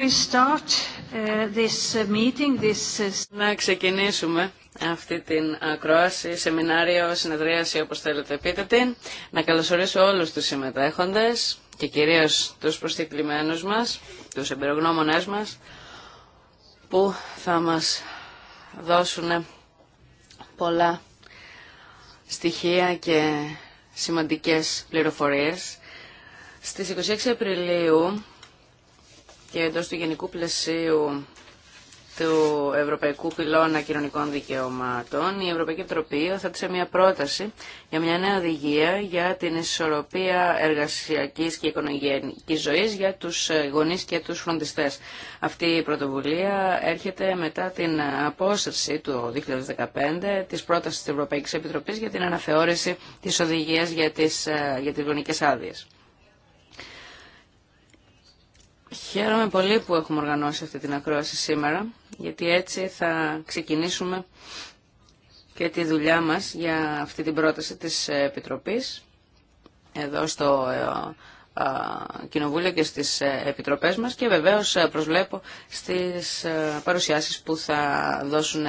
Uh, uh, uh, Να ξεκινήσουμε αυτή την ακρόαση, σεμινάριο, συνεδρίαση, όπως θέλετε πείτε την. Να καλωσορίσω όλους τους συμμετέχοντες και κυρίως τους προσκεκλημένους μας, τους εμπειρογνώμονές μας, που θα μας δώσουν πολλά στοιχεία και σημαντικές πληροφορίες. Στις 26 Απριλίου και εντός του γενικού πλαισίου του Ευρωπαϊκού Πυλώνα Κοινωνικών Δικαιωμάτων, η Ευρωπαϊκή Επιτροπή οθέτησε μια πρόταση για μια νέα οδηγία για την ισορροπία εργασιακής και οικονομικής ζωής για τους γονείς και τους φροντιστές. Αυτή η πρωτοβουλία έρχεται μετά την απόσυρση του 2015 της πρότασης της Ευρωπαϊκής Επιτροπής για την αναθεώρηση της οδηγίας για τις, για τις γονικές άδειες. Χαίρομαι πολύ που έχουμε οργανώσει αυτή την ακρόαση σήμερα, γιατί έτσι θα ξεκινήσουμε και τη δουλειά μας για αυτή την πρόταση της Επιτροπής εδώ στο ε, Κοινοβούλιο και στις ε, Επιτροπές μας και βεβαίως ε, προσβλέπω στις παρουσιάσεις που θα δώσουν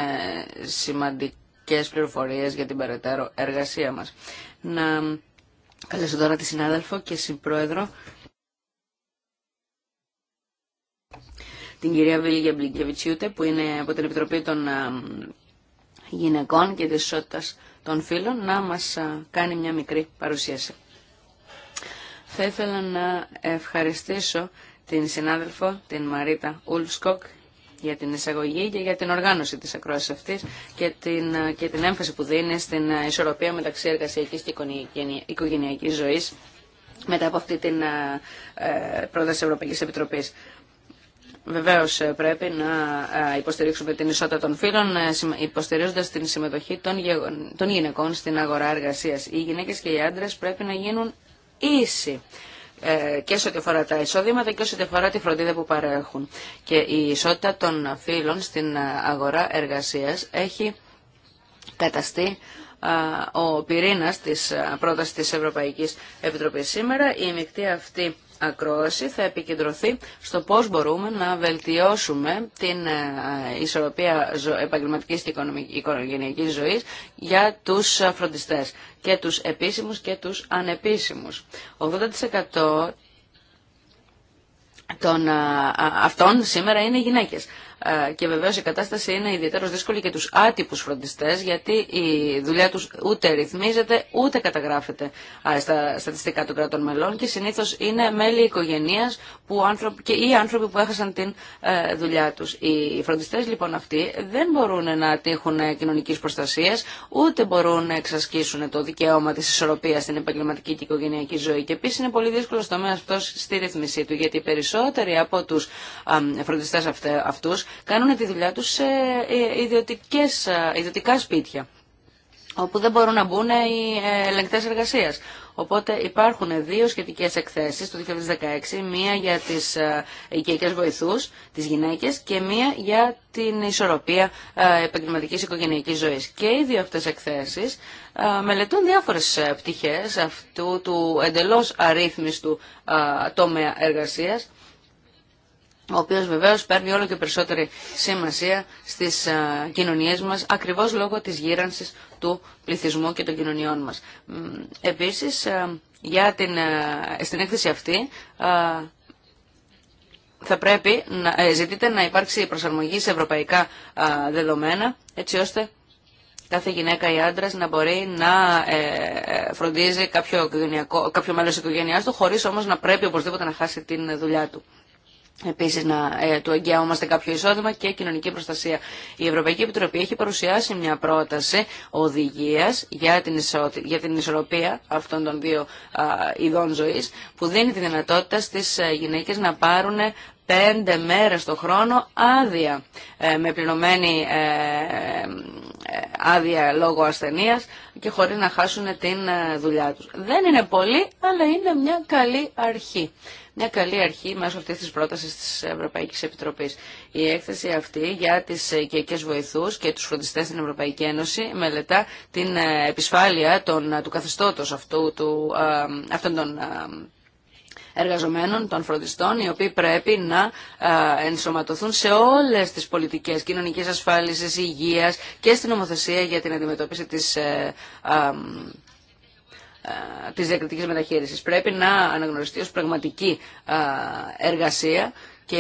σημαντικές πληροφορίες για την περαιτέρω εργασία μας. Να καλέσω τώρα τη συνάδελφο και συμπρόεδρο την κυρία Βίλγια Μπλικεβιτσιούτε που είναι από την Επιτροπή των ε, Γυναικών και της Ισότητας των Φίλων να μας ε, κάνει μια μικρή παρουσίαση. Θα ήθελα να ευχαριστήσω την συνάδελφο, την Μαρίτα Ουλσκοκ, για την εισαγωγή και για την οργάνωση της ακρόασης αυτής και την, ε, και την έμφαση που δίνει στην ισορροπία μεταξύ εργασιακής και οικογενειακής ζωής μετά από αυτή την πρόταση Ευρωπαϊκής Επιτροπής. Βεβαίως ε, πρέπει να ε, υποστηρίξουμε την ισότητα των φύλων, ε, υποστηρίζοντας την συμμετοχή των γυναικών στην αγορά εργασίας. Οι γυναίκες και οι άντρε πρέπει να γίνουν ίσοι και σε ό,τι αφορά τα εισόδηματα και σε ό,τι αφορά τη φροντίδα που παρέχουν. Και η ισότητα των φύλων στην αγορά εργασίας έχει καταστεί ο πυρήνας της πρόταση τη Ευρωπαϊκή Επιτροπή Σήμερα η μεικτή αυτή ακρόαση θα επικεντρωθεί στο πώς μπορούμε να βελτιώσουμε την ε, ισορροπία επαγγελματικής και οικογενειακής ζωής για τους φροντιστές και τους επίσημους και τους ανεπίσημους. 80% των ε, ε, αυτών σήμερα είναι γυναίκες. Ε, και βεβαίω η κατάσταση είναι ιδιαίτερως δύσκολη και του άτυπου φροντιστέ, γιατί η δουλειά του ούτε ρυθμίζεται ούτε καταγράφεται στα στατιστικά των κρατών μελών και συνήθω είναι μέλη οικογενείας άνθρωποι, και οι άνθρωποι που έχασαν την ε, δουλειά του. Οι φροντιστέ λοιπόν αυτοί δεν μπορούν να τύχουν κοινωνική προστασία, ούτε μπορούν να εξασκήσουν το δικαίωμα τη ισορροπία στην επαγγελματική και οικογενειακή ζωή και επίση είναι πολύ δύσκολο τομέα αυτό στη ρυθμισή του γιατί περισσότεροι από του φροντιστέ αυτούς κάνουν τη δουλειά τους σε ε, ιδιωτικές, ε, ιδιωτικά σπίτια όπου δεν μπορούν να μπουν οι ε, ελεγκτές εργασίας. Οπότε υπάρχουν δύο σχετικές εκθέσεις το 2016, μία για τις οικιακές βοηθούς, τις γυναίκες και μία για την ισορροπία επαγγελματικής οικογενειακής ζωής. Και οι δύο αυτές εκθέσεις μελετούν διάφορες πτυχές αυτού του εντελώς αρρύθμιστου τομέα εργασίας ο οποίος βεβαίως παίρνει όλο και περισσότερη σημασία στις ε, κοινωνίες μας, ακριβώς λόγω της γύρανσης του πληθυσμού και των κοινωνιών μας. Επίσης, ε, για την, ε, στην έκθεση αυτή θα πρέπει να ζητείτε να υπάρξει προσαρμογή σε ευρωπαϊκά δεδομένα, έτσι ώστε κάθε γυναίκα ή άντρα να μπορεί να φροντίζει κάποιο, κάποιο μέλο τη οικογένειά του, χωρί όμω να πρέπει οπωσδήποτε να χάσει την δουλειά του. Επίσης να ε, του εγγυάμαστε κάποιο εισόδημα και κοινωνική προστασία. Η Ευρωπαϊκή Επιτροπή έχει παρουσιάσει μια πρόταση οδηγίας για την, για την ισορροπία αυτών των δύο ειδών ζωής που δίνει τη δυνατότητα στις ε, γυναίκες να πάρουν πέντε μέρες το χρόνο άδεια ε, με πληρωμένη άδεια λόγω ασθενείας και χωρίς να χάσουν την ε, δουλειά τους. Δεν είναι πολύ, αλλά είναι μια καλή αρχή. Μια καλή αρχή μέσω αυτής της πρότασης της Ευρωπαϊκής Επιτροπής. Η έκθεση αυτή για τις οικιακές βοηθούς και τους φροντιστές στην Ευρωπαϊκή Ένωση μελετά την ε, επισφάλεια των, ε, του καθεστώτος αυτού, του, αυτών των εργαζομένων, των φροντιστών, οι οποίοι πρέπει να ε, ενσωματωθούν σε όλες τις πολιτικές κοινωνική ασφάλιση, υγείας και στην νομοθεσία για την αντιμετώπιση της ε, ε, της διακριτικής μεταχείρισης. Πρέπει να αναγνωριστεί ως πραγματική εργασία και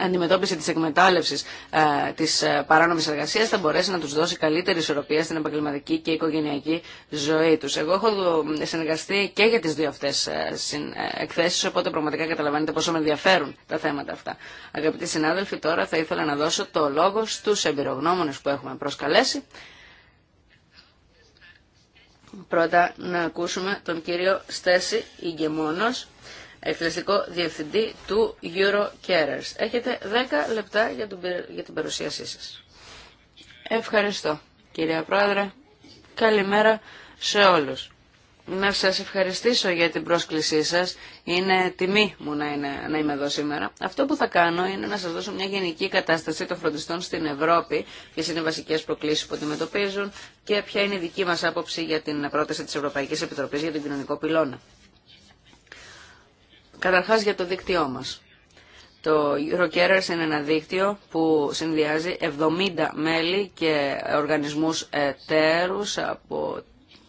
αντιμετώπιση της εκμετάλλευσης ε, της ε, παράνομης εργασίας θα μπορέσει να τους δώσει καλύτερη ισορροπία στην επαγγελματική και οικογενειακή ζωή τους. Εγώ έχω συνεργαστεί και για τις δύο αυτές ε, ε, εκθέσεις, οπότε πραγματικά καταλαβαίνετε πόσο με ενδιαφέρουν τα θέματα αυτά. Αγαπητοί συνάδελφοι, τώρα θα ήθελα να δώσω το λόγο στους εμπειρογνώμονες που έχουμε προσκαλέσει. Πρώτα να ακούσουμε τον κύριο Στέση Ιγκεμόνος, εκτελεστικό διευθυντή του Eurocarers. Έχετε 10 λεπτά για την παρουσίασή σας. Ευχαριστώ κυρία Πρόεδρε. Καλημέρα σε όλους. Να σας ευχαριστήσω για την πρόσκλησή σας. Είναι τιμή μου να, είναι, να είμαι εδώ σήμερα. Αυτό που θα κάνω είναι να σας δώσω μια γενική κατάσταση των φροντιστών στην Ευρώπη, ποιες είναι οι βασικές προκλήσεις που αντιμετωπίζουν και ποια είναι η δική μας άποψη για την πρόταση της Ευρωπαϊκής Επιτροπής για τον κοινωνικό πυλώνα. Καταρχάς για το δίκτυό μας. Το Eurocarers είναι ένα δίκτυο που συνδυάζει 70 μέλη και οργανισμούς τέρους από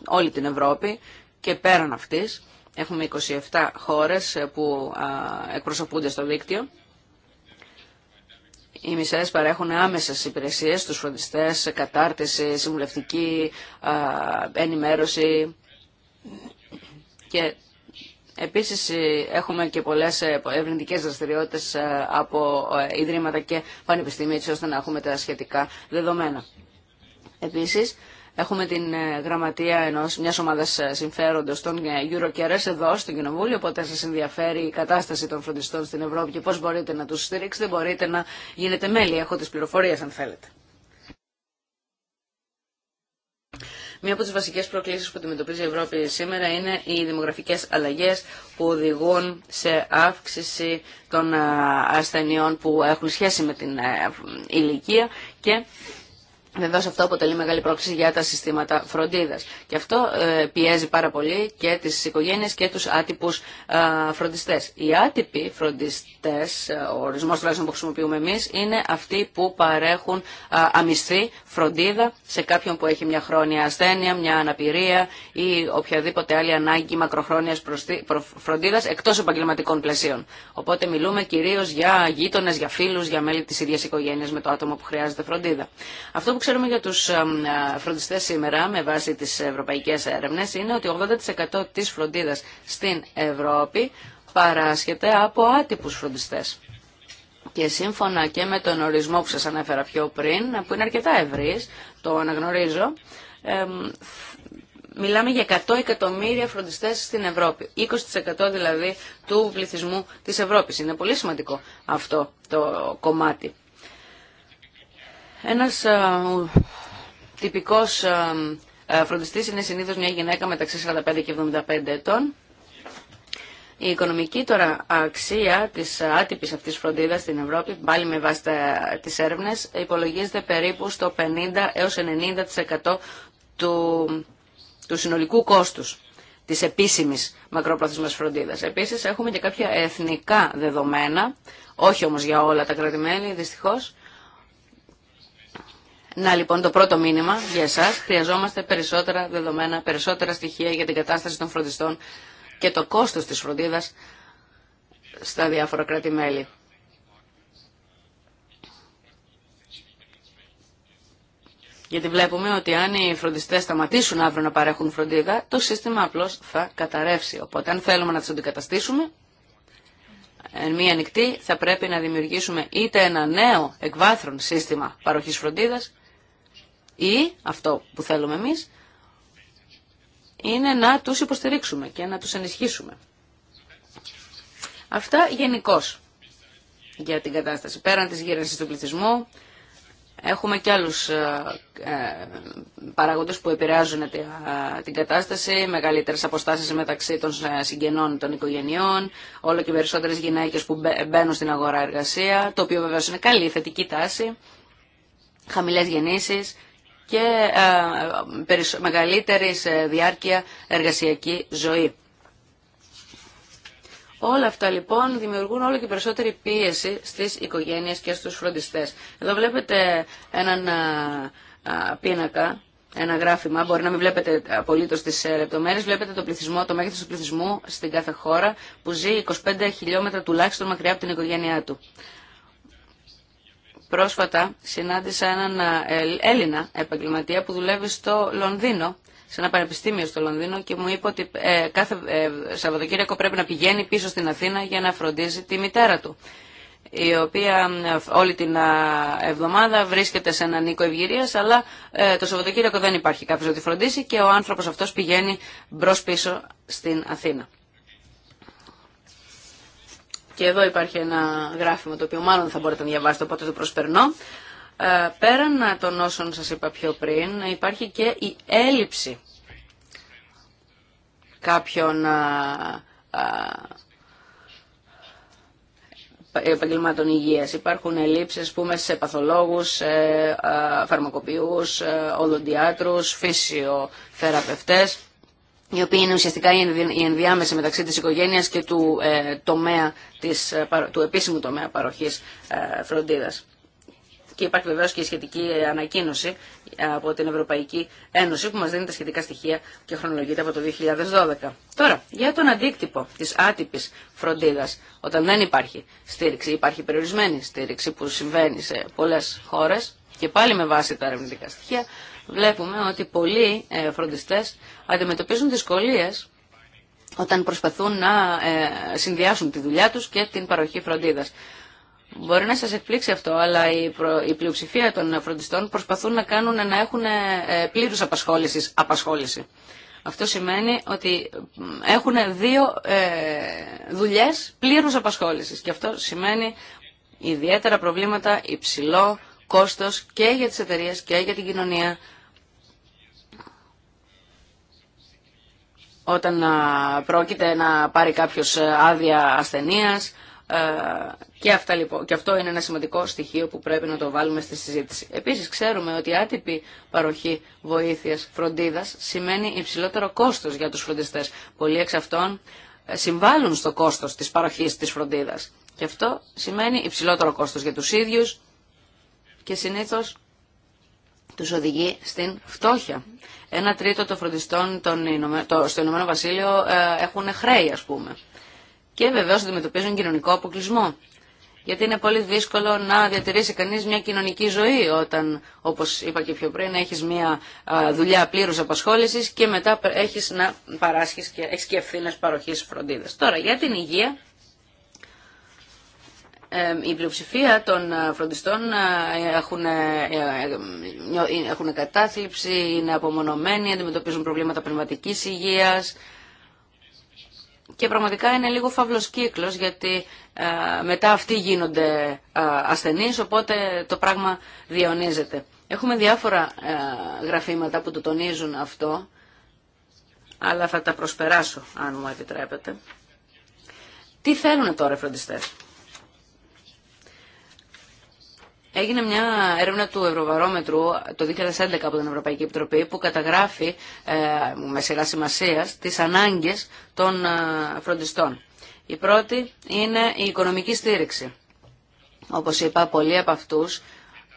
όλη την Ευρώπη και πέραν αυτής. Έχουμε 27 χώρες που εκπροσωπούνται στο δίκτυο. Οι μισές παρέχουν άμεσες υπηρεσίες στους φροντιστές, κατάρτιση, συμβουλευτική ενημέρωση και Επίσης ε, έχουμε και πολλές ε, ευρυντικέ δραστηριότητες ε, από ιδρύματα και πανεπιστήμια ώστε να έχουμε τα σχετικά δεδομένα. Επίσης έχουμε την γραμματεία ενός, μιας ομάδας συμφέροντος των Eurocares εδώ στο Κοινοβούλιο, οπότε σας ενδιαφέρει η κατάσταση των φροντιστών στην Ευρώπη και πώς μπορείτε να τους στηρίξετε, μπορείτε να γίνετε μέλη, έχω τις πληροφορίες αν θέλετε. Μία από τις βασικές προκλήσεις που αντιμετωπίζει η Ευρώπη σήμερα είναι οι δημογραφικές αλλαγές που οδηγούν σε αύξηση των ε, ασθενειών που έχουν σχέση με την ε, ηλικία και Βεβαίω αυτό αποτελεί μεγάλη πρόκληση για τα συστήματα φροντίδα. Και αυτό ε, πιέζει πάρα πολύ και τι οικογένειε και τους άτυπους ε, φροντιστέ. Οι άτυποι φροντιστέ, ε, ο ορισμό τουλάχιστον που χρησιμοποιούμε εμεί, είναι αυτοί που παρέχουν αμυστή φροντίδα σε κάποιον που έχει μια χρόνια ασθένεια, μια αναπηρία ή οποιαδήποτε άλλη ανάγκη μακροχρόνια φροντίδα, εκτό επαγγελματικών πλαισίων. Οπότε μιλούμε κυρίω για γείτονε, για φίλου, για μέλη τη ίδια οικογένεια με το άτομο που χρειάζεται φροντίδα. Αυτό ξέρουμε για τους φροντιστές σήμερα με βάση τις ευρωπαϊκές έρευνες είναι ότι 80% της φροντίδας στην Ευρώπη παράσχεται από άτυπους φροντιστές. Και σύμφωνα και με τον ορισμό που σας ανέφερα πιο πριν, που είναι αρκετά ευρύς, το αναγνωρίζω, μιλάμε για 100 εκατομμύρια φροντιστές στην Ευρώπη. 20% δηλαδή του πληθυσμού της Ευρώπης. Είναι πολύ σημαντικό αυτό το κομμάτι. Ένας ε, τυπικός ε, ε, φροντιστής είναι συνήθως μια γυναίκα μεταξύ 45 και 75 ετών. Η οικονομική τώρα αξία της άτυπης αυτής φροντίδας στην Ευρώπη, πάλι με βάση τις έρευνες, υπολογίζεται περίπου στο 50 έως 90% του, του συνολικού κόστους της επίσημης μακροπρόθεσμας φροντίδας. Επίσης έχουμε και κάποια εθνικά δεδομένα, όχι όμως για όλα τα κρατημένη δυστυχώς, να λοιπόν το πρώτο μήνυμα για εσά χρειαζόμαστε περισσότερα δεδομένα, περισσότερα στοιχεία για την κατάσταση των φροντιστών και το κόστος της φροντίδας στα διάφορα κράτη-μέλη. Γιατί βλέπουμε ότι αν οι φροντιστέ σταματήσουν αύριο να παρέχουν φροντίδα, το σύστημα απλώ θα καταρρεύσει. Οπότε, αν θέλουμε να του αντικαταστήσουμε, εν μία νυχτή θα πρέπει να δημιουργήσουμε είτε ένα νέο εκβάθρον σύστημα παροχή φροντίδα, ή, αυτό που θέλουμε εμείς, είναι να τους υποστηρίξουμε και να τους ενισχύσουμε. Αυτά γενικώ για την κατάσταση. Πέραν της γύρανσης του πληθυσμού, έχουμε και άλλους ε, ε, παράγοντες που επηρεάζουν ε, την κατάσταση, μεγαλύτερες αποστάσεις μεταξύ των συγγενών των οικογενειών, όλο και περισσότερες γυναίκες που μπαίνουν στην αγορά εργασία, το οποίο βεβαίως είναι καλή, θετική τάση, χαμηλές γεννήσεις, και ε, μεγαλύτερη διάρκεια εργασιακή ζωή. Όλα αυτά λοιπόν δημιουργούν όλο και περισσότερη πίεση στις οικογένειες και στους φροντιστές. Εδώ βλέπετε έναν ε, ε, πίνακα, ένα γράφημα, μπορεί να μην βλέπετε απολύτω τι λεπτομέρειε, βλέπετε το πληθυσμό, το μέγεθο του πληθυσμού στην κάθε χώρα που ζει 25 χιλιόμετρα τουλάχιστον μακριά από την οικογένειά του. Πρόσφατα συνάντησα έναν ε, Έλληνα επαγγελματία που δουλεύει στο Λονδίνο, σε ένα πανεπιστήμιο στο Λονδίνο και μου είπε ότι ε, κάθε ε, Σαββατοκύριακο πρέπει να πηγαίνει πίσω στην Αθήνα για να φροντίζει τη μητέρα του η οποία όλη την εβδομάδα βρίσκεται σε έναν οίκο ευγυρία, αλλά το Σαββατοκύριακο δεν υπάρχει κάποιο να τη φροντίσει και ο άνθρωπο αυτό πηγαίνει μπρο πίσω στην Αθήνα και εδώ υπάρχει ένα γράφημα το οποίο μάλλον θα μπορείτε να διαβάσετε, οπότε το προσπερνώ. Ε, πέραν των όσων σας είπα πιο πριν, υπάρχει και η έλλειψη κάποιων ε, ε, επαγγελμάτων υγείας. Υπάρχουν ελλείψεις, πούμε, σε παθολόγους, σε φαρμακοποιούς, οδοντιάτρους, φυσιοθεραπευτές η οποία είναι ουσιαστικά η ενδιάμεση μεταξύ της οικογένειας και του, ε, τομέα της, ε, του επίσημου τομέα παροχής ε, φροντίδας. Και υπάρχει βεβαίω και η σχετική ανακοίνωση ε, από την Ευρωπαϊκή Ένωση που μα δίνει τα σχετικά στοιχεία και χρονολογείται από το 2012. Τώρα, για τον αντίκτυπο τη άτυπη φροντίδα, όταν δεν υπάρχει στήριξη, υπάρχει περιορισμένη στήριξη που συμβαίνει σε πολλέ χώρε και πάλι με βάση τα ερευνητικά στοιχεία, βλέπουμε ότι πολλοί ε, φροντιστές αντιμετωπίζουν δυσκολίες όταν προσπαθούν να ε, συνδυάσουν τη δουλειά τους και την παροχή φροντίδας. Μπορεί να σας εκπλήξει αυτό, αλλά η, πλειοψηφία των φροντιστών προσπαθούν να κάνουν να έχουν ε, πλήρους απασχόλησης, απασχόληση. Αυτό σημαίνει ότι έχουν δύο ε, δουλειές πλήρους απασχόλησης και αυτό σημαίνει ιδιαίτερα προβλήματα, υψηλό κόστος και για τις εταιρείες και για την κοινωνία όταν πρόκειται να πάρει κάποιος άδεια ασθενείας και, αυτά, λοιπόν, και αυτό είναι ένα σημαντικό στοιχείο που πρέπει να το βάλουμε στη συζήτηση. Επίσης ξέρουμε ότι άτυπη παροχή βοήθειας φροντίδας σημαίνει υψηλότερο κόστος για τους φροντιστές. Πολλοί εξ αυτών ε, συμβάλλουν στο κόστος της παροχής της φροντίδας. Και αυτό σημαίνει υψηλότερο κόστος για τους ίδιους και συνήθως τους οδηγεί στην φτώχεια ένα τρίτο των φροντιστών στο Ηνωμένο Βασίλειο ε, έχουν χρέη, ας πούμε. Και βεβαίω αντιμετωπίζουν κοινωνικό αποκλεισμό. Γιατί είναι πολύ δύσκολο να διατηρήσει κανεί μια κοινωνική ζωή όταν, όπως είπα και πιο πριν, έχεις μια δουλειά πλήρους απασχόλησης και μετά έχεις να παράσχει και, έχει και φροντίδας. Τώρα, για την υγεία η πλειοψηφία των ε, φροντιστών ε, έχουν, ε, έχουν κατάθλιψη, είναι απομονωμένοι, αντιμετωπίζουν προβλήματα πνευματικής υγείας και πραγματικά είναι λίγο φαύλος κύκλος γιατί μετά αυτοί γίνονται ασθενείς οπότε το πράγμα διαιωνίζεται. Έχουμε διάφορα γραφήματα που το τονίζουν αυτό αλλά θα τα προσπεράσω αν μου επιτρέπετε. Τι θέλουν τώρα οι φροντιστές. Έγινε μια έρευνα του Ευρωβαρόμετρου το 2011 από την Ευρωπαϊκή Επιτροπή που καταγράφει ε, με σειρά σημασία τις ανάγκες των ε, φροντιστών. Η πρώτη είναι η οικονομική στήριξη. Όπως είπα, πολλοί από αυτού.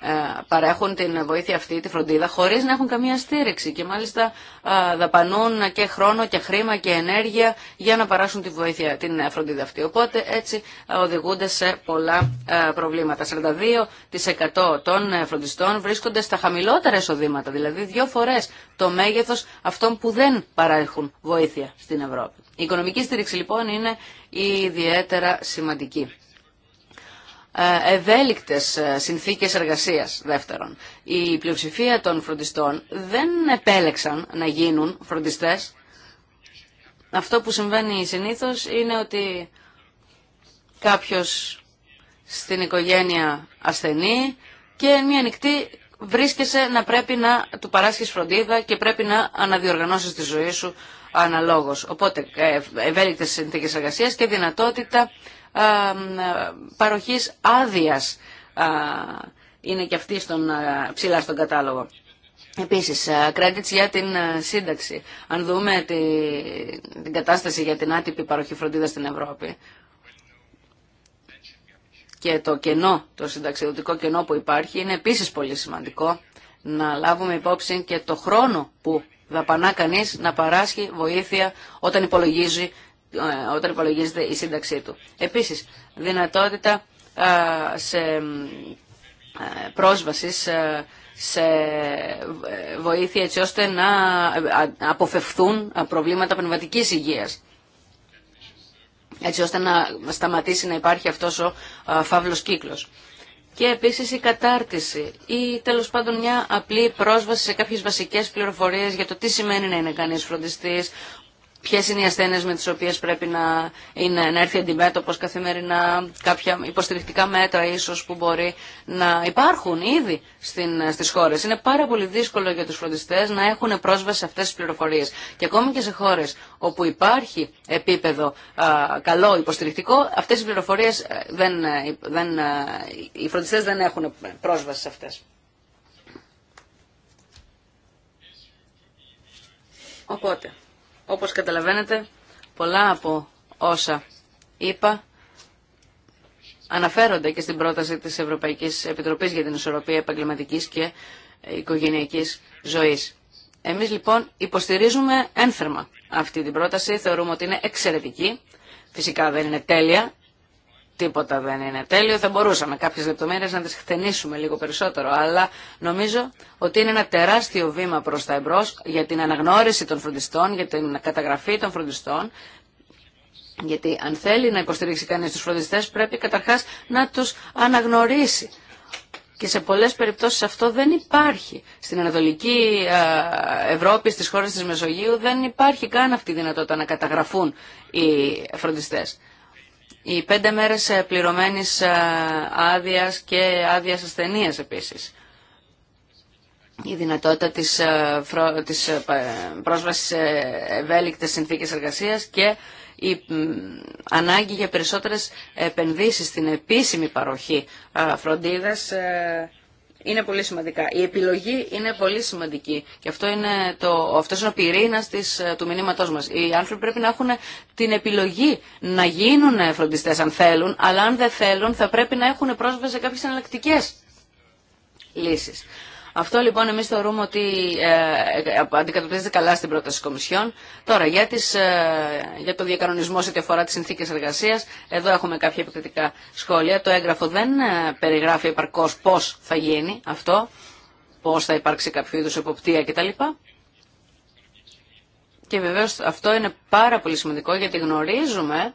Ε, παρέχουν την βοήθεια αυτή, τη φροντίδα, χωρίς να έχουν καμία στήριξη και μάλιστα ε, δαπανούν και χρόνο και χρήμα και ενέργεια για να παράσουν τη βοήθεια, την ε, φροντίδα αυτή. Οπότε έτσι οδηγούνται σε πολλά προβλήματα. 42% των φροντιστών βρίσκονται στα χαμηλότερα εισοδήματα, δηλαδή δύο φορές το μέγεθος αυτών που δεν παρέχουν βοήθεια στην Ευρώπη. Η οικονομική στήριξη λοιπόν είναι ιδιαίτερα σημαντική. Ε, ευέλικτες ε, συνθήκες εργασίας δεύτερον. Η πλειοψηφία των φροντιστών δεν επέλεξαν να γίνουν φροντιστές. Αυτό που συμβαίνει συνήθως είναι ότι κάποιος στην οικογένεια ασθενή και μια νυχτή βρίσκεσαι να πρέπει να του παράσχεις φροντίδα και πρέπει να αναδιοργανώσεις τη ζωή σου αναλόγως. Οπότε ε, ευέλικτες συνθήκες εργασίας και δυνατότητα παροχής άδειας είναι και αυτή στον, ψηλά στον κατάλογο. Επίσης, credits για την σύνταξη. Αν δούμε τη, την κατάσταση για την άτυπη παροχή φροντίδα στην Ευρώπη και το κενό, το συνταξιδοτικό κενό που υπάρχει, είναι επίσης πολύ σημαντικό να λάβουμε υπόψη και το χρόνο που δαπανά κανείς να παράσχει βοήθεια όταν υπολογίζει ε, όταν υπολογίζεται η σύνταξή του. Επίσης, δυνατότητα σε ε, πρόσβασης σε ε, βοήθεια έτσι ώστε να αποφευθούν προβλήματα πνευματικής υγείας έτσι ώστε να σταματήσει να υπάρχει αυτός ο φαύλος κύκλος. Και επίσης η κατάρτιση ή τέλος πάντων μια απλή πρόσβαση σε κάποιες βασικές πληροφορίες για το τι σημαίνει να είναι κανείς φροντιστής, ποιε είναι οι ασθένειε με τι οποίε πρέπει να, είναι, να έρθει αντιμέτωπο καθημερινά, κάποια υποστηρικτικά μέτρα ίσω που μπορεί να υπάρχουν ήδη στι χώρε. Είναι πάρα πολύ δύσκολο για του φροντιστέ να έχουν πρόσβαση σε αυτέ τι πληροφορίε. Και ακόμη και σε χώρε όπου υπάρχει επίπεδο καλό υποστηρικτικό, αυτέ οι πληροφορίε ε, δεν, ε, δεν, ε, οι φροντιστέ δεν έχουν πρόσβαση σε αυτέ. Οπότε, όπως καταλαβαίνετε, πολλά από όσα είπα αναφέρονται και στην πρόταση της Ευρωπαϊκής Επιτροπής για την Ισορροπία Επαγγελματικής και Οικογενειακής Ζωής. Εμείς λοιπόν υποστηρίζουμε ένθερμα αυτή την πρόταση, θεωρούμε ότι είναι εξαιρετική, φυσικά δεν είναι τέλεια, τίποτα δεν είναι τέλειο. Θα μπορούσαμε κάποιες λεπτομέρειες να τις χτενίσουμε λίγο περισσότερο, αλλά νομίζω ότι είναι ένα τεράστιο βήμα προς τα εμπρός για την αναγνώριση των φροντιστών, για την καταγραφή των φροντιστών, γιατί αν θέλει να υποστηρίξει κανείς τους φροντιστές πρέπει καταρχάς να τους αναγνωρίσει. Και σε πολλέ περιπτώσει αυτό δεν υπάρχει. Στην Ανατολική Ευρώπη, στι χώρε τη Μεσογείου δεν υπάρχει καν αυτή η δυνατότητα να καταγραφούν οι φροντιστέ. Οι πέντε μέρες ε, πληρωμένης ε, άδειας και άδειας ασθενείας επίσης. Η δυνατότητα της, ε, της πρόσβασης σε ευέλικτες συνθήκες εργασίας και η ανάγκη για περισσότερες επενδύσεις στην επίσημη παροχή φροντίδας είναι πολύ σημαντικά. Η επιλογή είναι πολύ σημαντική και αυτό είναι, το, αυτός είναι ο πυρήνα ε, του μηνύματό μας. Οι άνθρωποι πρέπει να έχουν την επιλογή να γίνουν φροντιστέ αν θέλουν, αλλά αν δεν θέλουν θα πρέπει να έχουν πρόσβαση σε κάποιες εναλλακτικέ λύσεις. Αυτό λοιπόν εμείς θεωρούμε ότι ε, ε καλά στην πρόταση Κομισιόν. Τώρα για, τις, ε, για το διακανονισμό σε ό,τι αφορά τις συνθήκες εργασίας, εδώ έχουμε κάποια επιθετικά σχόλια. Το έγγραφο δεν ε, περιγράφει επαρκώ πώς θα γίνει αυτό, πώς θα υπάρξει κάποιο είδους εποπτεία κτλ. Και βεβαίως αυτό είναι πάρα πολύ σημαντικό γιατί γνωρίζουμε,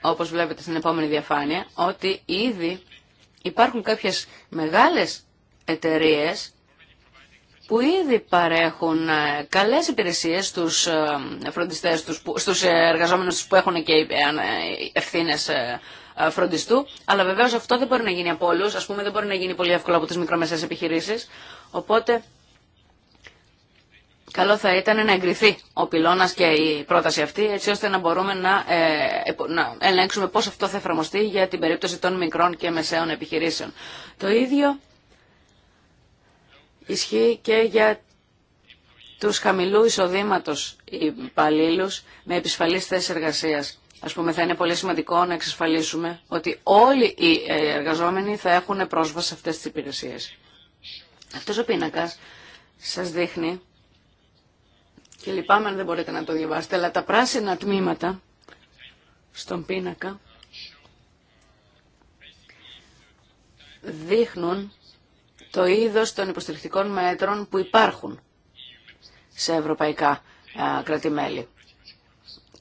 όπως βλέπετε στην επόμενη διαφάνεια, ότι ήδη Υπάρχουν κάποιες μεγάλες εταιρείες που ήδη παρέχουν ε, καλές υπηρεσίες στους ε, φροντιστές, στους ε, εργαζόμενους που έχουν και ευθύνε φροντιστού, αλλά βεβαίως αυτό δεν μπορεί να γίνει από όλους, ας πούμε δεν μπορεί να γίνει πολύ εύκολα από τις μικρομεσαίες επιχειρήσεις, οπότε Καλό θα ήταν να εγκριθεί ο πυλώνα και η πρόταση αυτή, έτσι ώστε να μπορούμε να, ε, να ελέγξουμε πώ αυτό θα εφαρμοστεί για την περίπτωση των μικρών και μεσαίων επιχειρήσεων. Το ίδιο ισχύει και για τους χαμηλού εισοδήματος υπαλλήλου με επισφαλείς θέση εργασίας. Ας πούμε, θα είναι πολύ σημαντικό να εξασφαλίσουμε ότι όλοι οι ε, εργαζόμενοι θα έχουν πρόσβαση σε αυτές τις υπηρεσίες. Αυτός ο πίνακας σας δείχνει και λυπάμαι αν δεν μπορείτε να το διαβάσετε, αλλά τα πράσινα τμήματα στον πίνακα δείχνουν το είδος των υποστηρικτικών μέτρων που υπάρχουν σε ευρωπαϊκά κρατημέλη.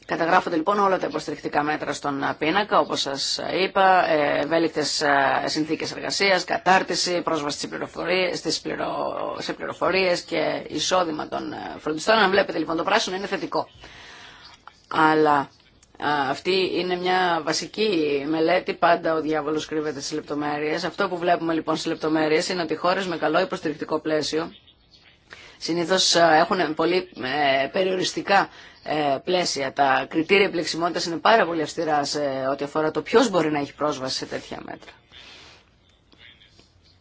Καταγράφονται λοιπόν όλα τα υποστηρικτικά μέτρα στον πίνακα, όπω σα είπα, ε, ευέλικτε συνθήκε εργασία, κατάρτιση, πρόσβαση σε πληροφορίε και εισόδημα των ε, φροντιστών. Αν βλέπετε λοιπόν το πράσινο είναι θετικό. Αλλά αυτή είναι μια βασική μελέτη, πάντα ο διάβολο κρύβεται στι λεπτομέρειε. Αυτό που βλέπουμε λοιπόν στι λεπτομέρειε είναι ότι χώρε με καλό υποστηρικτικό πλαίσιο συνήθως έχουν πολύ ε, περιοριστικά ε, πλαίσια. Τα κριτήρια επιλεξιμότητας είναι πάρα πολύ αυστηρά σε ό,τι αφορά το ποιος μπορεί να έχει πρόσβαση σε τέτοια μέτρα.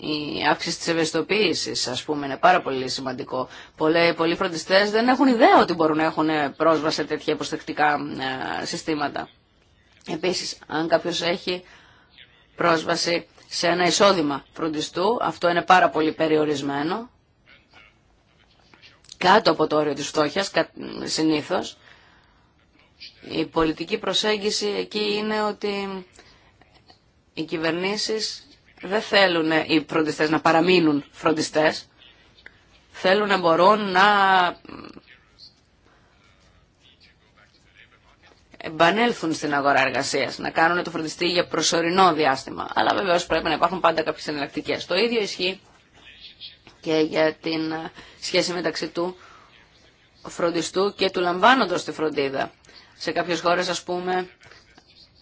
Η αύξηση της ευαισθητοποίησης, ας πούμε, είναι πάρα πολύ σημαντικό. Πολλοί, πολλοί φροντιστές δεν έχουν ιδέα ότι μπορούν να έχουν πρόσβαση σε τέτοια υποστεκτικά ε, συστήματα. Επίσης, αν κάποιος έχει πρόσβαση σε ένα εισόδημα φροντιστού, αυτό είναι πάρα πολύ περιορισμένο, κάτω από το όριο της φτώχειας συνήθως. Η πολιτική προσέγγιση εκεί είναι ότι οι κυβερνήσεις δεν θέλουν οι φροντιστές να παραμείνουν φροντιστές. Θέλουν να μπορούν να επανέλθουν στην αγορά εργασίας, να κάνουν το φροντιστή για προσωρινό διάστημα. Αλλά βεβαίως πρέπει να υπάρχουν πάντα κάποιες εναλλακτικές. Το ίδιο ισχύει και για την σχέση μεταξύ του φροντιστού και του λαμβάνοντος τη φροντίδα. Σε κάποιες χώρες, ας πούμε,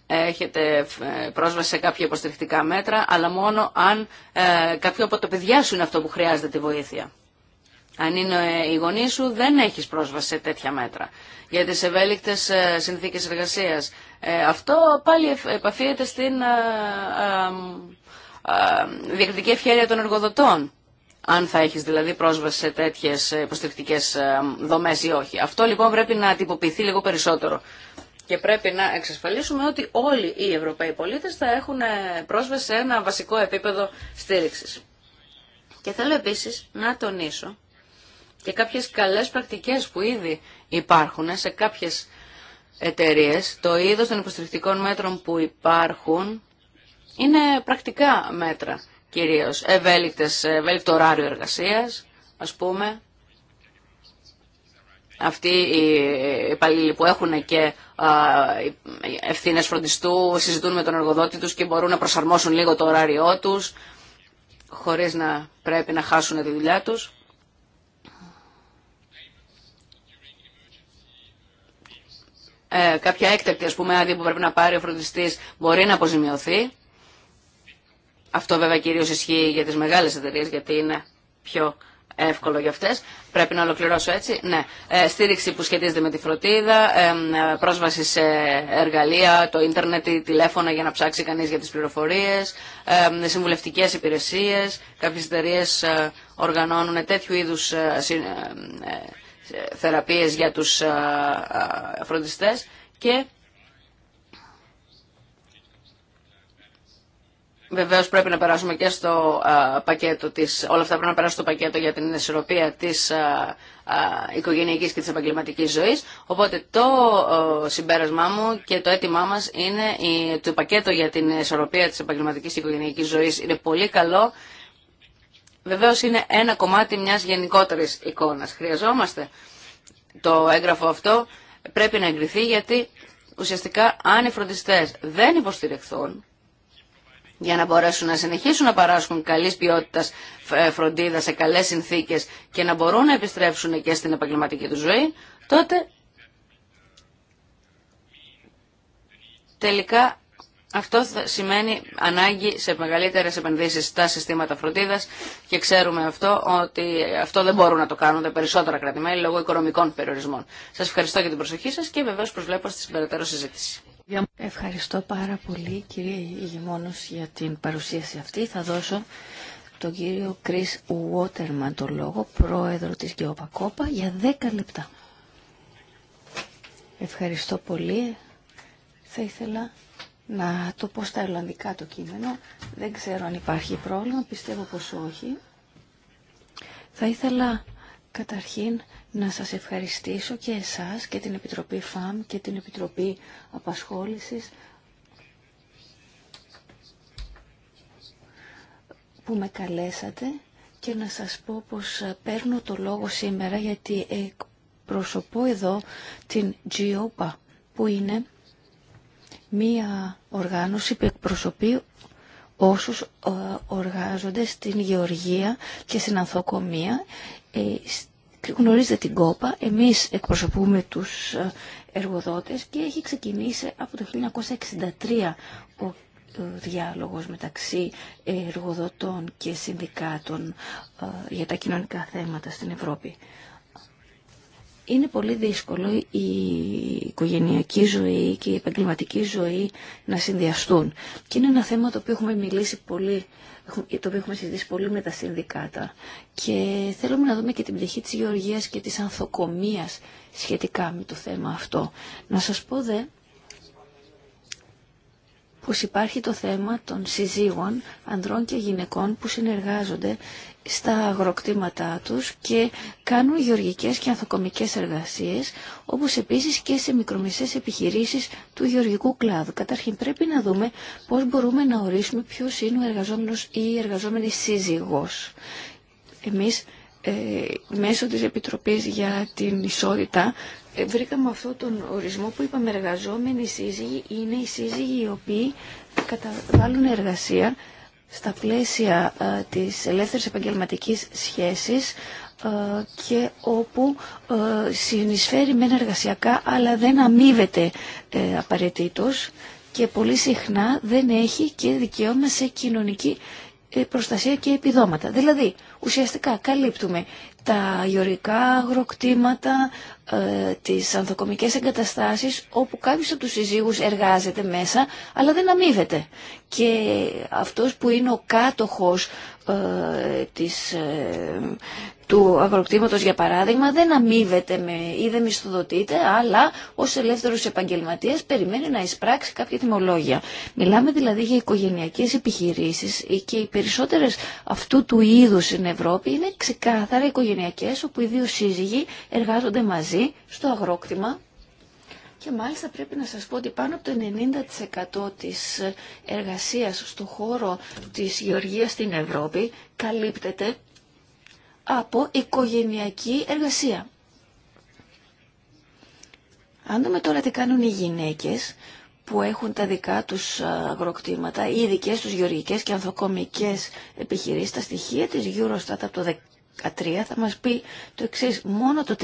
έχετε ε, πρόσβαση σε κάποια υποστηρικτικά μέτρα, αλλά μόνο αν ε, κάποιο από τα παιδιά σου είναι αυτό που χρειάζεται τη βοήθεια. Αν είναι ε, οι γονείς σου, δεν έχεις πρόσβαση σε τέτοια μέτρα. Για τι ευέλικτε συνθήκε εργασία. Αυτό πάλι επαφίεται στην διακριτική ευχαίρεια των εργοδοτών αν θα έχεις δηλαδή πρόσβαση σε τέτοιες ε, υποστηρικτικές ε, δομές ή όχι. Αυτό λοιπόν πρέπει να τυποποιηθεί λίγο περισσότερο. Και πρέπει να εξασφαλίσουμε ότι όλοι οι Ευρωπαίοι πολίτες θα έχουν ε, πρόσβαση σε ένα βασικό επίπεδο στήριξης. Και θέλω επίσης να τονίσω και κάποιες καλές πρακτικές που ήδη υπάρχουν σε κάποιες εταιρείε. Το είδος των υποστηρικτικών μέτρων που υπάρχουν είναι πρακτικά μέτρα κυρίως ευέλικτες, ευέλικτο ωράριο εργασίας, ας πούμε. Αυτοί οι υπαλλήλοι που έχουν και ευθύνες φροντιστού συζητούν με τον εργοδότη τους και μπορούν να προσαρμόσουν λίγο το ωράριό τους χωρίς να πρέπει να χάσουν τη δουλειά τους. Ε, κάποια έκτακτη ας πούμε άδεια που πρέπει να πάρει ο φροντιστής μπορεί να αποζημιωθεί. Αυτό βέβαια κυρίω ισχύει για τις μεγάλες εταιρείε, γιατί είναι πιο εύκολο για αυτές. Πρέπει να ολοκληρώσω έτσι. Ναι. Ε, στήριξη που σχετίζεται με τη φροντίδα, ε, πρόσβαση σε εργαλεία, το ίντερνετ, η τηλέφωνα για να ψάξει κανείς για τις πληροφορίες, ε, συμβουλευτικές υπηρεσίες. Κάποιες εταιρείε ε, οργανώνουν τέτοιου είδους θεραπείες για τους φροντιστές και Βεβαίω πρέπει να περάσουμε και στο πακέτο τη, όλα αυτά πρέπει να περάσουν στο πακέτο για την ισορροπία τη οικογένειακή και τη επαγγελματική ζωή, Οπότε το συμπέρασμά μου και το αίτημά μα είναι το πακέτο για την ισορροπία τη επαγγελματική και οικογενειακής ζωή είναι πολύ καλό. Βεβαίω είναι ένα κομμάτι μια γενικότερη εικόνα. Χρειαζόμαστε το έγγραφο αυτό πρέπει να εγκριθεί γιατί ουσιαστικά αν οι φροντιστέ δεν υποστηριχθούν για να μπορέσουν να συνεχίσουν να παράσχουν καλής ποιότητας ε, φροντίδα σε καλές συνθήκες και να μπορούν να επιστρέψουν και στην επαγγελματική του ζωή, τότε τελικά αυτό θα σημαίνει ανάγκη σε μεγαλύτερε επενδύσει στα συστήματα φροντίδα και ξέρουμε αυτό ότι αυτό δεν μπορούν να το κάνουν τα περισσότερα κρατημέλη λόγω οικονομικών περιορισμών. Σα ευχαριστώ για την προσοχή σα και βεβαίω προσβλέπω στην περαιτέρω συζήτηση. Ευχαριστώ πάρα πολύ κύριε Ηγημόνος για την παρουσίαση αυτή. Θα δώσω τον κύριο Κρίς Ουότερμαν το λόγο, πρόεδρο της Γεωπακόπα, για 10 λεπτά. Ευχαριστώ πολύ. Θα ήθελα να το πω στα Ιρλανδικά το κείμενο. Δεν ξέρω αν υπάρχει πρόβλημα, πιστεύω πως όχι. Θα ήθελα καταρχήν να σας ευχαριστήσω και εσάς και την Επιτροπή ΦΑΜ και την Επιτροπή Απασχόλησης που με καλέσατε και να σας πω πως παίρνω το λόγο σήμερα γιατί εκπροσωπώ εδώ την GIOPA που είναι μία οργάνωση που εκπροσωπεί όσους ε, οργάζονται στην γεωργία και στην ανθοκομία ε, γνωρίζετε την κόπα, εμείς εκπροσωπούμε τους ε, εργοδότες και έχει ξεκινήσει από το 1963 ο διάλογος μεταξύ εργοδοτών και συνδικάτων ε, για τα κοινωνικά θέματα στην Ευρώπη. Είναι πολύ δύσκολο η οικογενειακή ζωή και η επαγγελματική ζωή να συνδυαστούν. Και είναι ένα θέμα το οποίο έχουμε μιλήσει πολύ το οποίο έχουμε συζητήσει πολύ με τα συνδικάτα. Και θέλουμε να δούμε και την πτυχή της γεωργίας και της ανθοκομίας σχετικά με το θέμα αυτό. Να σας πω δε πως υπάρχει το θέμα των συζύγων ανδρών και γυναικών που συνεργάζονται στα αγροκτήματά τους και κάνουν γεωργικές και ανθοκομικές εργασίες, όπως επίσης και σε μικρομεσαίες επιχειρήσεις του γεωργικού κλάδου. Καταρχήν πρέπει να δούμε πώς μπορούμε να ορίσουμε ποιος είναι ο εργαζόμενος ή η εργαζόμενη σύζυγος. Εμείς ε, μέσω της Επιτροπής για την Ισότητα ε, βρήκαμε αυτό τον ορισμό που είπαμε εργαζόμενοι σύζυγοι είναι οι σύζυγοι οι οποίοι καταβάλουν εργασία στα πλαίσια ε, της ελεύθερης επαγγελματικής σχέσης ε, και όπου ε, συνεισφέρει μεν εργασιακά αλλά δεν αμείβεται απαραίτητος και πολύ συχνά δεν έχει και δικαίωμα σε κοινωνική προστασία και επιδόματα. Δηλαδή, ουσιαστικά καλύπτουμε τα γεωρικά αγροκτήματα, ε, τις ανθοκομικές εγκαταστάσεις όπου κάποιος από τους συζύγους εργάζεται μέσα αλλά δεν αμείβεται. Και αυτός που είναι ο κάτοχος ε, της, ε, του αγροκτήματος για παράδειγμα δεν αμείβεται με, ή δεν μισθοδοτείται αλλά ως ελεύθερος επαγγελματίας περιμένει να εισπράξει κάποια τιμολόγια. Μιλάμε δηλαδή για οικογενειακές επιχειρήσεις και οι περισσότερες αυτού του είδους στην Ευρώπη είναι ξεκάθαρα οικογενειακές όπου οι δύο σύζυγοι εργάζονται μαζί στο αγρόκτημα και μάλιστα πρέπει να σας πω ότι πάνω από το 90% της ε, εργασίας στο χώρο της γεωργίας στην Ευρώπη καλύπτεται από οικογενειακή εργασία. Αν δούμε τώρα τι κάνουν οι γυναίκες που έχουν τα δικά τους ε, αγροκτήματα ή οι δικές τους γεωργικές και ανθοκομικές επιχειρήσεις, τα στοιχεία της Eurostat από το θα μας πει το εξή μόνο το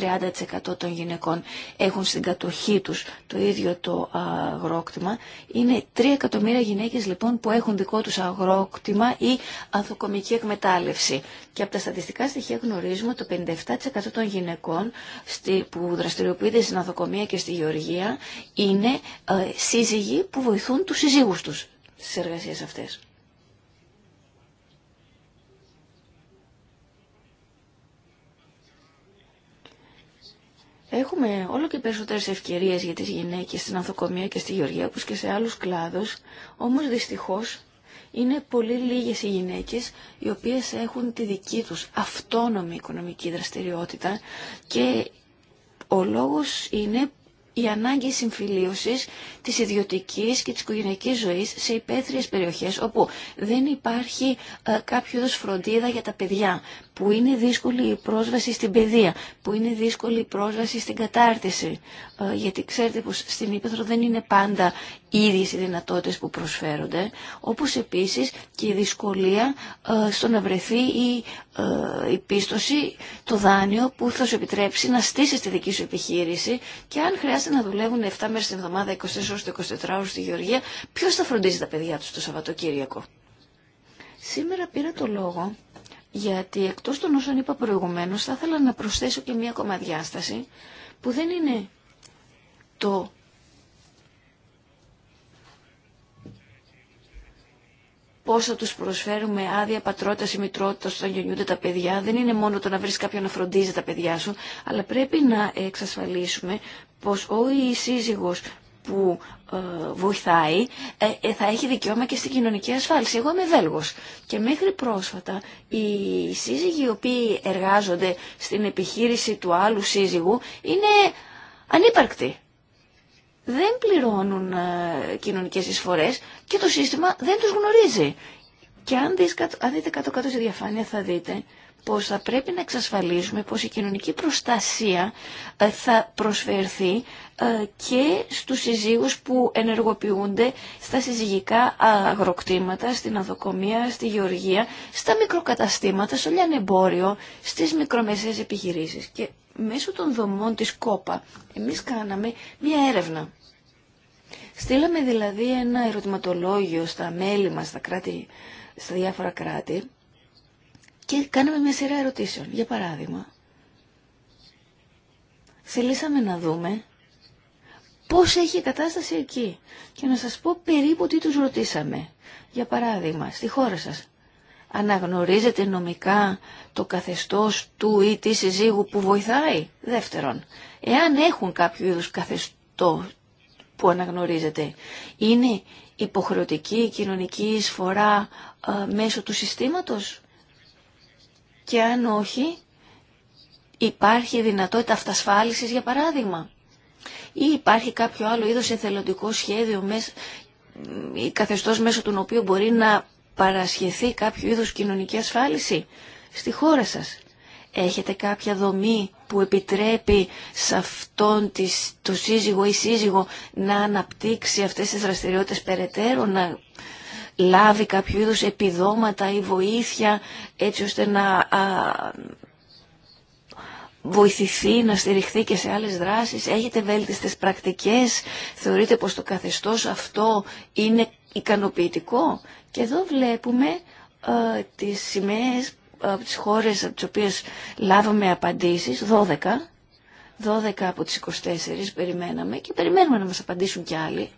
30% των γυναικών έχουν στην κατοχή τους το ίδιο το αγρόκτημα. Είναι 3 εκατομμύρια γυναίκες λοιπόν που έχουν δικό τους αγρόκτημα ή ανθοκομική εκμετάλλευση. Και από τα στατιστικά στοιχεία γνωρίζουμε ότι το 57% των γυναικών που δραστηριοποιείται στην ανθοκομία και στη γεωργία είναι ε, σύζυγοι που βοηθούν τους σύζυγους τους στις εργασίες αυτές. Έχουμε όλο και περισσότερες ευκαιρίες για τις γυναίκες στην ανθοκομία και στη γεωργία, όπως και σε άλλους κλάδους, όμως δυστυχώς είναι πολύ λίγες οι γυναίκες οι οποίες έχουν τη δική τους αυτόνομη οικονομική δραστηριότητα και ο λόγος είναι η ανάγκη συμφιλίωσης της ιδιωτικής και της οικογενειακής ζωής σε υπαίθριες περιοχές όπου δεν υπάρχει ε, κάποιο φροντίδα για τα παιδιά που είναι δύσκολη η πρόσβαση στην παιδεία, που είναι δύσκολη η πρόσβαση στην κατάρτιση. Ε, γιατί ξέρετε πως στην Ήπεθρο δεν είναι πάντα ίδιες οι δυνατότητες που προσφέρονται, όπως επίσης και η δυσκολία ε, στο να βρεθεί η, ε, η πίστοση, το δάνειο που θα σου επιτρέψει να στήσει τη δική σου επιχείρηση και αν χρειάζεται να δουλεύουν 7 μέρες την εβδομάδα, 24 ώρες, 24 ώρες στη Γεωργία, ποιος θα φροντίζει τα παιδιά τους το Σαββατοκύριακο. Σήμερα πήρα το λόγο γιατί εκτός των όσων είπα προηγουμένως θα ήθελα να προσθέσω και μία ακόμα διάσταση που δεν είναι το πώς θα τους προσφέρουμε άδεια πατρότητα ή μητρότητας όταν γεννιούνται τα παιδιά. Δεν είναι μόνο το να βρεις κάποιον να φροντίζει τα παιδιά σου, αλλά πρέπει να εξασφαλίσουμε πως ο ή η σύζυγος που ε, βοηθάει ε, ε, θα έχει δικαίωμα και στην κοινωνική ασφάλιση. Εγώ είμαι Βέλγος και μέχρι πρόσφατα οι σύζυγοι οι οποίοι εργάζονται στην επιχείρηση του άλλου σύζυγου είναι ανύπαρκτοι. Δεν πληρώνουν κοινωνικές εισφορές και το σύστημα δεν τους γνωρίζει. Και αν δείτε κάτω-κάτω στη διαφάνεια θα δείτε πως θα πρέπει να εξασφαλίσουμε πως η κοινωνική προστασία ε, θα προσφερθεί ε, και στους συζύγους που ενεργοποιούνται στα συζυγικά αγροκτήματα, στην αδοκομεία, στη γεωργία, στα μικροκαταστήματα, στο λιανεμπόριο, στις μικρομεσαίες επιχειρήσεις. Και μέσω των δομών της ΚΟΠΑ εμείς κάναμε μία έρευνα. Στείλαμε δηλαδή ένα ερωτηματολόγιο στα μέλη μας, κράτη, στα διάφορα κράτη, και κάναμε μια σειρά ερωτήσεων. Για παράδειγμα, θελήσαμε να δούμε πώς έχει η κατάσταση εκεί και να σας πω περίπου τι τους ρωτήσαμε. Για παράδειγμα, στη χώρα σας αναγνωρίζετε νομικά το καθεστώς του ή της συζύγου που βοηθάει. Δεύτερον, εάν έχουν κάποιο είδους καθεστώ που αναγνωρίζεται, είναι υποχρεωτική η κοινωνική εισφορά ε, μέσω του συστήματος και αν όχι υπάρχει δυνατότητα αυτασφάλισης για παράδειγμα ή υπάρχει κάποιο άλλο είδος εθελοντικό σχέδιο ή καθεστώς μέσω του οποίου μπορεί να παρασχεθεί κάποιο είδος κοινωνική ασφάλιση στη χώρα σας. Έχετε κάποια δομή που επιτρέπει σε αυτόν της, το σύζυγο ή σύζυγο να αναπτύξει αυτές τις δραστηριότητες περαιτέρω, να λάβει κάποιο είδους επιδόματα ή βοήθεια έτσι ώστε να βοηθηθεί, να στηριχθεί και σε άλλες δράσεις. Έχετε βέλτιστες πρακτικές, θεωρείτε πως το καθεστώς αυτό είναι ικανοποιητικό. Και εδώ βλέπουμε ε, τις σημαίες ε, από τις χώρες από τις οποίες λάβαμε απαντήσεις, 12, 12 από τις 24 περιμέναμε και περιμένουμε να μας απαντήσουν κι άλλοι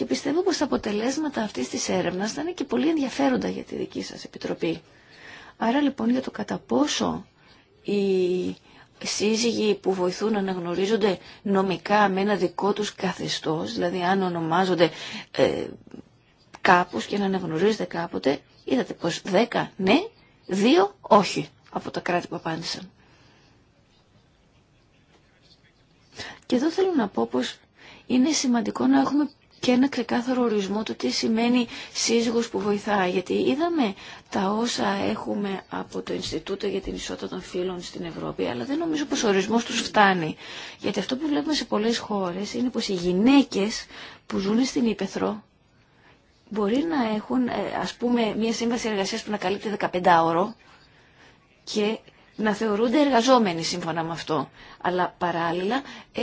και πιστεύω πως τα αποτελέσματα αυτής της έρευνας θα είναι και πολύ ενδιαφέροντα για τη δική σας Επιτροπή. Άρα λοιπόν για το κατά πόσο οι σύζυγοι που βοηθούν να αναγνωρίζονται νομικά με ένα δικό τους καθεστώς, δηλαδή αν ονομάζονται ε, κάπως και να αναγνωρίζονται κάποτε, είδατε πως 10 ναι, 2 όχι από τα κράτη που απάντησαν. Και εδώ θέλω να πω πως είναι σημαντικό να έχουμε και ένα ξεκάθαρο ορισμό του τι σημαίνει σύζυγος που βοηθάει. Γιατί είδαμε τα όσα έχουμε από το Ινστιτούτο για την Ισότητα των Φίλων στην Ευρώπη, αλλά δεν νομίζω πως ο ορισμός τους φτάνει. Γιατί αυτό που βλέπουμε σε πολλές χώρες είναι πως οι γυναίκες που ζουν στην Ήπεθρο μπορεί να έχουν ε, ας πούμε μια σύμβαση εργασίας που να καλύπτει 15 ώρο και να θεωρούνται εργαζόμενοι σύμφωνα με αυτό. Αλλά παράλληλα ε,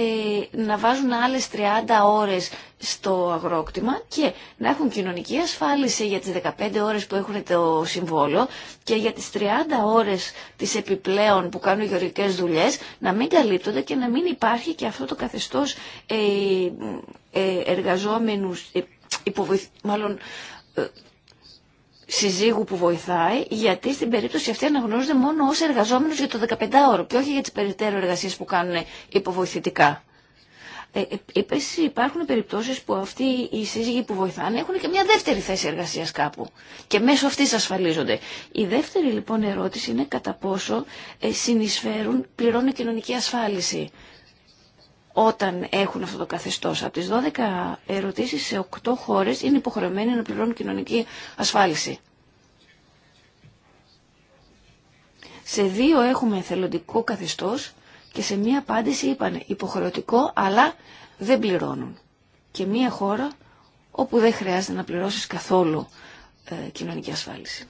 να βάζουν άλλες 30 ώρες στο αγρόκτημα και να έχουν κοινωνική ασφάλιση για τις 15 ώρες που έχουν το συμβόλο και για τις 30 ώρες τις επιπλέον που κάνουν γεωργικές δουλειές να μην καλύπτονται και να μην υπάρχει και αυτό το καθεστώς ε, ε, εργαζόμενους, ε, υποβοηθ, μάλλον ε, συζύγου που βοηθάει, γιατί στην περίπτωση αυτή αναγνωρίζονται μόνο ω εργαζόμενο για το 15ωρο και όχι για τις περιττέρω εργασίες που κάνουν υποβοηθητικά. Ε, ε υπάρχουν περιπτώσεις που αυτοί οι σύζυγοι που βοηθάνε έχουν και μια δεύτερη θέση εργασίας κάπου και μέσω αυτής ασφαλίζονται. Η δεύτερη λοιπόν ερώτηση είναι κατά πόσο ε, συνεισφέρουν, πληρώνουν κοινωνική ασφάλιση όταν έχουν αυτό το καθεστώ. Από τις 12 ερωτήσεις σε 8 χώρε είναι υποχρεωμένοι να πληρώνουν κοινωνική ασφάλιση. Σε δύο έχουμε θελοντικό καθεστώς και σε μία απάντηση είπαν υποχρεωτικό αλλά δεν πληρώνουν. Και μία χώρα όπου δεν χρειάζεται να πληρώσεις καθόλου ε, κοινωνική ασφάλιση.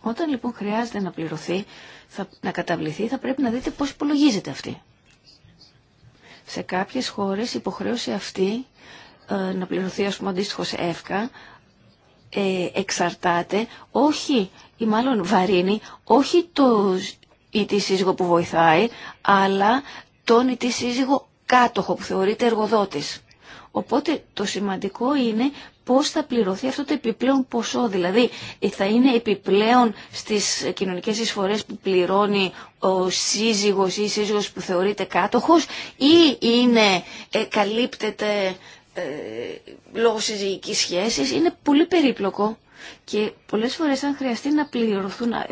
Όταν λοιπόν χρειάζεται να πληρωθεί θα, να καταβληθεί θα πρέπει να δείτε πώς υπολογίζεται αυτή. Σε κάποιες χώρες η υποχρέωση αυτή ε, να πληρωθεί ας πούμε εύκα ε, εξαρτάται όχι ή μάλλον βαρύνει όχι το ή σύζυγο που βοηθάει αλλά τον ή τη σύζυγο κάτοχο που θεωρείται εργοδότης. Οπότε το σημαντικό είναι πώς θα πληρωθεί αυτό το επιπλέον ποσό. Δηλαδή θα είναι επιπλέον στις κοινωνικές εισφορές που πληρώνει ο σύζυγος ή η σύζυγος που θεωρείται κάτοχος ή είναι ε, καλύπτεται ε, λόγω συζυγικής σχέσης. Είναι πολύ περίπλοκο. Και πολλές φορές αν χρειαστεί να πληρωθούν ε,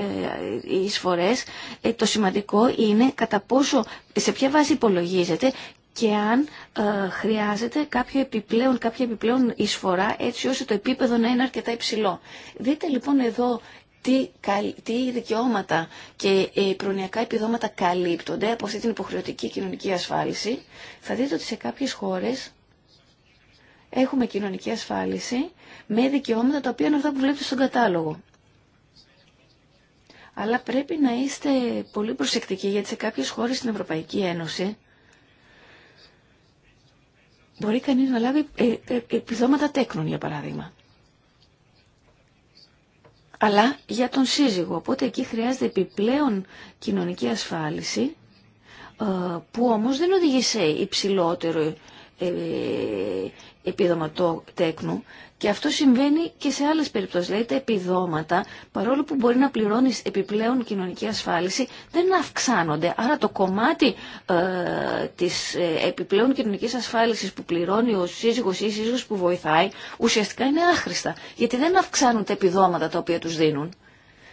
οι εισφορές, ε, το σημαντικό είναι κατά πόσο, σε ποια βάση υπολογίζεται και αν ε, χρειάζεται κάποιο επιπλέον, κάποια επιπλέον εισφορά έτσι ώστε το επίπεδο να είναι αρκετά υψηλό. Δείτε λοιπόν εδώ τι, τι δικαιώματα και ε, προνοιακά επιδόματα καλύπτονται από αυτή την υποχρεωτική κοινωνική ασφάλιση. Θα δείτε ότι σε κάποιες χώρες έχουμε κοινωνική ασφάλιση με δικαιώματα τα οποία είναι αυτά που βλέπετε στον κατάλογο. Αλλά πρέπει να είστε πολύ προσεκτικοί γιατί σε κάποιες χώρες στην Ευρωπαϊκή Ένωση Μπορεί κανείς να λάβει ε, ε, επιδόματα τέκνων, για παράδειγμα. Αλλά για τον σύζυγο. Οπότε εκεί χρειάζεται επιπλέον κοινωνική ασφάλιση, ε, που όμως δεν οδηγεί σε υψηλότερο επιδόματό τέκνου. Και αυτό συμβαίνει και σε άλλε περιπτώσει. Δηλαδή τα επιδόματα, παρόλο που μπορεί να πληρώνει επιπλέον κοινωνική ασφάλιση, δεν αυξάνονται. Άρα το κομμάτι ε, τη ε, επιπλέον κοινωνική ασφάλιση που πληρώνει ο σύζυγο ή η σύζυγο που βοηθάει, ουσιαστικά είναι άχρηστα. Γιατί δεν αυξάνουν τα επιδόματα τα οποία του δίνουν.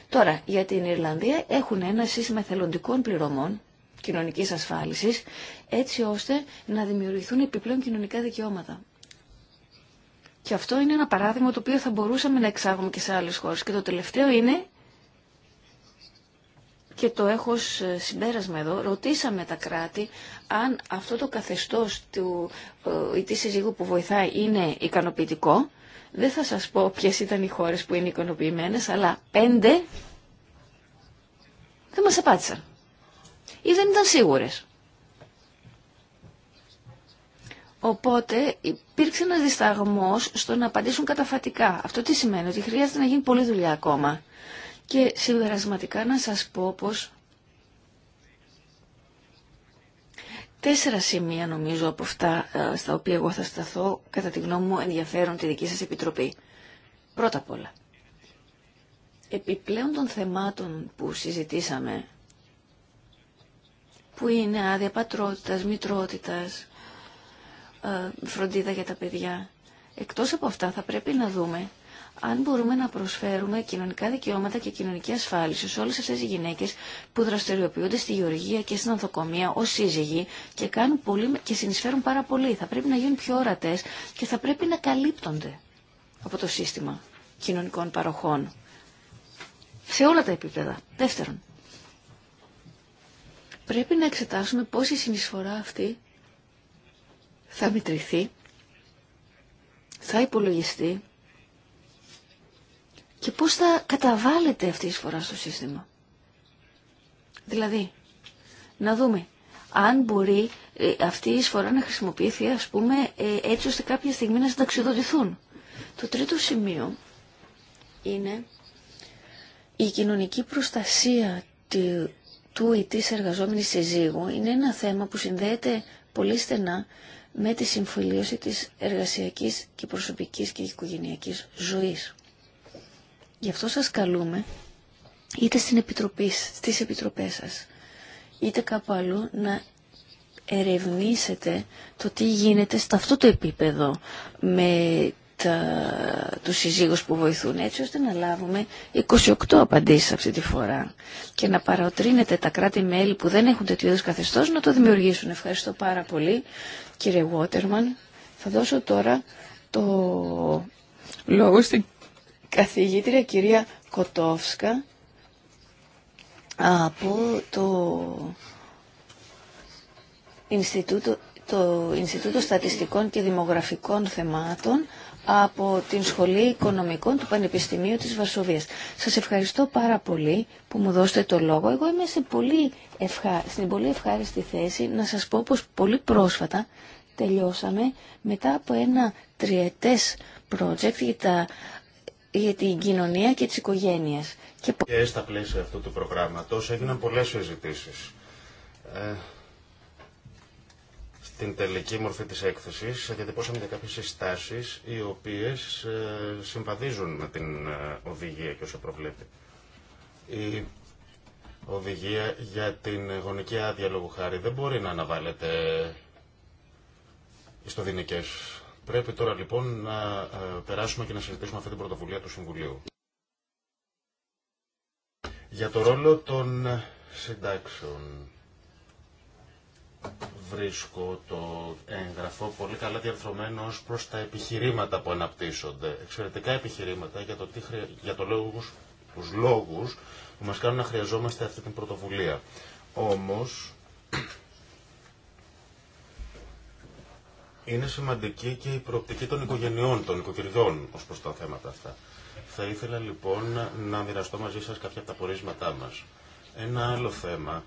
Τώρα, για την Ιρλανδία έχουν ένα σύστημα εθελοντικών πληρωμών κοινωνική ασφάλισης, έτσι ώστε να δημιουργηθούν επιπλέον κοινωνικά δικαιώματα. Και αυτό είναι ένα παράδειγμα το οποίο θα μπορούσαμε να εξάγουμε και σε άλλες χώρες. Και το τελευταίο είναι, και το έχω ως ε, συμπέρασμα εδώ, ρωτήσαμε τα κράτη αν αυτό το καθεστώς του, ή ε, συζύγου που βοηθάει είναι ικανοποιητικό. Δεν θα σας πω ποιες ήταν οι χώρες που είναι ικανοποιημένες, αλλά πέντε δεν μας απάντησαν. Ή δεν ήταν σίγουρες. Οπότε υπήρξε ένα δισταγμό στο να απαντήσουν καταφατικά. Αυτό τι σημαίνει, ότι χρειάζεται να γίνει πολλή δουλειά ακόμα. Και συμπερασματικά να σας πω πως τέσσερα σημεία νομίζω από αυτά ε, στα οποία εγώ θα σταθώ κατά τη γνώμη μου ενδιαφέρουν τη δική σας επιτροπή. Πρώτα απ' όλα, επιπλέον των θεμάτων που συζητήσαμε, που είναι άδεια πατρότητας, μητρότητας, ε, φροντίδα για τα παιδιά. Εκτός από αυτά θα πρέπει να δούμε αν μπορούμε να προσφέρουμε κοινωνικά δικαιώματα και κοινωνική ασφάλιση σε όλες αυτές οι γυναίκες που δραστηριοποιούνται στη γεωργία και στην ανθοκομεία ως σύζυγοι και, κάνουν πολύ, και συνεισφέρουν πάρα πολύ. Θα πρέπει να γίνουν πιο ορατές και θα πρέπει να καλύπτονται από το σύστημα κοινωνικών παροχών. Σε όλα τα επίπεδα. Δεύτερον, πρέπει να εξετάσουμε πώς η συνεισφορά αυτή θα μετρηθεί, θα υπολογιστεί και πώς θα καταβάλλεται αυτή η εισφορά στο σύστημα. Δηλαδή, να δούμε αν μπορεί ε, αυτή η εισφορά να χρησιμοποιηθεί, ας πούμε, ε, έτσι ώστε κάποια στιγμή να συνταξιδοτηθούν. Το τρίτο σημείο είναι η κοινωνική προστασία του ή της εργαζόμενης συζύγου. Είναι ένα θέμα που συνδέεται πολύ στενά με τη συμφιλίωση της εργασιακής και προσωπικής και οικογενειακής ζωής. Γι' αυτό σας καλούμε είτε στην επιτροπή, στις επιτροπές σας, είτε κάπου αλλού να ερευνήσετε το τι γίνεται σε αυτό το επίπεδο με τους συζύγους που βοηθούν έτσι ώστε να λάβουμε 28 απαντήσεις αυτή τη φορά και να παροτρύνετε τα κράτη-μέλη που δεν έχουν τέτοιου είδους καθεστώς να το δημιουργήσουν. Ευχαριστώ πάρα πολύ κύριε Βότερμαν. Θα δώσω τώρα το λόγο στην καθηγήτρια κυρία Κοτόφσκα από το Ινστιτούτο το Ινστιτούτο Στατιστικών και Δημογραφικών Θεμάτων από την Σχολή Οικονομικών του Πανεπιστημίου της Βασοβίας. Σας ευχαριστώ πάρα πολύ που μου δώσετε το λόγο. Εγώ είμαι σε πολύ ευχα... στην πολύ ευχάριστη θέση να σας πω πως πολύ πρόσφατα τελειώσαμε μετά από ένα τριετές project για, τα... για την κοινωνία και τις οικογένειες. Και... και στα πλαίσια αυτού του προγράμματος έγιναν πολλές συζητήσει. Ε, στην τελική μορφή της έκθεσης διατυπώσαμε για κάποιες συστάσεις οι οποίες ε, συμβαδίζουν με την ε, οδηγία και όσο προβλέπει. Η οδηγία για την γονική άδεια λόγου χάρη δεν μπορεί να αναβάλλεται ιστοδυνικές. Πρέπει τώρα λοιπόν να ε, περάσουμε και να συζητήσουμε αυτή την πρωτοβουλία του Συμβουλίου. Για το ρόλο των συντάξεων βρίσκω το έγγραφο πολύ καλά διαρθρωμένο ως προς τα επιχειρήματα που αναπτύσσονται. Εξαιρετικά επιχειρήματα για το, τι, για το λόγους, τους λόγους που μας κάνουν να χρειαζόμαστε αυτή την πρωτοβουλία. Όμως, είναι σημαντική και η προοπτική των οικογενειών, των οικοκυριών ως προς τα θέματα αυτά. Θα ήθελα λοιπόν να μοιραστώ μαζί σας κάποια από τα πορίσματά μας. Ένα άλλο θέμα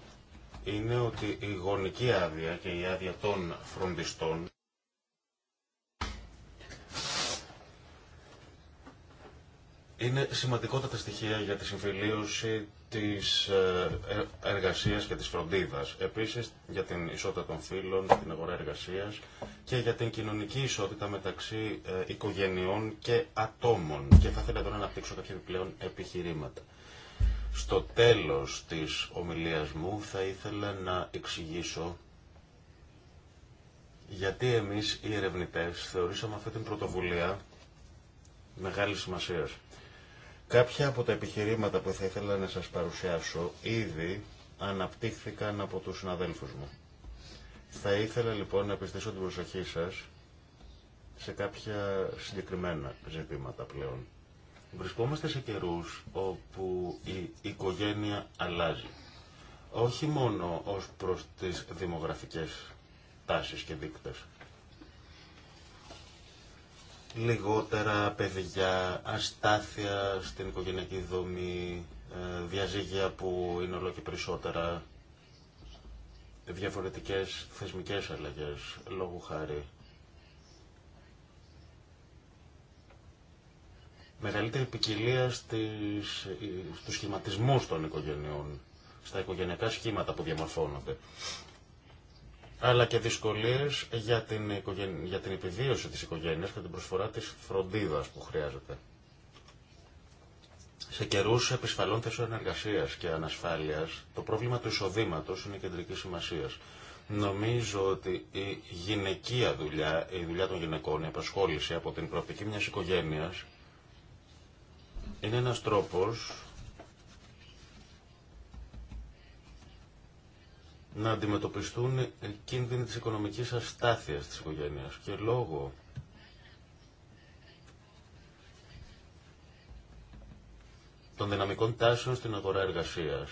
είναι ότι η γονική άδεια και η άδεια των φροντιστών είναι σημαντικότατα στοιχεία για τη συμφιλίωση της ε, ε, εργασίας και της φροντίδας. Επίσης για την ισότητα των φύλων, την αγορά εργασίας και για την κοινωνική ισότητα μεταξύ ε, οικογενειών και ατόμων. Και θα ήθελα να αναπτύξω κάποια επιπλέον επιχειρήματα. Στο τέλος της ομιλίας μου θα ήθελα να εξηγήσω γιατί εμείς οι ερευνητές θεωρήσαμε αυτή την πρωτοβουλία μεγάλη σημασία. Κάποια από τα επιχειρήματα που θα ήθελα να σας παρουσιάσω ήδη αναπτύχθηκαν από τους συναδέλφους μου. Θα ήθελα λοιπόν να επιστήσω την προσοχή σας σε κάποια συγκεκριμένα ζητήματα πλέον. Βρισκόμαστε σε καιρούς όπου η οικογένεια αλλάζει. Όχι μόνο ως προς τις δημογραφικές τάσεις και δείκτες. Λιγότερα παιδιά, αστάθεια στην οικογενειακή δομή, ε, διαζύγια που είναι όλο και περισσότερα, διαφορετικές θεσμικές αλλαγές, λόγου χάρη μεγαλύτερη ποικιλία στις, στους σχηματισμούς των οικογενειών, στα οικογενειακά σχήματα που διαμορφώνονται, αλλά και δυσκολίες για την, οικογεν... για την επιβίωση της οικογένειας και την προσφορά της φροντίδας που χρειάζεται. Σε καιρού επισφαλών θέσεων εργασία και ανασφάλεια, το πρόβλημα του εισοδήματο είναι κεντρική σημασία. Νομίζω ότι η γυναικεία δουλειά, η δουλειά των γυναικών, η απασχόληση από την προοπτική μια οικογένεια είναι ένας τρόπος να αντιμετωπιστούν κίνδυνοι της οικονομικής αστάθειας της οικογένειας και λόγω των δυναμικών τάσεων στην αγορά εργασίας.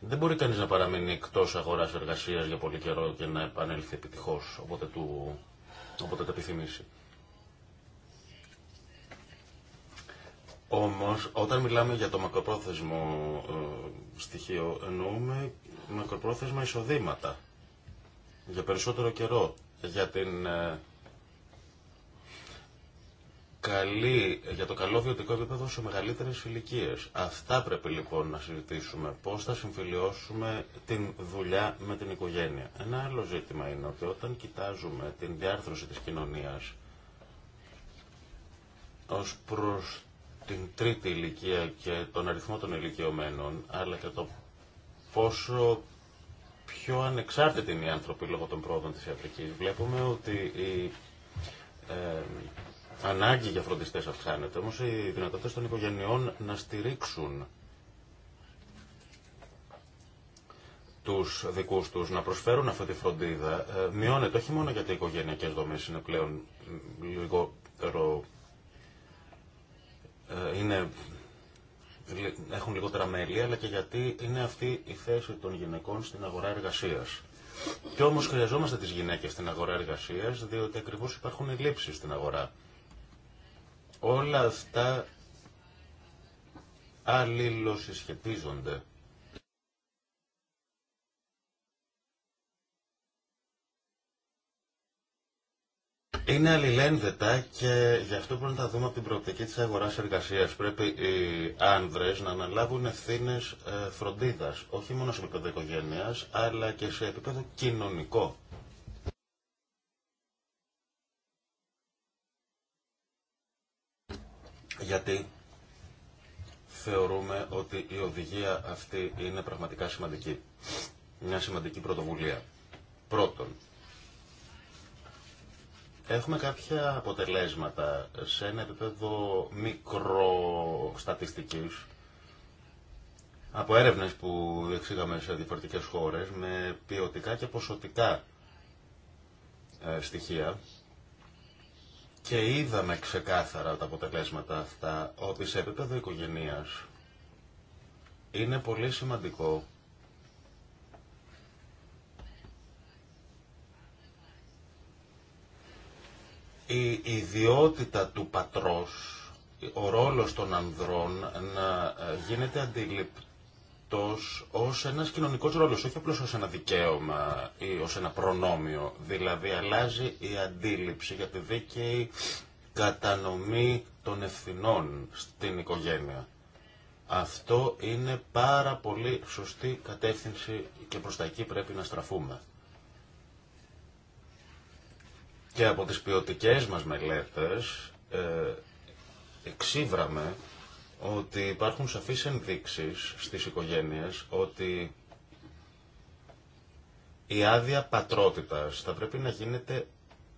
Δεν μπορεί κανείς να παραμείνει εκτός αγοράς εργασίας για πολύ καιρό και να επανέλθει επιτυχώς όποτε, του, όποτε το επιθυμήσει. Όμως, όταν μιλάμε για το μακροπρόθεσμο ε, στοιχείο, εννοούμε μακροπρόθεσμα εισοδήματα. Για περισσότερο καιρό. Για την ε, για το καλό βιωτικό επίπεδο σε μεγαλύτερε ηλικίε. Αυτά πρέπει λοιπόν να συζητήσουμε. Πώ θα συμφιλειώσουμε την δουλειά με την οικογένεια. Ένα άλλο ζήτημα είναι ότι όταν κοιτάζουμε την διάρθρωση τη κοινωνία ω προς την τρίτη ηλικία και τον αριθμό των ηλικιωμένων, αλλά και το πόσο πιο ανεξάρτητοι είναι οι άνθρωποι λόγω των πρόοδων της ιατρικής. Βλέπουμε ότι η ε, ανάγκη για φροντιστές αυξάνεται, όμως οι δυνατότητες των οικογενειών να στηρίξουν τους δικούς τους, να προσφέρουν αυτή τη φροντίδα, ε, μειώνεται όχι μόνο γιατί οι οικογενειακές δομές είναι πλέον λιγότερο ε, είναι, έχουν λιγότερα μέλη, αλλά και γιατί είναι αυτή η θέση των γυναικών στην αγορά εργασίας. Και όμω χρειαζόμαστε τις γυναίκες στην αγορά εργασίας, διότι ακριβώ υπάρχουν ελλείψεις στην αγορά. Όλα αυτά αλληλοσυσχετίζονται. είναι αλληλένδετα και γι' αυτό πρέπει να τα δούμε από την προοπτική της αγοράς εργασίας. Πρέπει οι άνδρες να αναλάβουν ευθύνες ε, φροντίδας, όχι μόνο σε επίπεδο οικογένειας, αλλά και σε επίπεδο κοινωνικό. Γιατί θεωρούμε ότι η οδηγία αυτή είναι πραγματικά σημαντική. Μια σημαντική πρωτοβουλία. Πρώτον, Έχουμε κάποια αποτελέσματα σε ένα επίπεδο μικροστατιστικής από έρευνες που εξήγαμε σε διαφορετικές χώρες με ποιοτικά και ποσοτικά ε, στοιχεία και είδαμε ξεκάθαρα τα αποτελέσματα αυτά ότι σε επίπεδο οικογενείας είναι πολύ σημαντικό η ιδιότητα του πατρός, ο ρόλος των ανδρών να ε, γίνεται αντιληπτός ως ένας κοινωνικός ρόλος, όχι απλώς ως ένα δικαίωμα ή ως ένα προνόμιο. Δηλαδή αλλάζει η αντίληψη για τη δίκαιη κατανομή των ευθυνών στην οικογένεια. Αυτό είναι πάρα πολύ σωστή κατεύθυνση και προς τα εκεί πρέπει να στραφούμε. Και από τις ποιοτικέ μας μελέτες ε, εξήβραμε ότι υπάρχουν σαφείς ενδείξεις στις οικογένειες ότι η άδεια πατρότητας θα πρέπει να γίνεται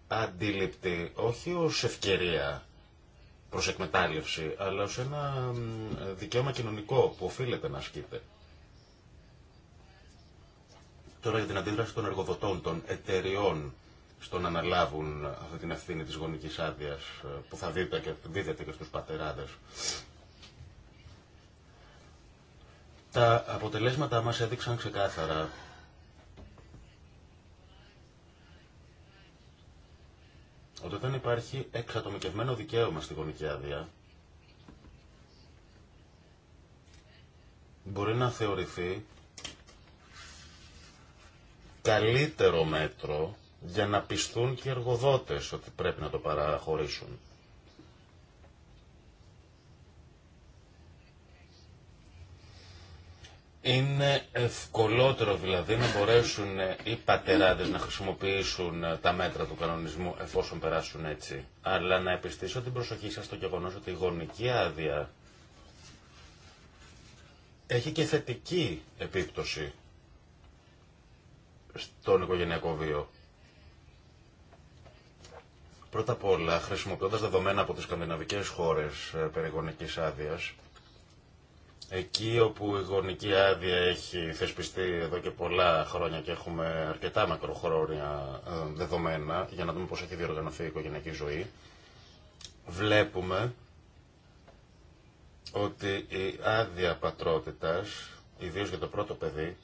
αντιληπτή, όχι ως ευκαιρία προς εκμετάλλευση, αλλά ως ένα δικαίωμα κοινωνικό που οφείλεται να ασκείται. Τώρα για την αντίδραση των εργοδοτών, των εταιριών στο να αναλάβουν αυτή την ευθύνη της γονικής άδεια ε, που θα δείτε και, δίδεται και στους πατεράδες. Τα αποτελέσματα μας έδειξαν ξεκάθαρα ότι όταν υπάρχει εξατομικευμένο δικαίωμα στη γονική άδεια, μπορεί να θεωρηθεί καλύτερο μέτρο για να πιστούν και οι εργοδότες ότι πρέπει να το παραχωρήσουν. Είναι ευκολότερο δηλαδή να μπορέσουν οι πατεράδες να χρησιμοποιήσουν τα μέτρα του κανονισμού εφόσον περάσουν έτσι. Αλλά να επιστήσω την προσοχή σας στο γεγονός ότι η γονική άδεια έχει και θετική επίπτωση στον οικογενειακό βίο. Πρώτα απ' όλα, χρησιμοποιώντας δεδομένα από τις σκανδιναβικές χώρες ε, περί γονικής άδειας, εκεί όπου η γονική άδεια έχει θεσπιστεί εδώ και πολλά χρόνια και έχουμε αρκετά μακροχρόνια ε, δεδομένα για να δούμε πώς έχει διοργανωθεί η οικογενειακή ζωή, βλέπουμε ότι η άδεια πατρότητας, ιδίως για το πρώτο παιδί,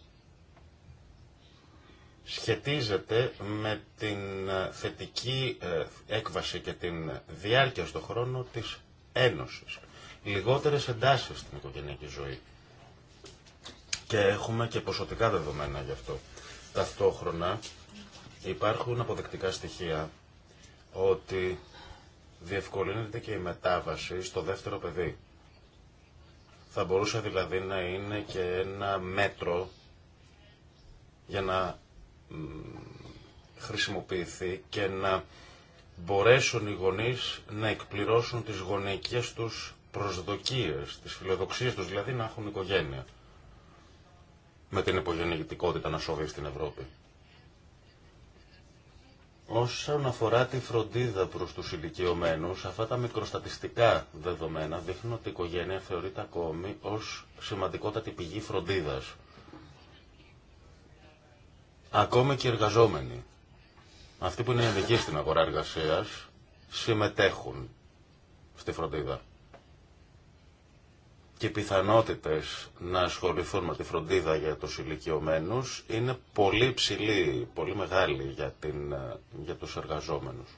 σχετίζεται με την ε, θετική ε, έκβαση και την διάρκεια στον χρόνο της ένωσης. Λιγότερες εντάσεις στην οικογενειακή ζωή. Και έχουμε και ποσοτικά δεδομένα γι' αυτό. Ταυτόχρονα υπάρχουν αποδεκτικά στοιχεία ότι διευκολύνεται και η μετάβαση στο δεύτερο παιδί. Θα μπορούσε δηλαδή να είναι και ένα μέτρο για να χρησιμοποιηθεί και να μπορέσουν οι γονείς να εκπληρώσουν τις γονεϊκές τους προσδοκίες, τις φιλοδοξίες τους, δηλαδή να έχουν οικογένεια με την υπογεννητικότητα να σώβει στην Ευρώπη. Όσον αφορά τη φροντίδα προς τους ηλικιωμένους, αυτά τα μικροστατιστικά δεδομένα δείχνουν ότι η οικογένεια θεωρείται ακόμη ως σημαντικότατη πηγή φροντίδας. Ακόμα και οι εργαζόμενοι, αυτοί που είναι ειδικοί στην αγορά εργασία, συμμετέχουν στη φροντίδα. Και οι πιθανότητες να ασχοληθούν με τη φροντίδα για τους ηλικιωμένου είναι πολύ ψηλή, πολύ μεγάλη για, την, ε, για τους εργαζόμενους.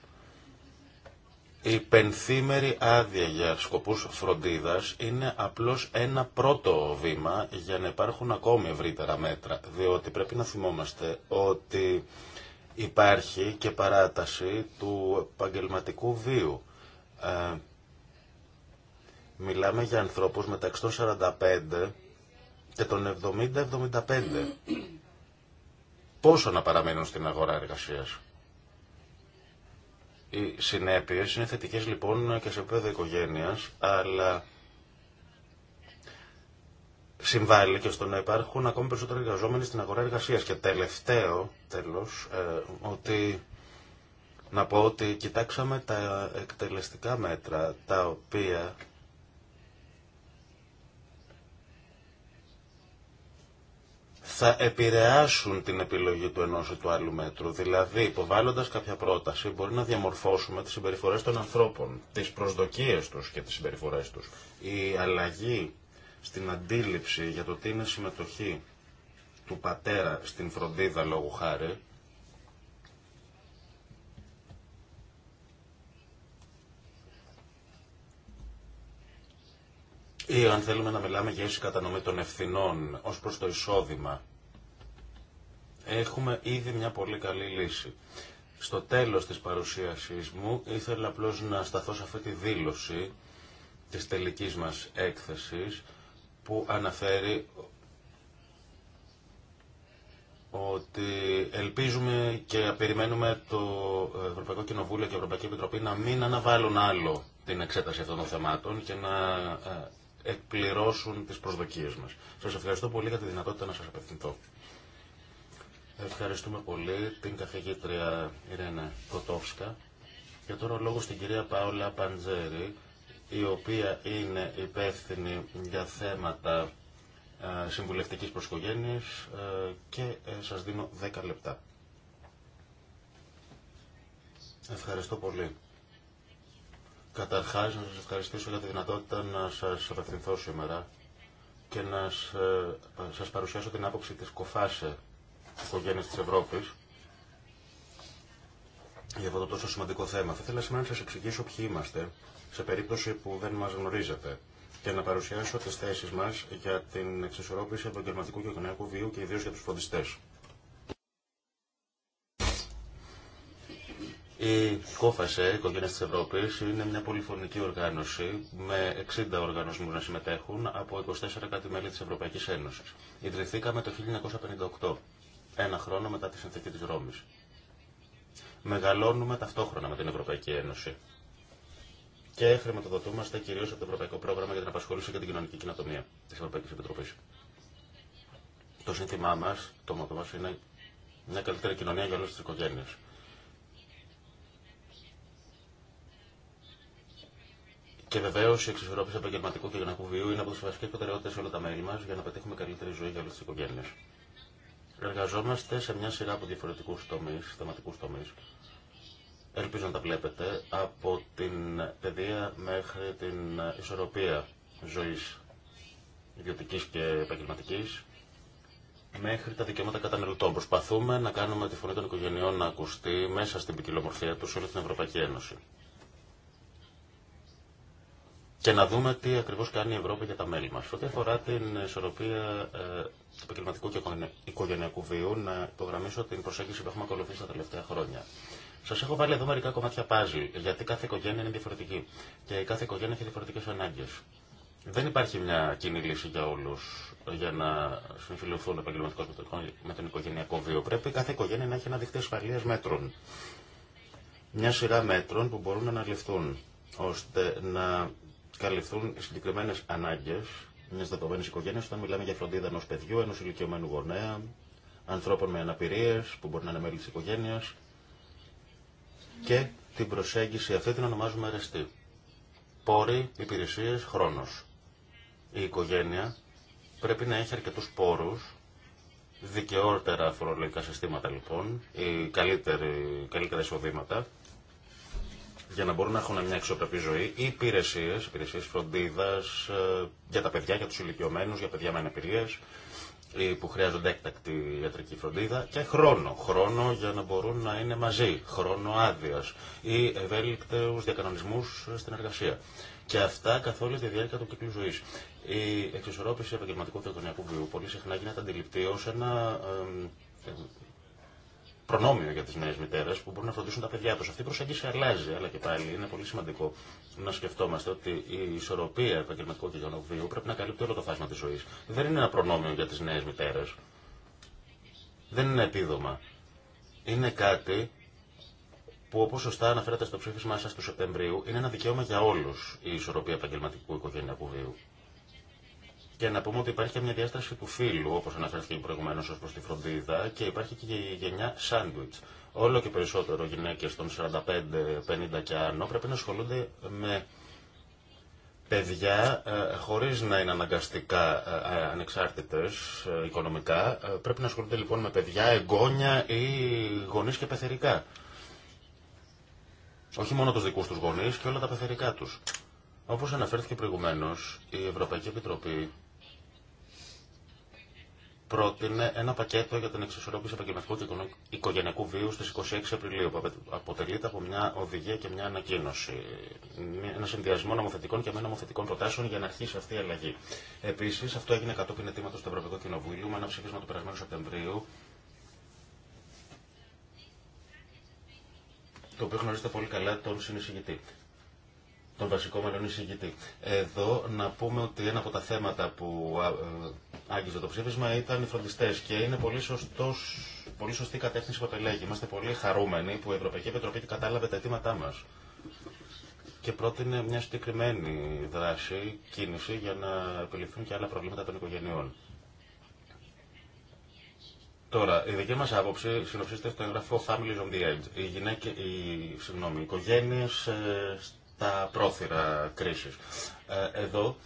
Η πενθήμερη άδεια για σκοπούς φροντίδας είναι απλώς ένα πρώτο βήμα για να υπάρχουν ακόμη ευρύτερα μέτρα, διότι πρέπει να θυμόμαστε ότι υπάρχει και παράταση του επαγγελματικού βίου. Ε, μιλάμε για ανθρώπους μεταξύ των 45 και των 70-75. Πόσο να παραμένουν στην αγορά εργασίας. Οι συνέπειες είναι θετικές λοιπόν και σε επίπεδο οικογένειας, αλλά συμβάλλει και στο να υπάρχουν ακόμη περισσότεροι εργαζόμενοι στην αγορά εργασίας. Και τελευταίο, τέλος, ε, ότι να πω ότι κοιτάξαμε τα εκτελεστικά μέτρα τα οποία θα επηρεάσουν την επιλογή του ενός ή του άλλου μέτρου. Δηλαδή, υποβάλλοντας κάποια πρόταση, μπορεί να διαμορφώσουμε τις συμπεριφορές των ανθρώπων, τις προσδοκίες τους και τις συμπεριφορές τους. Η αλλαγή στην αντίληψη για το τι είναι συμμετοχή του πατέρα στην φροντίδα λόγου χάρη, ή αν θέλουμε να μιλάμε για ίση κατανομή των ευθυνών ως προς το εισόδημα έχουμε ήδη μια πολύ καλή λύση. Στο τέλος της παρουσίασής μου ήθελα απλώς να σταθώ σε αυτή τη δήλωση της τελικής μας έκθεσης που αναφέρει ότι ελπίζουμε και περιμένουμε το Ευρωπαϊκό Κοινοβούλιο και η Ευρωπαϊκή Επιτροπή να μην αναβάλουν άλλο την εξέταση αυτών των θεμάτων και να ε, εκπληρώσουν τις προσδοκίες μας. Σας ευχαριστώ πολύ για τη δυνατότητα να σας απευθυνθώ. Ευχαριστούμε πολύ την καθηγήτρια Ιρένα Κοτόφσκα και τώρα λόγο στην κυρία Πάολα Παντζέρη, η οποία είναι υπεύθυνη για θέματα ε, συμβουλευτικής προσκογένειας ε, και ε, σας δίνω 10 λεπτά. Ευχαριστώ πολύ. Καταρχάς να σας ευχαριστήσω για τη δυνατότητα να σας απευθυνθώ σήμερα και να σας παρουσιάσω την άποψη της Κοφάσε οικογένειες της Ευρώπης για αυτό το τόσο σημαντικό θέμα. Θα ήθελα σήμερα να σας εξηγήσω ποιοι είμαστε σε περίπτωση που δεν μας γνωρίζετε και να παρουσιάσω τις θέσεις μας για την εξισορρόπηση επαγγελματικού και οικονομικού βίου και ιδίως για τους φροντιστές. Η ΚΟΦΑΣΕ, η Οικογένεια τη Ευρώπη, είναι μια πολυφωνική οργάνωση με 60 οργανωσμούς να συμμετέχουν από 24 κάτι μελη της Ευρωπαϊκής Ένωσης. Ιδρυθήκαμε το 1958 ένα χρόνο μετά τη συνθήκη της Ρώμης. Μεγαλώνουμε ταυτόχρονα με την Ευρωπαϊκή Ένωση και χρηματοδοτούμαστε κυρίως από το Ευρωπαϊκό Πρόγραμμα για την Απασχόληση και την Κοινωνική Κοινοτομία της Ευρωπαϊκής Επιτροπής. Το σύνθημά μας, το μότο μας είναι μια καλύτερη κοινωνία για όλες τις οικογένειες. Και βεβαίω η εξισορρόπηση επαγγελματικού και γενικού βιού είναι από τι βασικέ προτεραιότητε όλα τα μέλη μα για να πετύχουμε καλύτερη ζωή για όλε τι οικογένειε. Εργαζόμαστε σε μια σειρά από διαφορετικούς τομείς, θεματικούς τομείς. Ελπίζω να τα βλέπετε από την παιδεία μέχρι την ισορροπία ζωής ιδιωτικής και επαγγελματική μέχρι τα δικαιώματα καταναλωτών. Προσπαθούμε να κάνουμε τη φωνή των οικογενειών να ακουστεί μέσα στην ποικιλομορφία του σε όλη την Ευρωπαϊκή Ένωση. Και να δούμε τι ακριβώς κάνει η Ευρώπη για τα μέλη μας. Ό,τι αφορά την ισορροπία ε, επαγγελματικού και οικογενειακού βίου να υπογραμμίσω την προσέγγιση που έχουμε ακολουθήσει τα τελευταία χρόνια. Σα έχω βάλει εδώ μερικά κομμάτια πάζλ, γιατί κάθε οικογένεια είναι διαφορετική και κάθε οικογένεια έχει διαφορετικέ ανάγκε. Δεν υπάρχει μια κοινή λύση για όλου για να συμφιλειωθούν επαγγελματικώ με τον οικογενειακό βίο. Πρέπει κάθε οικογένεια να έχει ένα δίχτυ ασφαλεία μέτρων. Μια σειρά μέτρων που μπορούν να αναλυφθούν ώστε να καλυφθούν συγκεκριμένε ανάγκε μια δεδομένη οικογένεια όταν μιλάμε για φροντίδα ενό παιδιού, ενό ηλικιωμένου γονέα, ανθρώπων με αναπηρίε που μπορεί να είναι μέλη τη οικογένεια. Και την προσέγγιση αυτή την ονομάζουμε αρεστή. Πόροι, υπηρεσίε, χρόνο. Η οικογένεια πρέπει να έχει αρκετού πόρου, δικαιότερα φορολογικά συστήματα λοιπόν, οι καλύτερα εισοδήματα για να μπορούν να έχουν μια εξωτερική ζωή, ή υπηρεσίε, υπηρεσίε φροντίδα ε, για τα παιδιά, για του ηλικιωμένου, για παιδιά με αναπηρίε, που χρειάζονται έκτακτη ιατρική φροντίδα και χρόνο. Χρόνο για να μπορούν να είναι μαζί. Χρόνο άδεια ή ευέλικτου διακανονισμού στην εργασία. Και αυτά καθ' όλη τη διάρκεια του κύκλου ζωή. Η εξισορρόπηση επαγγελματικού και οικογενειακού βίου πολύ συχνά βιου πολυ αντιληπτή ω ένα προνόμιο για τι νέε μητέρε που μπορούν να φροντίσουν τα παιδιά του. Αυτή η προσέγγιση αλλάζει, αλλά και πάλι είναι πολύ σημαντικό να σκεφτόμαστε ότι η ισορροπία επαγγελματικού και γενοβίου πρέπει να καλύπτει όλο το φάσμα τη ζωή. Δεν είναι ένα προνόμιο για τι νέε μητέρε. Δεν είναι επίδομα. Είναι κάτι που όπω σωστά αναφέρατε στο ψήφισμά σα του Σεπτεμβρίου, είναι ένα δικαίωμα για όλου η ισορροπία επαγγελματικού οικογενειακού βίου. Και να πούμε ότι υπάρχει και μια διάσταση του φύλου, όπω αναφέρθηκε προηγουμένω ω προ τη φροντίδα, και υπάρχει και η γενιά σάντουιτ. Όλο και περισσότερο γυναίκε των 45-50 και άνω πρέπει να ασχολούνται με παιδιά, ε, χωρί να είναι αναγκαστικά ε, ε, ανεξάρτητε οικονομικά. Πρέπει να ασχολούνται λοιπόν με παιδιά, εγγόνια ή γονεί και πεθερικά. Όχι μόνο του δικού του γονεί και όλα τα πεθερικά του. Όπως αναφέρθηκε προηγουμένως, η Ευρωπαϊκή ολα τα πεθερικα του οπω αναφερθηκε προηγουμενω η ευρωπαικη επιτροπη πρότεινε ένα πακέτο για την εξισορρόπηση επαγγελματικού και οικογενειακού βίου στι 26 Απριλίου, που αποτελείται από μια οδηγία και μια ανακοίνωση. Ένα συνδυασμό νομοθετικών και μη νομοθετικών προτάσεων για να αρχίσει αυτή η αλλαγή. Επίση, αυτό έγινε κατόπιν αιτήματο του Ευρωπαϊκού Κοινοβουλίου με ένα ψήφισμα του περασμένου Σεπτεμβρίου, το οποίο γνωρίζετε πολύ καλά τον συνεισηγητή τον βασικό μελλον εισηγητή. Εδώ να πούμε ότι ένα από τα θέματα που ε, άγγιζε το ψήφισμα ήταν οι φροντιστέ και είναι πολύ, σωστός, πολύ σωστή κατεύθυνση που επελέγει. Είμαστε πολύ χαρούμενοι που η Ευρωπαϊκή Επιτροπή κατάλαβε τα αιτήματά μα και πρότεινε μια συγκεκριμένη δράση, κίνηση για να επιληφθούν και άλλα προβλήματα των οικογενειών. Τώρα, η δική μα άποψη συνοψίζεται στο εγγραφό Families on the Edge. Οι, γυναίκες, οι, οι οικογένειε ε, τα πρόθυρα κρίσης. Ε, εδώ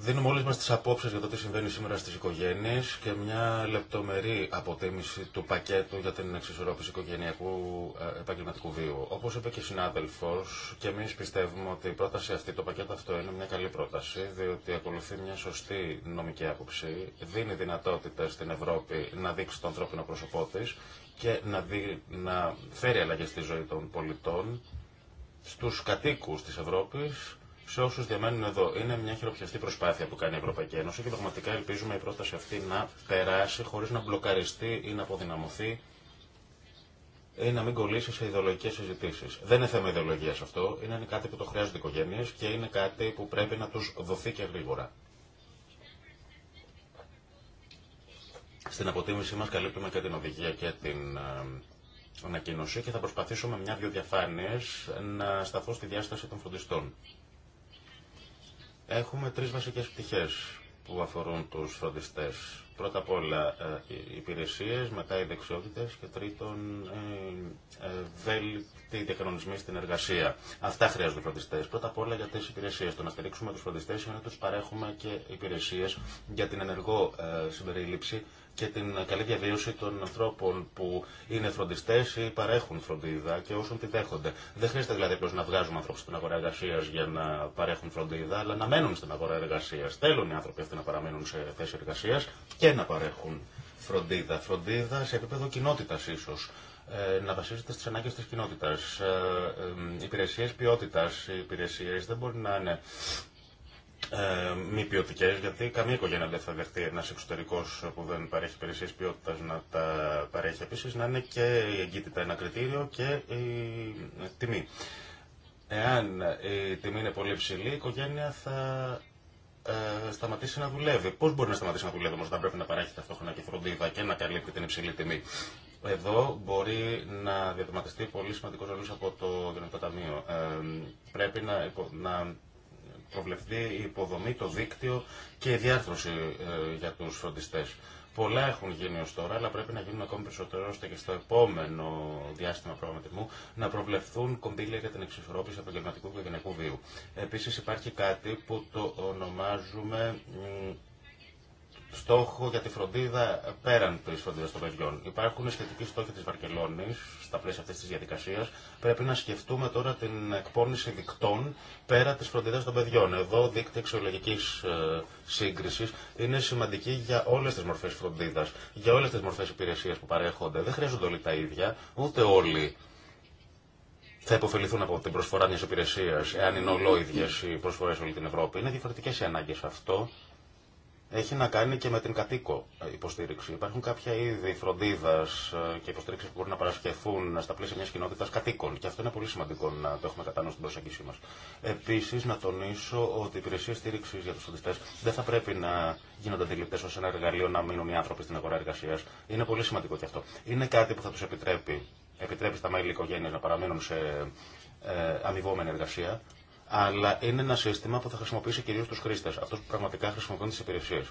Δίνουμε όλες μας τις απόψεις για το τι συμβαίνει σήμερα στις οικογένειες και μια λεπτομερή αποτίμηση του πακέτου για την εξισορρόπηση οικογενειακού ε, επαγγελματικού βίου. Όπως είπε και η συνάδελφος, και εμείς πιστεύουμε ότι η πρόταση αυτή, το πακέτο αυτό είναι μια καλή πρόταση, διότι ακολουθεί μια σωστή νομική άποψη, δίνει δυνατότητα στην Ευρώπη να δείξει τον ανθρώπινο πρόσωπό τη και να, δει, να φέρει αλλαγέ στη ζωή των πολιτών, στου κατοίκου τη Ευρώπη, σε όσου διαμένουν εδώ. Είναι μια χειροπιαστή προσπάθεια που κάνει η Ευρωπαϊκή Ένωση και πραγματικά ελπίζουμε η πρόταση αυτή να περάσει χωρί να μπλοκαριστεί ή να αποδυναμωθεί ή να μην κολλήσει σε ιδεολογικέ συζητήσει. Δεν είναι θέμα ιδεολογία αυτό. Είναι κάτι που το χρειάζονται οι οικογένειε και είναι κάτι που πρέπει να του δοθεί και γρήγορα. Στην αποτίμησή μα καλύπτουμε και την οδηγία και την ε, ανακοίνωση και θα προσπαθήσουμε μια-δυο διαφάνειε να σταθώ στη διάσταση των φροντιστών. Έχουμε τρει βασικέ πτυχέ που αφορούν του φροντιστέ. Πρώτα απ' όλα ε, οι υπηρεσίες, μετά οι δεξιότητε και τρίτον τη διακανονισμοί στην εργασία. Αυτά χρειάζονται οι φροντιστές. Πρώτα απ' όλα για τι υπηρεσίε. Το να στηρίξουμε του φροντιστέ είναι να του παρέχουμε και υπηρεσίε για την ενεργό ε, συμπερίληψη και την καλή διαβίωση των ανθρώπων που είναι φροντιστέ ή παρέχουν φροντίδα και όσων τη δέχονται. Δεν χρειάζεται δηλαδή απλώ να βγάζουμε ανθρώπου στην αγορά εργασία για να παρέχουν φροντίδα, αλλά να μένουν στην αγορά εργασία. Θέλουν οι άνθρωποι αυτοί να παραμένουν σε θέση εργασία και να παρέχουν φροντίδα. Φροντίδα σε επίπεδο κοινότητα ίσω. να βασίζεται στι ανάγκε τη κοινότητα. Ε, υπηρεσίε ποιότητα. υπηρεσίε δεν μπορεί να είναι ε, μη ποιοτικέ, γιατί καμία οικογένεια δεν θα δεχτεί ένα εξωτερικό που δεν παρέχει υπηρεσίε ποιότητα να τα παρέχει. Επίση, να είναι και η εγκύτητα ένα κριτήριο και η τιμή. Εάν η τιμή είναι πολύ ψηλή, η οικογένεια θα ε, σταματήσει να δουλεύει. Πώ μπορεί να σταματήσει να δουλεύει όμω όταν πρέπει να παρέχει ταυτόχρονα και φροντίδα και να καλύπτει την υψηλή τιμή. Εδώ μπορεί να διαδραματιστεί πολύ σημαντικό ρόλο από το Γενικό Ταμείο. Ε, πρέπει να, να προβλεφθεί η υποδομή, το δίκτυο και η διάρθρωση ε, για τους φροντιστές. Πολλά έχουν γίνει ως τώρα, αλλά πρέπει να γίνουν ακόμη περισσότερο ώστε και στο επόμενο διάστημα προγραμματισμού να προβλεφθούν κονδύλια για την εξισορρόπηση επαγγελματικού και γενικού βίου. Επίσης υπάρχει κάτι που το ονομάζουμε στόχο για τη φροντίδα πέραν τη φροντίδα των παιδιών. Υπάρχουν σχετικοί στόχοι τη Βαρκελόνη στα πλαίσια αυτή τη διαδικασία. Πρέπει να σκεφτούμε τώρα την εκπόνηση δικτών πέρα τη φροντίδα των παιδιών. Εδώ δείκτη αξιολογική ε, σύγκριση είναι σημαντική για όλε τι μορφέ φροντίδα, για όλε τι μορφέ υπηρεσία που παρέχονται. Δεν χρειάζονται όλοι τα ίδια, ούτε όλοι θα υποφεληθούν από την προσφορά μια υπηρεσία, εάν είναι ολόιδιε οι προσφορέ όλη την Ευρώπη. Είναι διαφορετικέ οι αυτό έχει να κάνει και με την κατοίκο ε, υποστήριξη. Υπάρχουν κάποια είδη φροντίδα ε, και υποστήριξη που μπορούν να παρασκευθούν στα πλαίσια μια κοινότητα κατοίκων. Και αυτό είναι πολύ σημαντικό να το έχουμε κατά νου στην προσέγγιση μα. Επίση, να τονίσω ότι οι υπηρεσίε στήριξη για του φροντιστέ δεν θα πρέπει να γίνονται αντιληπτέ ω ένα εργαλείο να μείνουν οι άνθρωποι στην αγορά εργασία. Είναι πολύ σημαντικό και αυτό. Είναι κάτι που θα του επιτρέπει, επιτρέπει στα μέλη οικογένεια να παραμείνουν σε ε, αμοιβόμενη εργασία αλλά είναι ένα σύστημα που θα χρησιμοποιήσει κυρίω του χρήστε, αυτού που πραγματικά χρησιμοποιούν τι υπηρεσίε.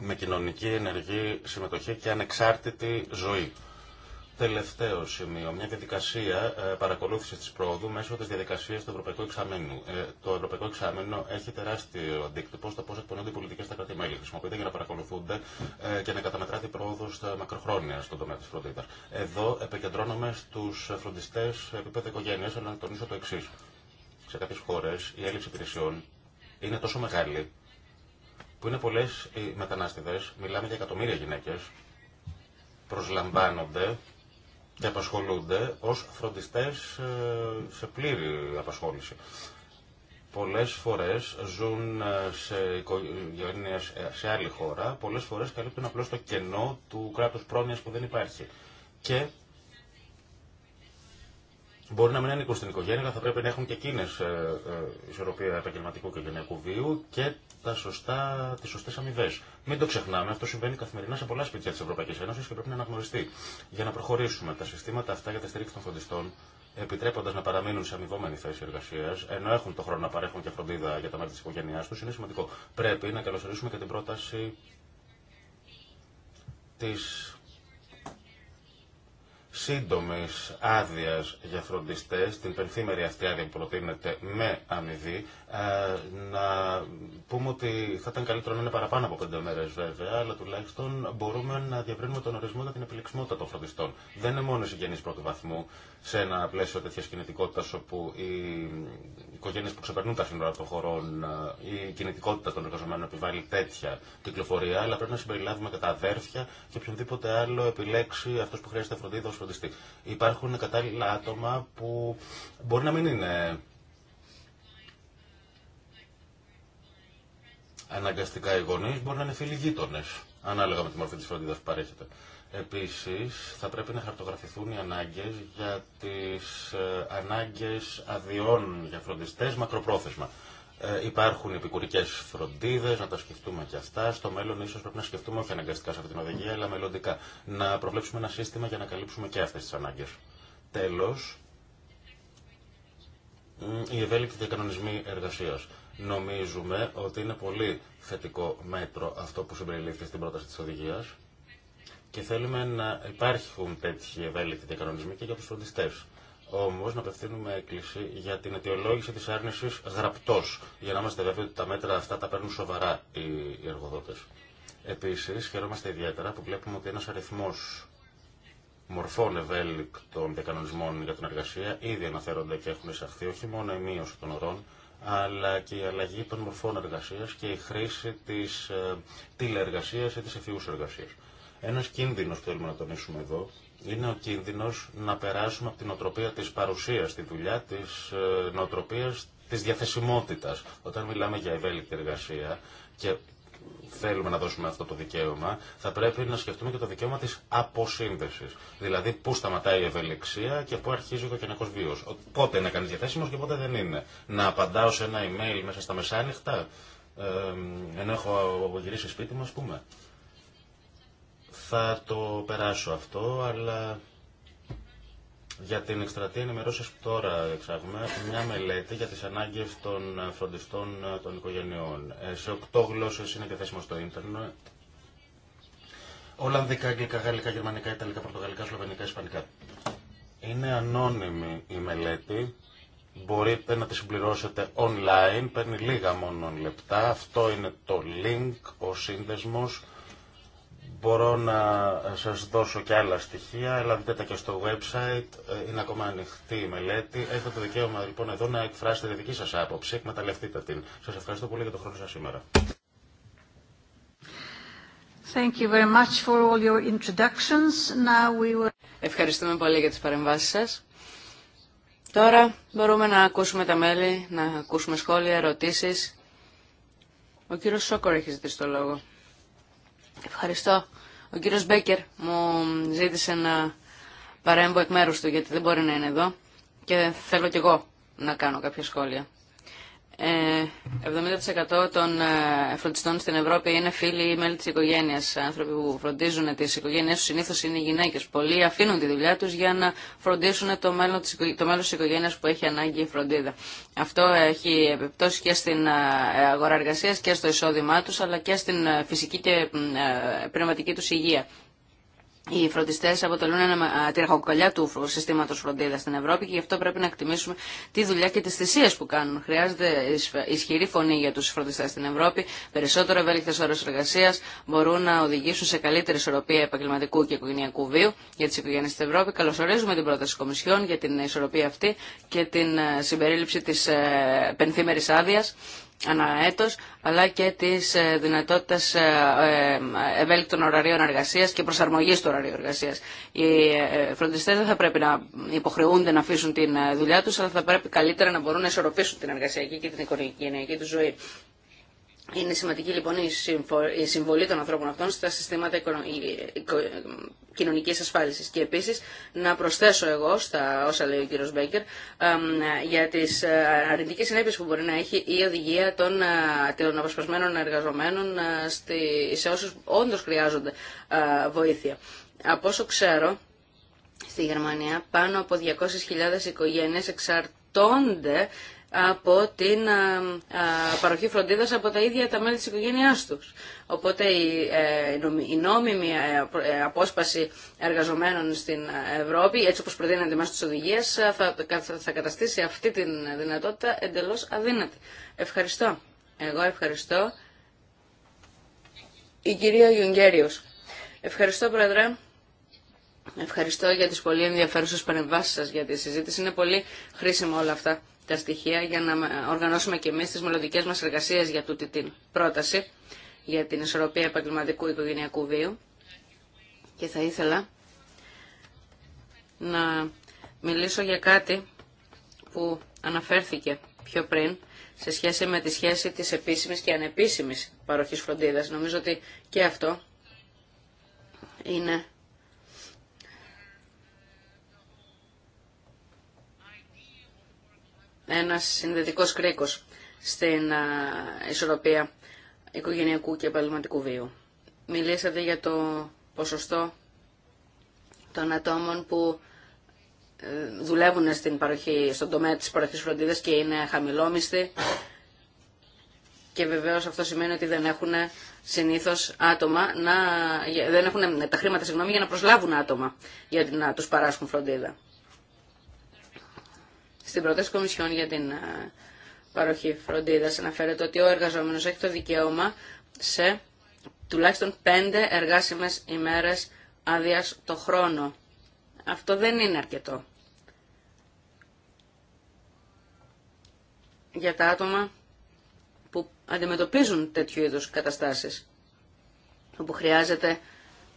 Με κοινωνική, ενεργή συμμετοχή και ανεξάρτητη ζωή. Τελευταίο σημείο, μια διαδικασία ε, παρακολούθηση τη πρόοδου μέσω τη διαδικασία του Ευρωπαϊκού Εξαμένου. Ε, το Ευρωπαϊκό Εξάμενο έχει τεράστιο αντίκτυπο στο πώ εκπονούνται οι πολιτικέ στα κράτη-μέλη. Χρησιμοποιείται για να παρακολουθούνται ε, και να καταμετράται η πρόοδο στα μακροχρόνια στον τομέα τη φροντίδα. Εδώ επικεντρώνομαι στου φροντιστέ επίπεδο οικογένεια, αλλά να τονίσω το εξή σε κάποιε χώρε η έλλειψη υπηρεσιών είναι τόσο μεγάλη που είναι πολλέ οι μετανάστευε, μιλάμε για εκατομμύρια γυναίκες, προσλαμβάνονται και απασχολούνται ως φροντιστές ε, σε πλήρη απασχόληση. Πολλέ φορές ζουν ε, σε, ε, σε άλλη χώρα, πολλέ φορές καλύπτουν απλώς το κενό του κράτους πρόνοια που δεν υπάρχει. Και Μπορεί να μην είναι στην οικογένεια, αλλά θα πρέπει να έχουν και εκείνε ε, ε, ισορροπία επαγγελματικού και γενιακού βίου και τι σωστέ αμοιβέ. Μην το ξεχνάμε, αυτό συμβαίνει καθημερινά σε πολλά σπίτια τη Ευρωπαϊκή Ένωση και πρέπει να αναγνωριστεί. Για να προχωρήσουμε, τα συστήματα αυτά για τη στήριξη των φροντιστών, επιτρέποντα να παραμείνουν σε αμοιβόμενη θέση εργασία, ενώ έχουν το χρόνο να παρέχουν και φροντίδα για τα μέλη τη οικογένεια του, είναι σημαντικό. Πρέπει να καλωσορίσουμε και την πρόταση τη σύντομη άδεια για φροντιστέ, την πενθήμερη αυτή άδεια που προτείνεται με αμοιβή, ε, να πούμε ότι θα ήταν καλύτερο να είναι παραπάνω από πέντε μέρε βέβαια, αλλά τουλάχιστον μπορούμε να διαβρύνουμε τον ορισμό για την επιλεξιμότητα των φροντιστών. Δεν είναι μόνο οι συγγενεί πρώτου βαθμού σε ένα πλαίσιο τέτοια κινητικότητα όπου οι οικογένειε που ξεπερνούν τα σύνορα των χωρών, ε, η κινητικότητα των εργαζομένων επιβάλλει τέτοια κυκλοφορία, αλλά πρέπει να συμπεριλάβουμε και τα αδέρφια και οποιονδήποτε άλλο επιλέξει αυτό που χρειάζεται φροντίδα ω φροντιστή. Υπάρχουν κατάλληλα άτομα που μπορεί να μην είναι Αναγκαστικά οι γονεί μπορεί να είναι φίλοι γείτονε, ανάλογα με τη μορφή τη φροντίδα που παρέχεται. Επίση, θα πρέπει να χαρτογραφηθούν οι ανάγκε για τι ε, ανάγκε αδειών για φροντιστέ μακροπρόθεσμα. Ε, υπάρχουν επικουρικέ φροντίδε, να τα σκεφτούμε και αυτά. Στο μέλλον, ίσω πρέπει να σκεφτούμε όχι αναγκαστικά σε αυτή την οδηγία, αλλά μελλοντικά. Να προβλέψουμε ένα σύστημα για να καλύψουμε και αυτέ τι ανάγκε. Τέλο, οι ευέλικτοι διακανονισμοί εργασία. Νομίζουμε ότι είναι πολύ θετικό μέτρο αυτό που συμπεριλήφθη στην πρόταση της οδηγίας και θέλουμε να υπάρχουν τέτοιοι ευέλικτοι διακανονισμοί και για τους φροντιστές. Όμω, να απευθύνουμε έκκληση για την αιτιολόγηση τη άρνηση γραπτό, για να είμαστε βέβαιοι ότι τα μέτρα αυτά τα παίρνουν σοβαρά οι εργοδότε. Επίση, χαιρόμαστε ιδιαίτερα που βλέπουμε ότι ένα αριθμό μορφών ευέλικτων διακανονισμών για την εργασία ήδη αναφέρονται και έχουν εισαχθεί όχι μόνο η μείωση των ορών, αλλά και η αλλαγή των μορφών εργασία και η χρήση τη ε, τηλεεργασία ή τη εφηού εργασία. Ένα κίνδυνο που θέλουμε να τονίσουμε εδώ είναι ο κίνδυνο να περάσουμε από την οτροπία τη παρουσία στη δουλειά, τη ε, νοοτροπία τη διαθεσιμότητα. Όταν μιλάμε για ευέλικτη εργασία και θέλουμε να δώσουμε αυτό το δικαίωμα, θα πρέπει να σκεφτούμε και το δικαίωμα τη αποσύνδεση. Δηλαδή, πού σταματάει η ευελιξία και πού αρχίζει ο οικογενειακό βίο. Πότε είναι κανεί διαθέσιμο και πότε δεν είναι. Να απαντάω σε ένα email μέσα στα μεσάνυχτα, ενώ έχω γυρίσει σπίτι μου, α πούμε. Θα το περάσω αυτό, αλλά για την εκστρατεία ενημερώσεις, που τώρα εξάγουμε, μια μελέτη για τις ανάγκες των φροντιστών ε, των οικογενειών. Ε, σε οκτώ γλώσσες είναι διαθέσιμο στο ίντερνετ. Ολλανδικά, αγγλικά, γαλλικά, γερμανικά, ιταλικά, πορτογαλικά, σλοβενικά, ισπανικά. Είναι ανώνυμη η μελέτη. Μπορείτε να τη συμπληρώσετε online. Παίρνει λίγα μόνο λεπτά. Αυτό είναι το link, ο σύνδεσμος Μπορώ να σας δώσω και άλλα στοιχεία, αλλά δείτε τα και στο website, ε, είναι ακόμα ανοιχτή η μελέτη. Έχετε το δικαίωμα λοιπόν εδώ να εκφράσετε τη δική σας άποψη, εκμεταλλευτείτε την. Σας ευχαριστώ πολύ για το χρόνο σας σήμερα. Ευχαριστούμε πολύ για τις παρεμβάσεις σας. Τώρα μπορούμε να ακούσουμε τα μέλη, να ακούσουμε σχόλια, ερωτήσεις. Ο κύριος Σόκορ έχει ζητήσει το λόγο. Ευχαριστώ. Ο κύριος Μπέκερ μου ζήτησε να παρέμβω εκ μέρους του γιατί δεν μπορεί να είναι εδώ και θέλω κι εγώ να κάνω κάποια σχόλια. 70% ε, των ε, φροντιστών στην Ευρώπη είναι φίλοι ή μέλη της οικογένειας. Άνθρωποι που φροντίζουν τις οικογένειές του συνήθως είναι οι γυναίκες. Πολλοί αφήνουν τη δουλειά τους για να φροντίσουν το μέλλον της, το οικογένειας που έχει ανάγκη η φροντίδα. Αυτό έχει επιπτώσει και στην ε, αγορά εργασία και στο εισόδημά του, αλλά και στην φυσική και πνευματική του υγεία. Οι φροντιστέ αποτελούν ένα ραχοκοκαλιά του συστήματο φροντίδα στην Ευρώπη και γι' αυτό πρέπει να εκτιμήσουμε τη δουλειά και τι θυσίε που κάνουν. Χρειάζεται ισχυρή φωνή για του φροντιστέ στην Ευρώπη. Περισσότερο ευέλικτε ώρε εργασία μπορούν να οδηγήσουν σε καλύτερη ισορροπία επαγγελματικού και οικογενειακού βίου για τι οικογένειε στην Ευρώπη. Καλωσορίζουμε την πρόταση Κομισιόν για την ισορροπία αυτή και την ε, συμπερίληψη τη ε, πενθήμερη άδεια αναέτος, αλλά και της ε, δυνατότητας ε, ε, ευέλικτων ωραρίων εργασίας και προσαρμογής του ωραρίου εργασίας. Οι φροντιστές δεν θα πρέπει να υποχρεούνται να αφήσουν την δουλειά τους, αλλά θα πρέπει καλύτερα να μπορούν να ισορροπήσουν την εργασιακή και την οικογενειακή του ζωή. Είναι σημαντική λοιπόν η συμβολή των ανθρώπων αυτών στα συστήματα κοινωνικής ασφάλισης. Και επίσης να προσθέσω εγώ στα όσα λέει ο κύριος Μπέκερ για τις ε, αρνητικές συνέπειες που μπορεί να έχει η οδηγία των, ε, των αποσπασμένων εργαζομένων ε, σε όσους όντως χρειάζονται βοήθεια. Από όσο ξέρω, στη Γερμανία πάνω από 200.000 οικογένειες εξαρτώνται από την ε, ε, παροχή φροντίδας από τα ίδια τα μέλη της οικογένειάς τους. Οπότε η ε, νόμιμη απόσπαση εργαζομένων στην Ευρώπη, έτσι όπως προτείνεται μέσα στις οδηγίες, θα καταστήσει αυτή τη δυνατότητα εντελώς αδύνατη. Ευχαριστώ. Εγώ ευχαριστώ. Η κυρία Γιουγκέριος. Ευχαριστώ, Πρόεδρε. Ευχαριστώ για τις πολύ ενδιαφέρουσες παρεμβάσεις σας για τη συζήτηση. Είναι πολύ χρήσιμο όλα αυτά τα στοιχεία για να οργανώσουμε και εμείς τις μελλοντικέ μας εργασίες για τούτη την πρόταση για την ισορροπία επαγγελματικού οικογενειακού βίου. Και θα ήθελα να μιλήσω για κάτι που αναφέρθηκε πιο πριν σε σχέση με τη σχέση της επίσημης και ανεπίσημης παροχής φροντίδας. Νομίζω ότι και αυτό είναι ένας συνδετικός κρίκος στην ισορροπία οικογενειακού και επαγγελματικού βίου. Μιλήσατε για το ποσοστό των ατόμων που ε, δουλεύουν στην παροχή, στον τομέα της παροχής φροντίδας και είναι χαμηλόμιστοι και βεβαίως αυτό σημαίνει ότι δεν έχουν συνήθως άτομα να, δεν έχουν τα χρήματα συγγνώμη, για να προσλάβουν άτομα για να τους παράσχουν φροντίδα. Στην πρόταση Κομισιόν για την ε, παροχή φροντίδας αναφέρεται ότι ο εργαζόμενος έχει το δικαίωμα σε τουλάχιστον πέντε εργάσιμες ημέρες άδεια το χρόνο. Αυτό δεν είναι αρκετό. Για τα άτομα που αντιμετωπίζουν τέτοιου είδους καταστάσεις, όπου χρειάζεται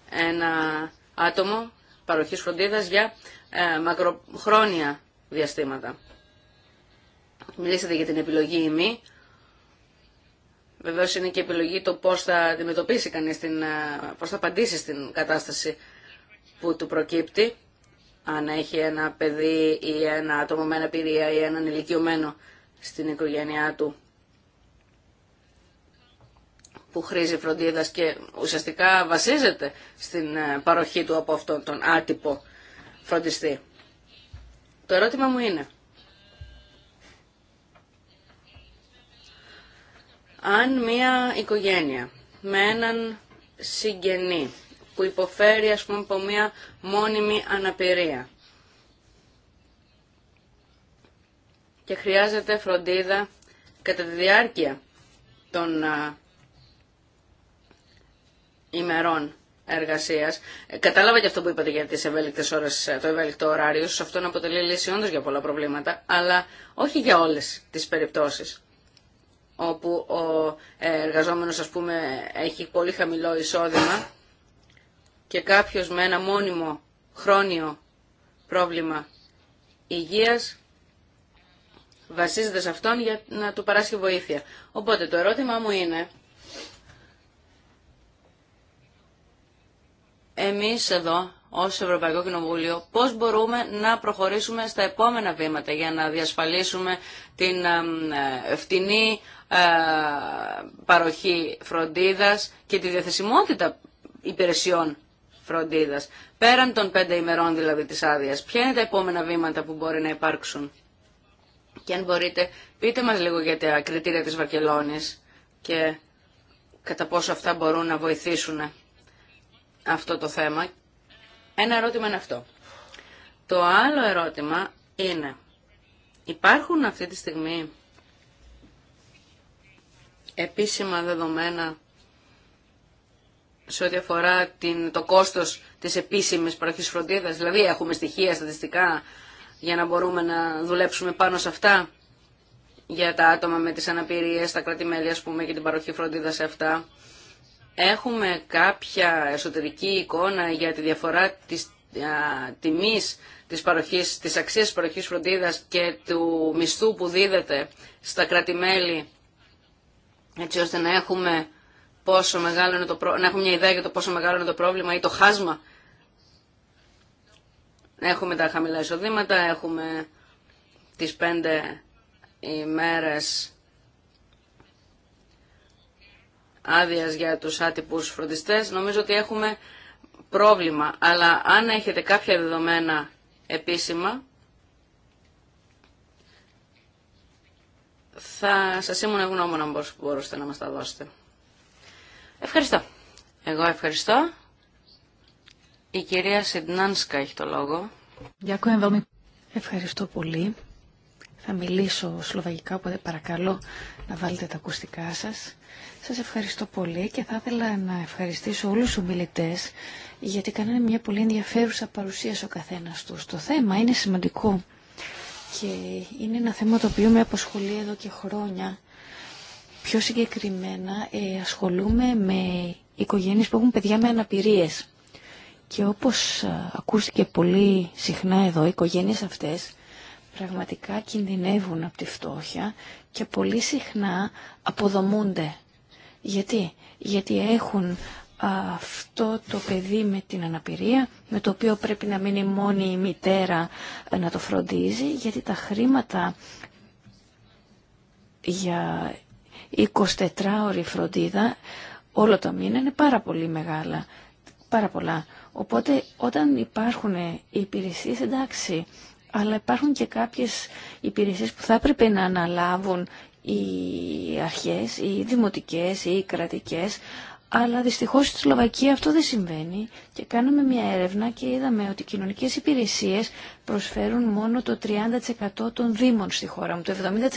ένα άτομο παροχής φροντίδας για ε, μακροχρόνια διαστήματα. Μιλήσατε για την επιλογή μη. Βεβαίως είναι και επιλογή το πώς θα αντιμετωπίσει κανείς, την, πώς θα απαντήσει στην κατάσταση που του προκύπτει. Αν έχει ένα παιδί ή ένα άτομο με αναπηρία ή έναν ηλικιωμένο στην οικογένειά του που χρήζει φροντίδας και ουσιαστικά βασίζεται στην παροχή του από αυτόν τον άτυπο φροντιστή. Το ερώτημα μου είναι, Αν μία οικογένεια με έναν συγγενή που υποφέρει ας πούμε από μία μόνιμη αναπηρία και χρειάζεται φροντίδα κατά τη διάρκεια των ημερών εργασία. Ε, κατάλαβα και αυτό που είπατε για τις ευέλικτες ώρες, ε, το ευέλικτο ωράριο. Αυτό να αποτελεί λύση όντω για πολλά προβλήματα, αλλά όχι για όλες τις περιπτώσεις όπου ο ε, εργαζόμενος ας πούμε έχει πολύ χαμηλό εισόδημα και κάποιος με ένα μόνιμο χρόνιο πρόβλημα υγείας βασίζεται σε αυτόν για να του παράσχει βοήθεια. Οπότε το ερώτημά μου είναι εμείς εδώ ως Ευρωπαϊκό Κοινοβούλιο πώς μπορούμε να προχωρήσουμε στα επόμενα βήματα για να διασφαλίσουμε την ε, φτηνή ε, παροχή φροντίδας και τη διαθεσιμότητα υπηρεσιών φροντίδας. Πέραν των πέντε ημερών δηλαδή της άδεια, ποια είναι τα επόμενα βήματα που μπορεί να υπάρξουν. Και αν μπορείτε, πείτε μας λίγο για τα κριτήρια της Βαρκελόνης και κατά πόσο αυτά μπορούν να βοηθήσουν αυτό το θέμα ένα ερώτημα είναι αυτό. Το άλλο ερώτημα είναι, υπάρχουν αυτή τη στιγμή επίσημα δεδομένα σε ό,τι αφορά την, το κόστος της επίσημης παροχής φροντίδας, δηλαδή έχουμε στοιχεία στατιστικά για να μπορούμε να δουλέψουμε πάνω σε αυτά για τα άτομα με τις αναπηρίες, τα κρατημέλη ας πούμε και την παροχή φροντίδα σε αυτά. Έχουμε κάποια εσωτερική εικόνα για τη διαφορά της τιμής της, παροχής, της αξίας της παροχής φροντίδας και του μισθού που δίδεται στα κρατημέλη έτσι ώστε να έχουμε, πόσο μεγάλο είναι το, να έχουμε μια ιδέα για το πόσο μεγάλο είναι το πρόβλημα ή το χάσμα. Έχουμε τα χαμηλά εισοδήματα, έχουμε τις πέντε ημέρες άδεια για τους άτυπους φροντιστές, νομίζω ότι έχουμε πρόβλημα. Αλλά αν έχετε κάποια δεδομένα επίσημα, θα σας ήμουν ευγνώμων αν μπορούσατε να μας τα δώσετε. Ευχαριστώ. Εγώ ευχαριστώ. Η κυρία Σιντνάνσκα έχει το λόγο. Ευχαριστώ πολύ. Θα μιλήσω σλοβαγικά, οπότε παρακαλώ να βάλετε τα ακουστικά σας. Σας ευχαριστώ πολύ και θα ήθελα να ευχαριστήσω όλους τους ομιλητές γιατί κάνανε μια πολύ ενδιαφέρουσα παρουσίαση ο καθένας τους. Το θέμα είναι σημαντικό και είναι ένα θέμα το οποίο με απασχολεί εδώ και χρόνια. Πιο συγκεκριμένα ε, ασχολούμαι με οικογένειες που έχουν παιδιά με αναπηρίες. Και όπως ε, ακούστηκε πολύ συχνά εδώ, οι οικογένειες αυτές πραγματικά κινδυνεύουν από τη φτώχεια και πολύ συχνά αποδομούνται. Γιατί, Γιατί έχουν αυτό το παιδί με την αναπηρία, με το οποίο πρέπει να μείνει μόνη η μητέρα ε, να το φροντίζει, γιατί τα χρήματα για 24 ώρη φροντίδα όλο το μήνα είναι πάρα πολύ μεγάλα, πάρα πολλά. Οπότε όταν υπάρχουν οι υπηρεσίες εντάξει, αλλά υπάρχουν και κάποιες υπηρεσίες που θα έπρεπε να αναλάβουν οι αρχές, οι δημοτικές, οι κρατικές, αλλά δυστυχώς στη Σλοβακία αυτό δεν συμβαίνει και κάναμε μια έρευνα και είδαμε ότι οι κοινωνικές υπηρεσίες προσφέρουν μόνο το 30% των δήμων στη χώρα μου. Το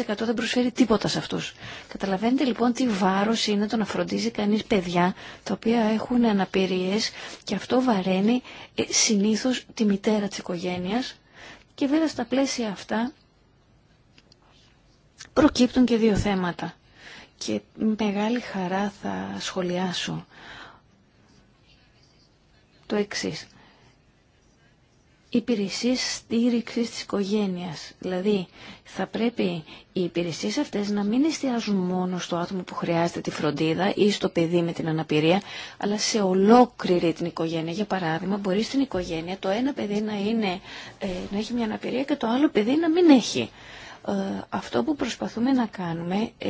70% δεν προσφέρει τίποτα σε αυτούς. Καταλαβαίνετε λοιπόν τι βάρος είναι το να φροντίζει κανείς παιδιά τα οποία έχουν αναπηρίες και αυτό βαραίνει ε, συνήθως τη μητέρα της οικογένειας και βέβαια στα πλαίσια αυτά προκύπτουν και δύο θέματα. Και μεγάλη χαρά θα σχολιάσω το εξή. Υπηρεσίε στήριξη της οικογένεια. Δηλαδή, θα πρέπει οι υπηρεσίε αυτές να μην εστιάζουν μόνο στο άτομο που χρειάζεται τη φροντίδα ή στο παιδί με την αναπηρία, αλλά σε ολόκληρη την οικογένεια. Για παράδειγμα, μπορεί στην οικογένεια το ένα παιδί να, είναι, ε, να έχει μια αναπηρία και το άλλο παιδί να μην έχει. Ε, αυτό που προσπαθούμε να κάνουμε, ε,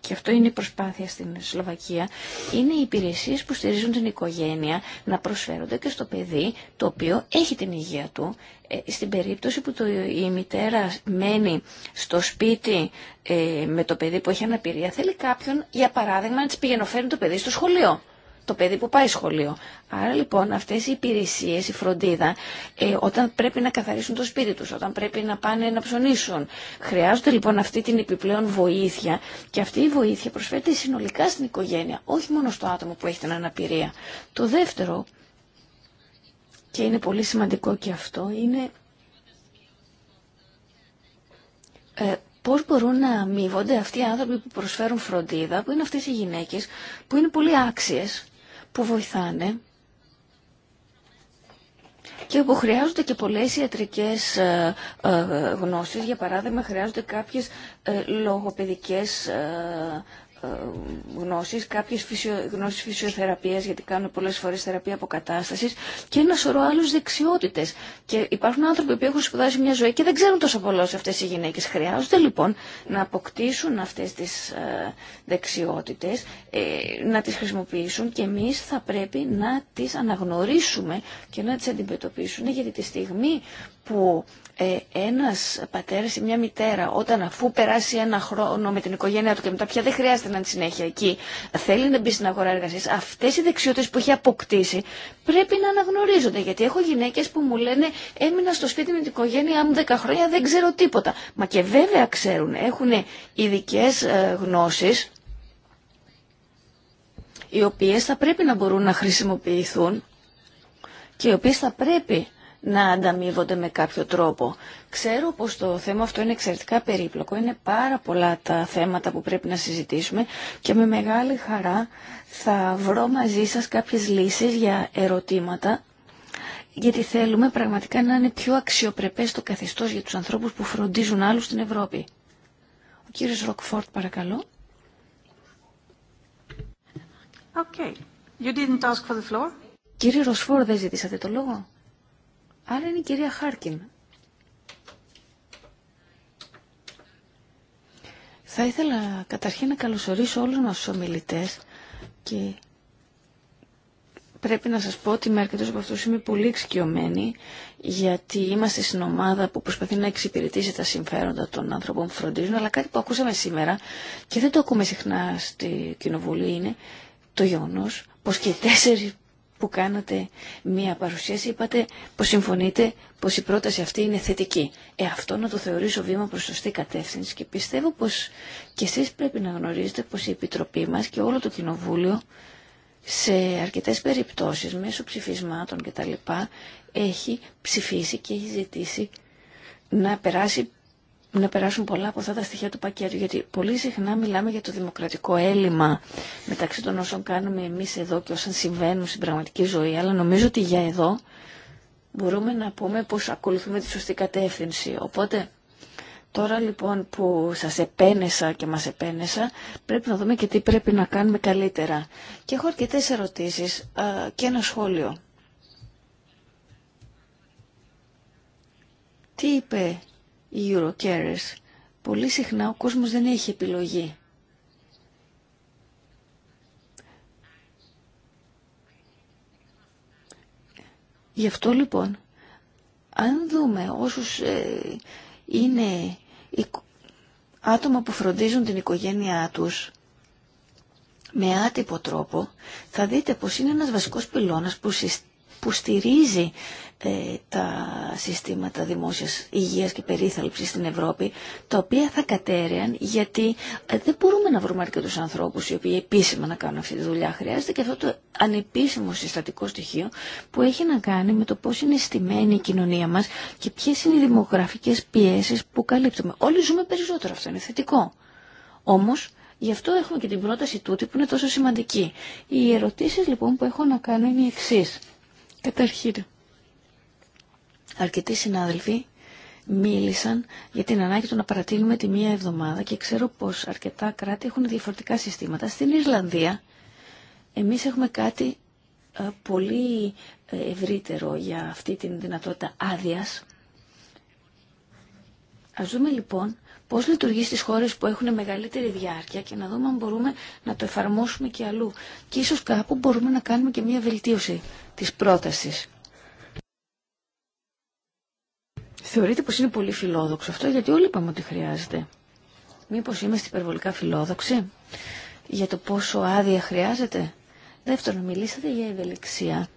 και αυτό είναι η προσπάθεια στην Σλοβακία, είναι οι υπηρεσίε που στηρίζουν την οικογένεια να προσφέρονται και στο παιδί το οποίο έχει την υγεία του. Ε, στην περίπτωση που το, η μητέρα μένει στο σπίτι με το παιδί που έχει αναπηρία, θέλει κάποιον, για παράδειγμα, να της να το παιδί στο σχολείο το παιδί που πάει σχολείο. Άρα λοιπόν αυτές οι υπηρεσίες, η φροντίδα, ε, όταν πρέπει να καθαρίσουν το σπίτι του, όταν πρέπει να πάνε να ψωνίσουν. Χρειάζονται λοιπόν αυτή την επιπλέον βοήθεια και αυτή η βοήθεια προσφέρεται συνολικά στην οικογένεια, όχι μόνο στο άτομο που έχει την αναπηρία. Το δεύτερο, και είναι πολύ σημαντικό και αυτό, είναι ε, πώς μπορούν να αμείβονται αυτοί οι άνθρωποι που προσφέρουν φροντίδα, που είναι αυτές οι γυναίκες, που είναι πολύ άξιες που βοηθάνε και που χρειάζονται και πολλές ιατρικές ε, ε, γνώσεις. Για παράδειγμα, χρειάζονται κάποιες ε, λογοπαιδικές ε, γνώσεις, κάποιες φυσιο, γνώσεις φυσιοθεραπείας, γιατί κάνουν πολλές φορές θεραπεία αποκατάστασης και ένα σωρό άλλους δεξιότητες. Και υπάρχουν άνθρωποι που έχουν σπουδάσει μια ζωή και δεν ξέρουν τόσο πολλά αυτές οι γυναίκες. Χρειάζονται λοιπόν να αποκτήσουν αυτές τις ε, δεξιότητες, ε, να τις χρησιμοποιήσουν και εμείς θα πρέπει να τις αναγνωρίσουμε και να τις αντιμετωπίσουμε γιατί τη στιγμή που ε, ένας πατέρας ή μια μητέρα όταν αφού περάσει ένα χρόνο με την οικογένειά του και μετά πια δεν χρειάζεται να είναι συνέχεια εκεί θέλει να μπει στην αγορά εργασίας αυτές οι δεξιότητες που έχει αποκτήσει πρέπει να αναγνωρίζονται γιατί έχω γυναίκες που μου λένε έμεινα στο σπίτι με την οικογένειά μου 10 χρόνια δεν ξέρω τίποτα μα και βέβαια ξέρουν έχουν ειδικέ ε, γνώσεις οι οποίες θα πρέπει να μπορούν να χρησιμοποιηθούν και οι οποίες θα πρέπει να ανταμείβονται με κάποιο τρόπο. Ξέρω πως το θέμα αυτό είναι εξαιρετικά περίπλοκο, είναι πάρα πολλά τα θέματα που πρέπει να συζητήσουμε και με μεγάλη χαρά θα βρω μαζί σας κάποιες λύσεις για ερωτήματα γιατί θέλουμε πραγματικά να είναι πιο αξιοπρεπές το καθεστώς για τους ανθρώπους που φροντίζουν άλλους στην Ευρώπη. Ο κύριος Ροκφόρτ παρακαλώ. Okay. You didn't ask for the floor. Κύριε Ροσφόρ, δεν ζητήσατε το λόγο. Άρα είναι η κυρία Χάρκιν. Θα ήθελα καταρχήν να καλωσορίσω όλους μας τους ομιλητές και πρέπει να σας πω ότι με αρκετό από αυτούς είμαι πολύ εξοικειωμένη γιατί είμαστε στην ομάδα που προσπαθεί να εξυπηρετήσει τα συμφέροντα των ανθρώπων που φροντίζουν αλλά κάτι που ακούσαμε σήμερα και δεν το ακούμε συχνά στη Κοινοβουλή είναι το γεγονό πως και οι τέσσερις που κάνατε μία παρουσίαση είπατε πως συμφωνείτε πως η πρόταση αυτή είναι θετική. Ε, αυτό να το θεωρήσω βήμα προς σωστή κατεύθυνση και πιστεύω πως και εσείς πρέπει να γνωρίζετε πως η Επιτροπή μας και όλο το Κοινοβούλιο σε αρκετές περιπτώσεις μέσω ψηφισμάτων κτλ. έχει ψηφίσει και έχει ζητήσει να περάσει να περάσουν πολλά από αυτά τα στοιχεία του πακέτου, γιατί πολύ συχνά μιλάμε για το δημοκρατικό έλλειμμα μεταξύ των όσων κάνουμε εμείς εδώ και όσων συμβαίνουν στην πραγματική ζωή, αλλά νομίζω ότι για εδώ μπορούμε να πούμε πως ακολουθούμε τη σωστή κατεύθυνση. Οπότε Τώρα λοιπόν που σας επένεσα και μας επένεσα, πρέπει να δούμε και τι πρέπει να κάνουμε καλύτερα. Και έχω αρκετέ ερωτήσεις και ένα σχόλιο. Τι είπε οι Eurocarers. Πολύ συχνά ο κόσμος δεν έχει επιλογή. Γι' αυτό λοιπόν, αν δούμε όσους ε, είναι άτομα που φροντίζουν την οικογένειά τους με άτυπο τρόπο, θα δείτε πως είναι ένας βασικός πυλώνας που στηρίζει ε, τα συστήματα δημόσιας υγείας και περίθαλψης στην Ευρώπη, τα οποία θα κατέρεαν γιατί ε, δεν μπορούμε να βρούμε αρκετούς ανθρώπους οι οποίοι επίσημα να κάνουν αυτή τη δουλειά. Χρειάζεται και αυτό το ανεπίσημο συστατικό στοιχείο που έχει να κάνει με το πώς είναι στημένη η κοινωνία μας και ποιες είναι οι δημογραφικές πιέσεις που καλύπτουμε. Όλοι ζούμε περισσότερο, αυτό είναι θετικό. Όμως, Γι' αυτό έχουμε και την πρόταση τούτη που είναι τόσο σημαντική. Οι ερωτήσεις λοιπόν που έχω να κάνω είναι οι εξής. Καταρχήν, αρκετοί συνάδελφοι μίλησαν για την ανάγκη του να παρατείνουμε τη μία εβδομάδα και ξέρω πως αρκετά κράτη έχουν διαφορετικά συστήματα. Στην Ιρλανδία εμείς έχουμε κάτι ε, πολύ ε, ευρύτερο για αυτή την δυνατότητα άδεια. Ας δούμε λοιπόν πώς λειτουργεί στις χώρες που έχουν μεγαλύτερη διάρκεια και να δούμε αν μπορούμε να το εφαρμόσουμε και αλλού. Και ίσως κάπου μπορούμε να κάνουμε και μια βελτίωση της πρότασης. Θεωρείτε πως είναι πολύ φιλόδοξο αυτό, γιατί όλοι είπαμε ότι χρειάζεται. Μήπως είμαστε υπερβολικά φιλόδοξοι για το πόσο άδεια χρειάζεται. Δεύτερον, μιλήσατε για ευελιξία.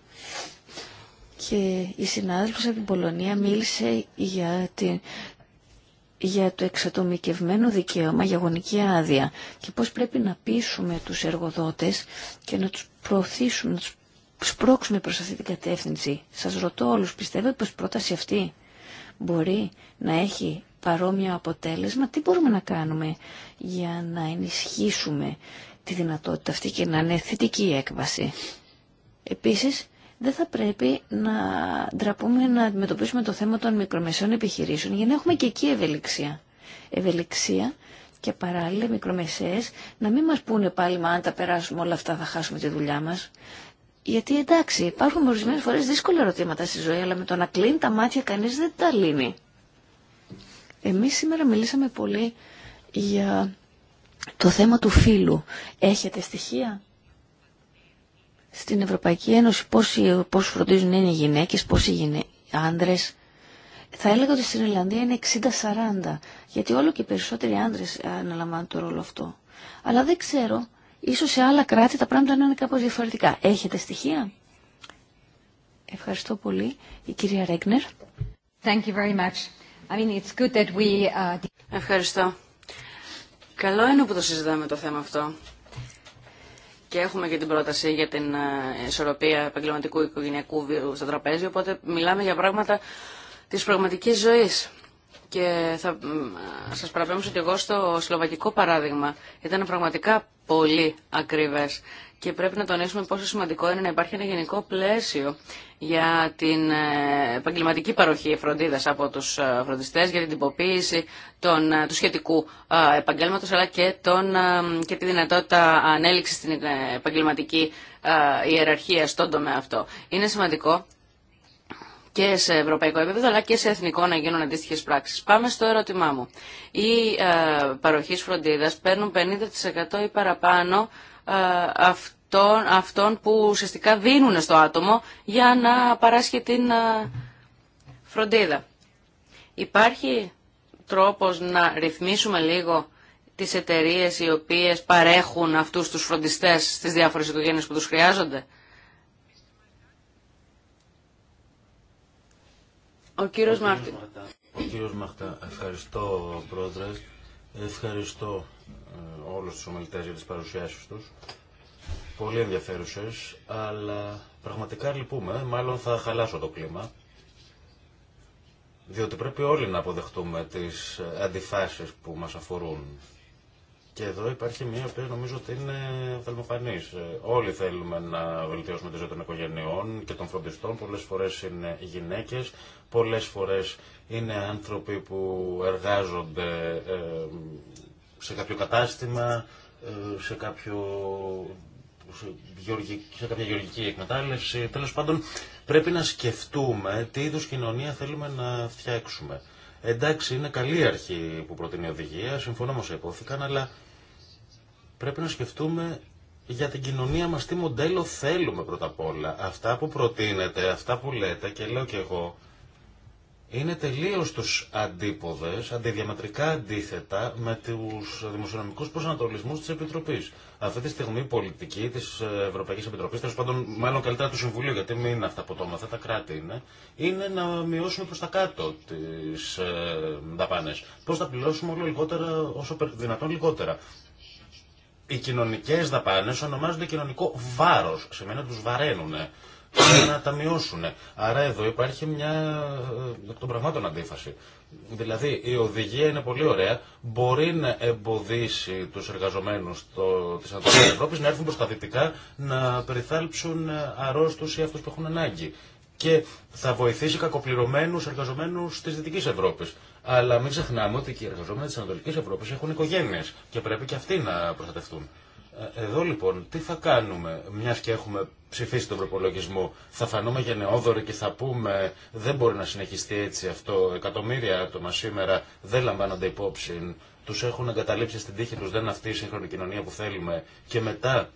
Και η συνάδελφος από την Πολωνία μίλησε για, τη, για το εξατομικευμένο δικαίωμα για γονική άδεια και πώς πρέπει να πείσουμε τους εργοδότες και να τους προωθήσουμε, να τους σπρώξουμε προς αυτή την κατεύθυνση. Σας ρωτώ όλους, πιστεύετε πως πρόταση αυτή μπορεί να έχει παρόμοιο αποτέλεσμα, τι μπορούμε να κάνουμε για να ενισχύσουμε τη δυνατότητα αυτή και να είναι θετική η έκβαση. Επίσης, δεν θα πρέπει να ντραπούμε να αντιμετωπίσουμε το θέμα των μικρομεσαίων επιχειρήσεων για να έχουμε και εκεί ευελιξία. Ευελιξία και παράλληλα μικρομεσαίες να μην μας πούνε πάλι μα αν τα περάσουμε όλα αυτά θα χάσουμε τη δουλειά μας. Γιατί εντάξει, υπάρχουν ορισμένε φορέ δύσκολα ερωτήματα στη ζωή, αλλά με το να κλείνει τα μάτια κανεί δεν τα λύνει. Εμεί σήμερα μιλήσαμε πολύ για το θέμα του φίλου. Έχετε στοιχεία? Στην Ευρωπαϊκή Ένωση πώς, φροντίζουν είναι οι γυναίκες, πώς οι άνδρες. Θα έλεγα ότι στην Ιρλανδία είναι 60-40, γιατί όλο και περισσότεροι άντρε αναλαμβάνουν το ρόλο αυτό. Αλλά δεν ξέρω Ίσως σε άλλα κράτη τα πράγματα να είναι κάπως διαφορετικά. Έχετε στοιχεία? Ευχαριστώ πολύ. Η κυρία Ρέγνερ. Ευχαριστώ. Καλό είναι που το συζητάμε το θέμα αυτό. Και έχουμε και την πρόταση για την ε, ισορροπία επαγγελματικού οικογενειακού βίου στο τραπέζι, οπότε μιλάμε για πράγματα της πραγματικής ζωής. Και θα ε, σας παραπέμψω και εγώ στο σλοβακικό παράδειγμα. Ήταν πραγματικά πολύ ακριβές. Και πρέπει να τονίσουμε πόσο σημαντικό είναι να υπάρχει ένα γενικό πλαίσιο για την ε, επαγγελματική παροχή φροντίδας από τους ε, φροντιστές, για την τυποποίηση των, ε, του σχετικού επαγγέλματος, αλλά και, τον, και τη δυνατότητα ανέλυξης στην επαγγελματική ιεραρχία στον τομέα αυτό. Είναι σημαντικό και σε ευρωπαϊκό επίπεδο αλλά και σε εθνικό να γίνουν αντίστοιχε πράξει. Πάμε στο ερώτημά μου. Οι ε, παροχή φροντίδα παίρνουν 50% ή παραπάνω ε, αυτών, αυτών που ουσιαστικά δίνουν στο άτομο για να παράσχει την ε, φροντίδα. Υπάρχει τρόπος να ρυθμίσουμε λίγο τις εταιρείες οι οποίες παρέχουν αυτούς τους φροντιστές στις διάφορες οικογένειες που τους χρειάζονται. Ο κύριος Μάρτιν. Ο κύριος Μαχτά, ευχαριστώ πρόεδρε. Ευχαριστώ ε, όλους τους ομιλητές για τις παρουσιάσεις τους. Πολύ ενδιαφέρουσες, αλλά πραγματικά λυπούμε. Μάλλον θα χαλάσω το κλίμα. Διότι πρέπει όλοι να αποδεχτούμε τις αντιφάσεις που μας αφορούν και εδώ υπάρχει μία που νομίζω ότι είναι θερμοφανή. Ε, όλοι θέλουμε να βελτιώσουμε τη ζωή των οικογενειών και των φροντιστών. Πολλέ φορέ είναι γυναίκε, πολλέ φορέ είναι άνθρωποι που εργάζονται ε, σε κάποιο κατάστημα, ε, σε κάποιο σε κάποια γεωργική εκμετάλλευση. Τέλος πάντων, πρέπει να σκεφτούμε τι είδου κοινωνία θέλουμε να φτιάξουμε. Εντάξει, είναι καλή αρχή που προτείνει η οδηγία, συμφωνώ όμως υπόθηκαν, αλλά Πρέπει να σκεφτούμε για την κοινωνία μας τι μοντέλο θέλουμε πρώτα απ' όλα. Αυτά που προτείνετε, αυτά που λέτε και λέω και εγώ, είναι τελείως τους αντίποδες, αντιδιαμετρικά αντίθετα με τους δημοσιονομικούς προσανατολισμούς της Επιτροπής. Αυτή τη στιγμή η πολιτική της Ευρωπαϊκής Επιτροπής, τέλος πάντων μάλλον καλύτερα του Συμβουλίου, γιατί μην είναι αυτά που το μαθα, τα κράτη είναι, είναι να μειώσουμε προς τα κάτω τις ε, δαπάνες. Πώς θα πληρώσουμε όλο λιγότερα, όσο δυνατόν λιγότερα οι κοινωνικέ δαπάνε ονομάζονται κοινωνικό βάρο. Σημαίνει ότι του βαραίνουν να τα μειώσουν. Άρα εδώ υπάρχει μια ε, εκ των πραγμάτων αντίφαση. Δηλαδή η οδηγία είναι πολύ ωραία, μπορεί να εμποδίσει τους εργαζομένου το, της Ευρώπη, Ευρώπης να έρθουν προ τα δυτικά να περιθάλψουν ε, αρρώστου ή αυτού που έχουν ανάγκη. Και θα βοηθήσει κακοπληρωμένου εργαζομένου τη Δυτική Ευρώπη. Αλλά μην ξεχνάμε ότι και οι εργαζόμενοι τη Ανατολική Ευρώπη έχουν οικογένειε και πρέπει και αυτοί να προστατευτούν. Ε, εδώ λοιπόν, τι θα κάνουμε, μια και έχουμε ψηφίσει τον προπολογισμό, θα φανούμε γενναιόδοροι και θα πούμε δεν μπορεί να συνεχιστεί έτσι αυτό. Εκατομμύρια άτομα σήμερα δεν λαμβάνονται υπόψη, του έχουν εγκαταλείψει στην τύχη του, δεν αυτή η σύγχρονη κοινωνία που θέλουμε και μετά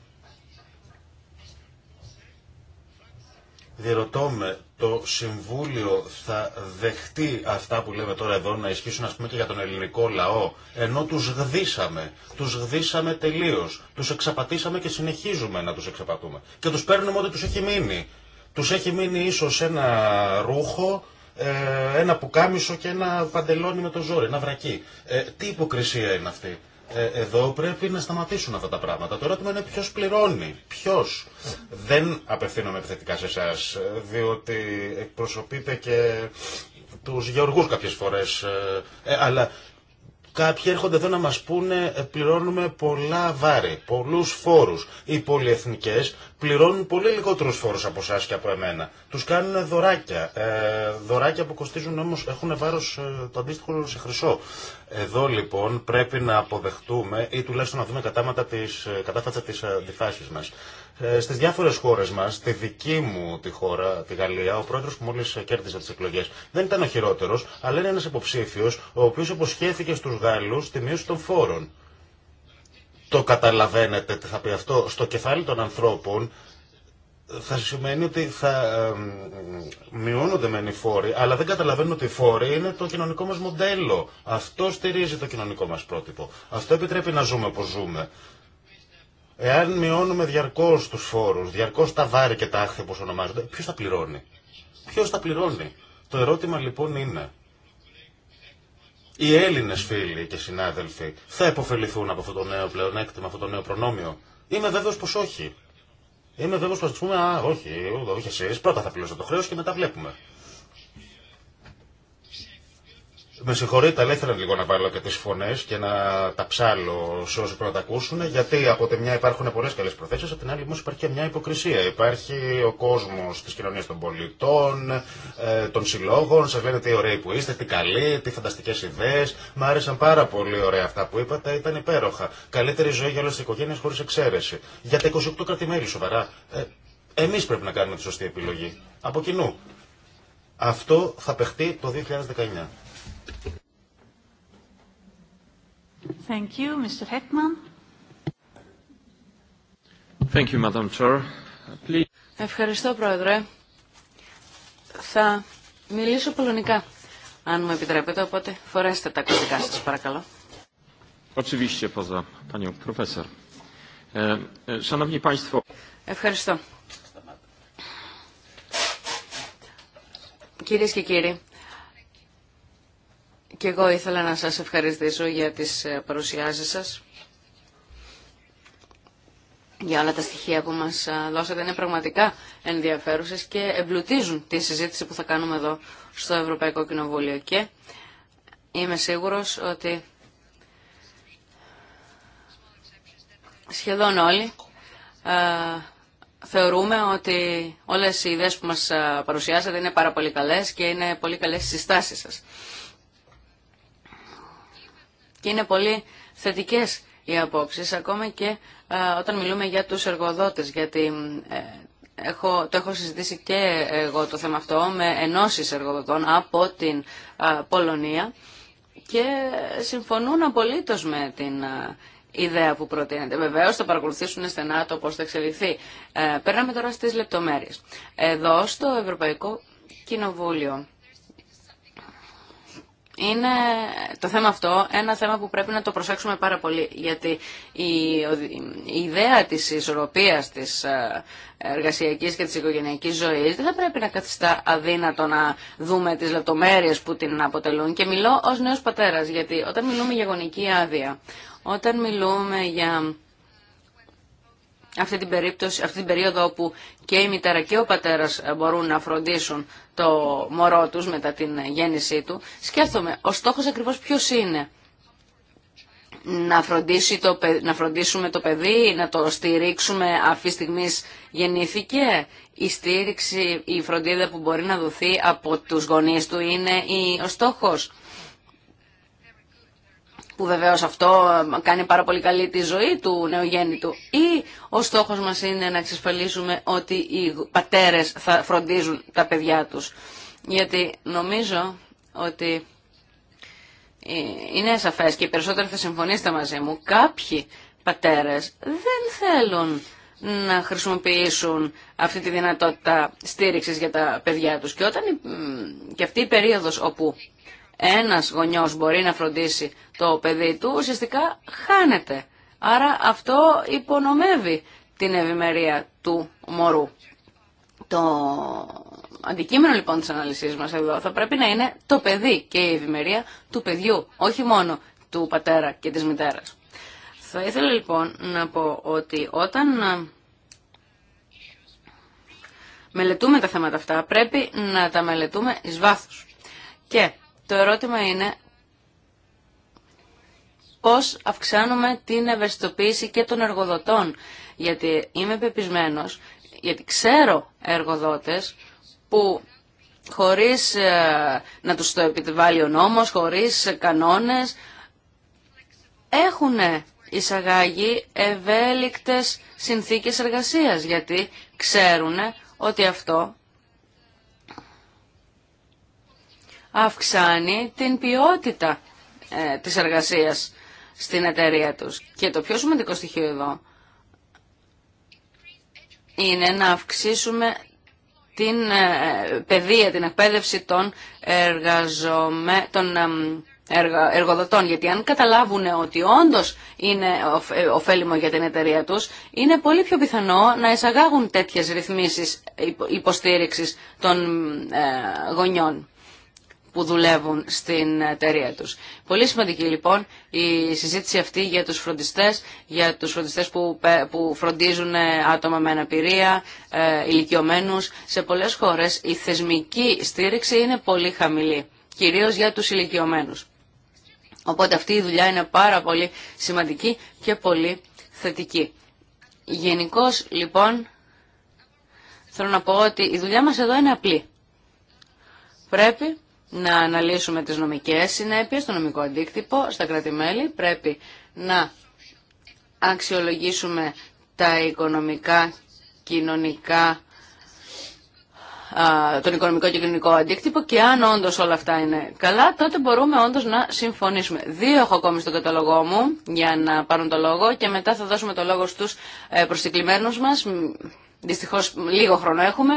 Διερωτώ με, το Συμβούλιο θα δεχτεί αυτά που λέμε τώρα εδώ να ισχύσουν ας πούμε και για τον ελληνικό λαό, ενώ τους γδίσαμε, τους γδίσαμε τελείως, τους εξαπατήσαμε και συνεχίζουμε να τους εξαπατούμε. Και τους παίρνουμε ό,τι τους έχει μείνει. Τους έχει μείνει ίσως ένα ρούχο, ε, ένα πουκάμισο και ένα παντελόνι με το ζόρι, ένα βρακί. Ε, τι υποκρισία είναι αυτή. Ε, εδώ πρέπει να σταματήσουν αυτά τα πράγματα. Το ερώτημα είναι ποιο πληρώνει. Ποιο. Δεν απευθύνομαι επιθετικά σε εσά, διότι εκπροσωπείτε και του γεωργού κάποιε φορέ. Ε, ε, αλλά Κάποιοι έρχονται εδώ να μας πούνε ε, πληρώνουμε πολλά βάρη, πολλούς φόρους. Οι πολυεθνικές πληρώνουν πολύ λιγότερους φόρους από εσά και από εμένα. Τους κάνουν δωράκια. Ε, δωράκια που κοστίζουν όμως έχουν βάρος ε, το αντίστοιχο σε χρυσό. Εδώ λοιπόν πρέπει να αποδεχτούμε ή τουλάχιστον να δούμε κατάματα της, ε, κατάφατσα της αντιφάσης μας. Ε, Στι διάφορε χώρε μα, στη δική μου τη χώρα, τη Γαλλία, ο πρόεδρο που μόλι κέρδισε τι εκλογέ δεν ήταν ο χειρότερο, αλλά είναι ένα υποψήφιο ο οποίο υποσχέθηκε στου Γάλλου τη μείωση των φόρων. Το καταλαβαίνετε τι θα πει αυτό. Στο κεφάλι των ανθρώπων θα σημαίνει ότι θα μειώνονται μεν οι φόροι, αλλά δεν καταλαβαίνουν ότι οι φόροι είναι το κοινωνικό μα μοντέλο. Αυτό στηρίζει το κοινωνικό μα πρότυπο. Αυτό επιτρέπει να ζούμε όπω ζούμε. Εάν μειώνουμε διαρκώ του φόρου, διαρκώ τα βάρη και τα άχθη όπω ονομάζονται, ποιο θα πληρώνει. Ποιο θα πληρώνει. Το ερώτημα λοιπόν είναι, οι Έλληνε φίλοι και συνάδελφοι θα υποφεληθούν από αυτό το νέο πλεονέκτημα, αυτό το νέο προνόμιο. Είμαι βέβαιο πω όχι. Είμαι βέβαιο πω θα πούμε, Α, όχι, όχι εσεί, πρώτα θα πληρώσετε το χρέο και μετά βλέπουμε. Με συγχωρείτε, αλλά ήθελα λίγο να βάλω και τι φωνέ και να τα ψάλω σε όσου πρέπει να τα ακούσουν, γιατί από τη μια υπάρχουν πολλέ καλέ προθέσει, από την άλλη όμω υπάρχει και μια υποκρισία. Υπάρχει ο κόσμο τη κοινωνία των πολιτών, ε, των συλλόγων, σα λένε τι ωραίοι που είστε, τι καλοί, τι φανταστικέ ιδέε. Μ' άρεσαν πάρα πολύ ωραία αυτά που είπατε, ήταν υπέροχα. Καλύτερη ζωή για όλε τι οικογένειε χωρί εξαίρεση. Για τα 28 κρατημέλη, σοβαρά. Ε, Εμεί πρέπει να κάνουμε τη σωστή επιλογή. Από κοινού. Αυτό θα παιχτεί το 2019. Thank you. Mr. Hetman. Thank you, Madam Chair. Please. Ευχαριστώ, Πρόεδρε. Θα μιλήσω πολωνικά, αν μου επιτρέπετε, οπότε φορέστε τα κωδικά σας, παρακαλώ. Oczywiście, poza panią profesor. Ε, ε, Szanowni Państwo. Ευχαριστώ. Κυρίες και κύριοι, και εγώ ήθελα να σας ευχαριστήσω για τις ε, παρουσιάσεις σας, για όλα τα στοιχεία που μας ε, δώσατε. Είναι πραγματικά ενδιαφέρουσες και εμπλουτίζουν τη συζήτηση που θα κάνουμε εδώ στο Ευρωπαϊκό Κοινοβούλιο. Και είμαι σίγουρος ότι σχεδόν όλοι ε, θεωρούμε ότι όλες οι ιδέες που μας παρουσιάσατε είναι πάρα πολύ καλές και είναι πολύ καλές συστάσεις σας. Και είναι πολύ θετικές οι απόψεις, ακόμα και ε, όταν μιλούμε για τους εργοδότες, γιατί ε, έχω, το έχω συζητήσει και εγώ το θέμα αυτό με ενώσεις εργοδοτών από την ε, Πολωνία και συμφωνούν απολύτως με την ιδέα που προτείνεται. Βεβαίω θα παρακολουθήσουν στενά το πώ θα εξελιχθεί. Ε, περνάμε τώρα στι λεπτομέρειε. Εδώ στο Ευρωπαϊκό Κοινοβούλιο είναι το θέμα αυτό ένα θέμα που πρέπει να το προσέξουμε πάρα πολύ γιατί η, ιδέα της ισορροπίας της ε, εργασιακής και της οικογενειακής ζωής δεν θα πρέπει να καθιστά αδύνατο να δούμε τις λεπτομέρειες που την αποτελούν και μιλώ ως νέος πατέρας γιατί όταν μιλούμε για γονική άδεια, όταν μιλούμε για αυτή την, περίπτωση, αυτή την περίοδο όπου και η μητέρα και ο πατέρας ε, μπορούν να φροντίσουν το μωρό τους μετά την ε, γέννησή του, σκέφτομαι ο στόχος ακριβώς ποιος είναι. Να, φροντίσει το, να φροντίσουμε το παιδί, να το στηρίξουμε αυτή τη στιγμή γεννήθηκε. Η στήριξη, η φροντίδα που μπορεί να δοθεί από τους γονείς του είναι ο στόχος που βεβαίω αυτό ε, κάνει πάρα πολύ καλή τη ζωή του νεογέννητου ή ο στόχος μας είναι να εξασφαλίσουμε ότι οι πατέρες θα φροντίζουν τα παιδιά τους. Γιατί νομίζω ότι ε, είναι σαφές και οι περισσότεροι θα συμφωνήσετε μαζί μου, κάποιοι πατέρες δεν θέλουν να χρησιμοποιήσουν αυτή τη δυνατότητα στήριξης για τα παιδιά τους. Και, όταν, και αυτή η περίοδος όπου ένας γονιός μπορεί να φροντίσει το παιδί του, ουσιαστικά χάνεται. Άρα αυτό υπονομεύει την ευημερία του μωρού. Το αντικείμενο λοιπόν της αναλυσής μας εδώ θα πρέπει να είναι το παιδί και η ευημερία του παιδιού, όχι μόνο του πατέρα και της μητέρας. Θα ήθελα λοιπόν να πω ότι όταν ε, μελετούμε τα θέματα αυτά πρέπει να τα μελετούμε εις βάθος. Και το ερώτημα είναι πώς αυξάνουμε την ευαισθητοποίηση και των εργοδοτών. Γιατί είμαι πεπισμένος, γιατί ξέρω εργοδότες που χωρίς ε, να τους το επιβάλλει ο νόμος, χωρίς κανόνες, έχουν εισαγάγει ευέλικτες συνθήκες εργασίας, γιατί ξέρουν ότι αυτό αυξάνει την ποιότητα ε, της εργασίας στην εταιρεία τους. Και το πιο σημαντικό στοιχείο εδώ είναι να αυξήσουμε την ε, παιδεία, την εκπαίδευση των, εργαζομε... των ε, εργοδοτών. Γιατί αν καταλάβουν ότι όντως είναι ε, ωφέλιμο για την εταιρεία τους, είναι πολύ πιο πιθανό να εισαγάγουν τέτοιες ρυθμίσεις υποστήριξης των γονιών που δουλεύουν στην εταιρεία τους. Πολύ σημαντική λοιπόν η συζήτηση αυτή για τους φροντιστές, για τους φροντιστές που, φροντίζουν ε, άτομα με αναπηρία, ε, ηλικιωμένους. Σε πολλές χώρες η θεσμική στήριξη είναι πολύ χαμηλή, κυρίως για τους ηλικιωμένους. Οπότε αυτή η δουλειά είναι πάρα πολύ σημαντική και πολύ θετική. Γενικώ λοιπόν θέλω να πω ότι η δουλειά μας εδώ είναι απλή. Πρέπει να αναλύσουμε τις νομικές συνέπειες, το νομικό αντίκτυπο στα κρατη Πρέπει να αξιολογήσουμε τα οικονομικά, κοινωνικά, τον οικονομικό και κοινωνικό αντίκτυπο και αν όντως όλα αυτά είναι καλά, τότε μπορούμε όντως να συμφωνήσουμε. Δύο έχω ακόμη στον καταλογό μου για να πάρουν το λόγο και μετά θα δώσουμε το λόγο στους ε, προσκεκλημένους μας, δυστυχώς λίγο χρόνο έχουμε,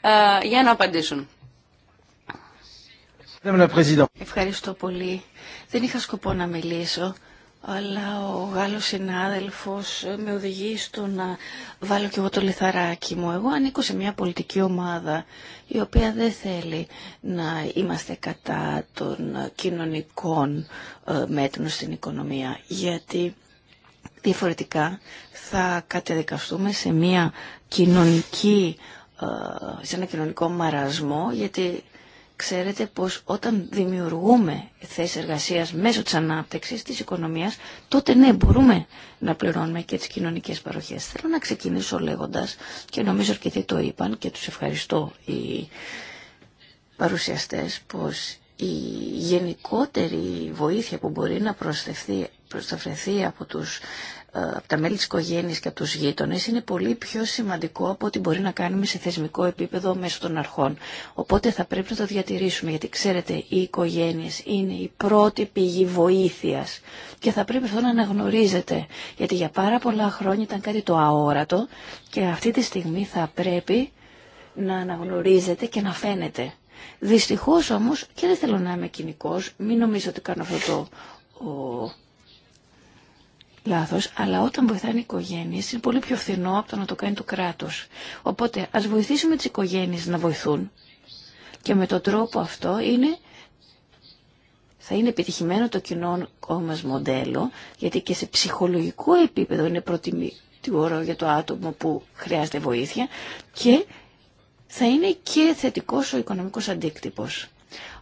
ε, για να απαντήσουν. Ευχαριστώ πολύ. Δεν είχα σκοπό να μιλήσω, αλλά ο Γάλλος συνάδελφος με οδηγεί στο να βάλω κι εγώ το λιθαράκι μου. Εγώ ανήκω σε μια πολιτική ομάδα η οποία δεν θέλει να είμαστε κατά των κοινωνικών ε, μέτρων στην οικονομία, γιατί διαφορετικά θα κατεδικαστούμε σε μια κοινωνική ε, σε ένα κοινωνικό μαρασμό γιατί ξέρετε πως όταν δημιουργούμε θέσεις εργασίας μέσω της ανάπτυξης της οικονομίας, τότε ναι μπορούμε να πληρώνουμε και τις κοινωνικές παροχές. Θέλω να ξεκινήσω λέγοντας και νομίζω αρκετοί το είπαν και τους ευχαριστώ οι παρουσιαστές πως η γενικότερη βοήθεια που μπορεί να προσταφρεθεί από τους από τα μέλη της οικογένειας και από τους γείτονες είναι πολύ πιο σημαντικό από ό,τι μπορεί να κάνουμε σε θεσμικό επίπεδο μέσω των αρχών. Οπότε θα πρέπει να το διατηρήσουμε γιατί ξέρετε οι οικογένειες είναι η πρώτη πηγή βοήθειας και θα πρέπει αυτό να αναγνωρίζετε. γιατί για πάρα πολλά χρόνια ήταν κάτι το αόρατο και αυτή τη στιγμή θα πρέπει να αναγνωρίζετε και να φαίνεται. Δυστυχώς όμως και δεν θέλω να είμαι κοινικός, μην νομίζω ότι κάνω αυτό το λάθος, αλλά όταν βοηθάνε οι οικογένειε είναι πολύ πιο φθηνό από το να το κάνει το κράτος. Οπότε ας βοηθήσουμε τις οικογένειε να βοηθούν και με τον τρόπο αυτό είναι θα είναι επιτυχημένο το κοινό μας μοντέλο, γιατί και σε ψυχολογικό επίπεδο είναι προτιμητικό για το άτομο που χρειάζεται βοήθεια και θα είναι και θετικός ο οικονομικός αντίκτυπος.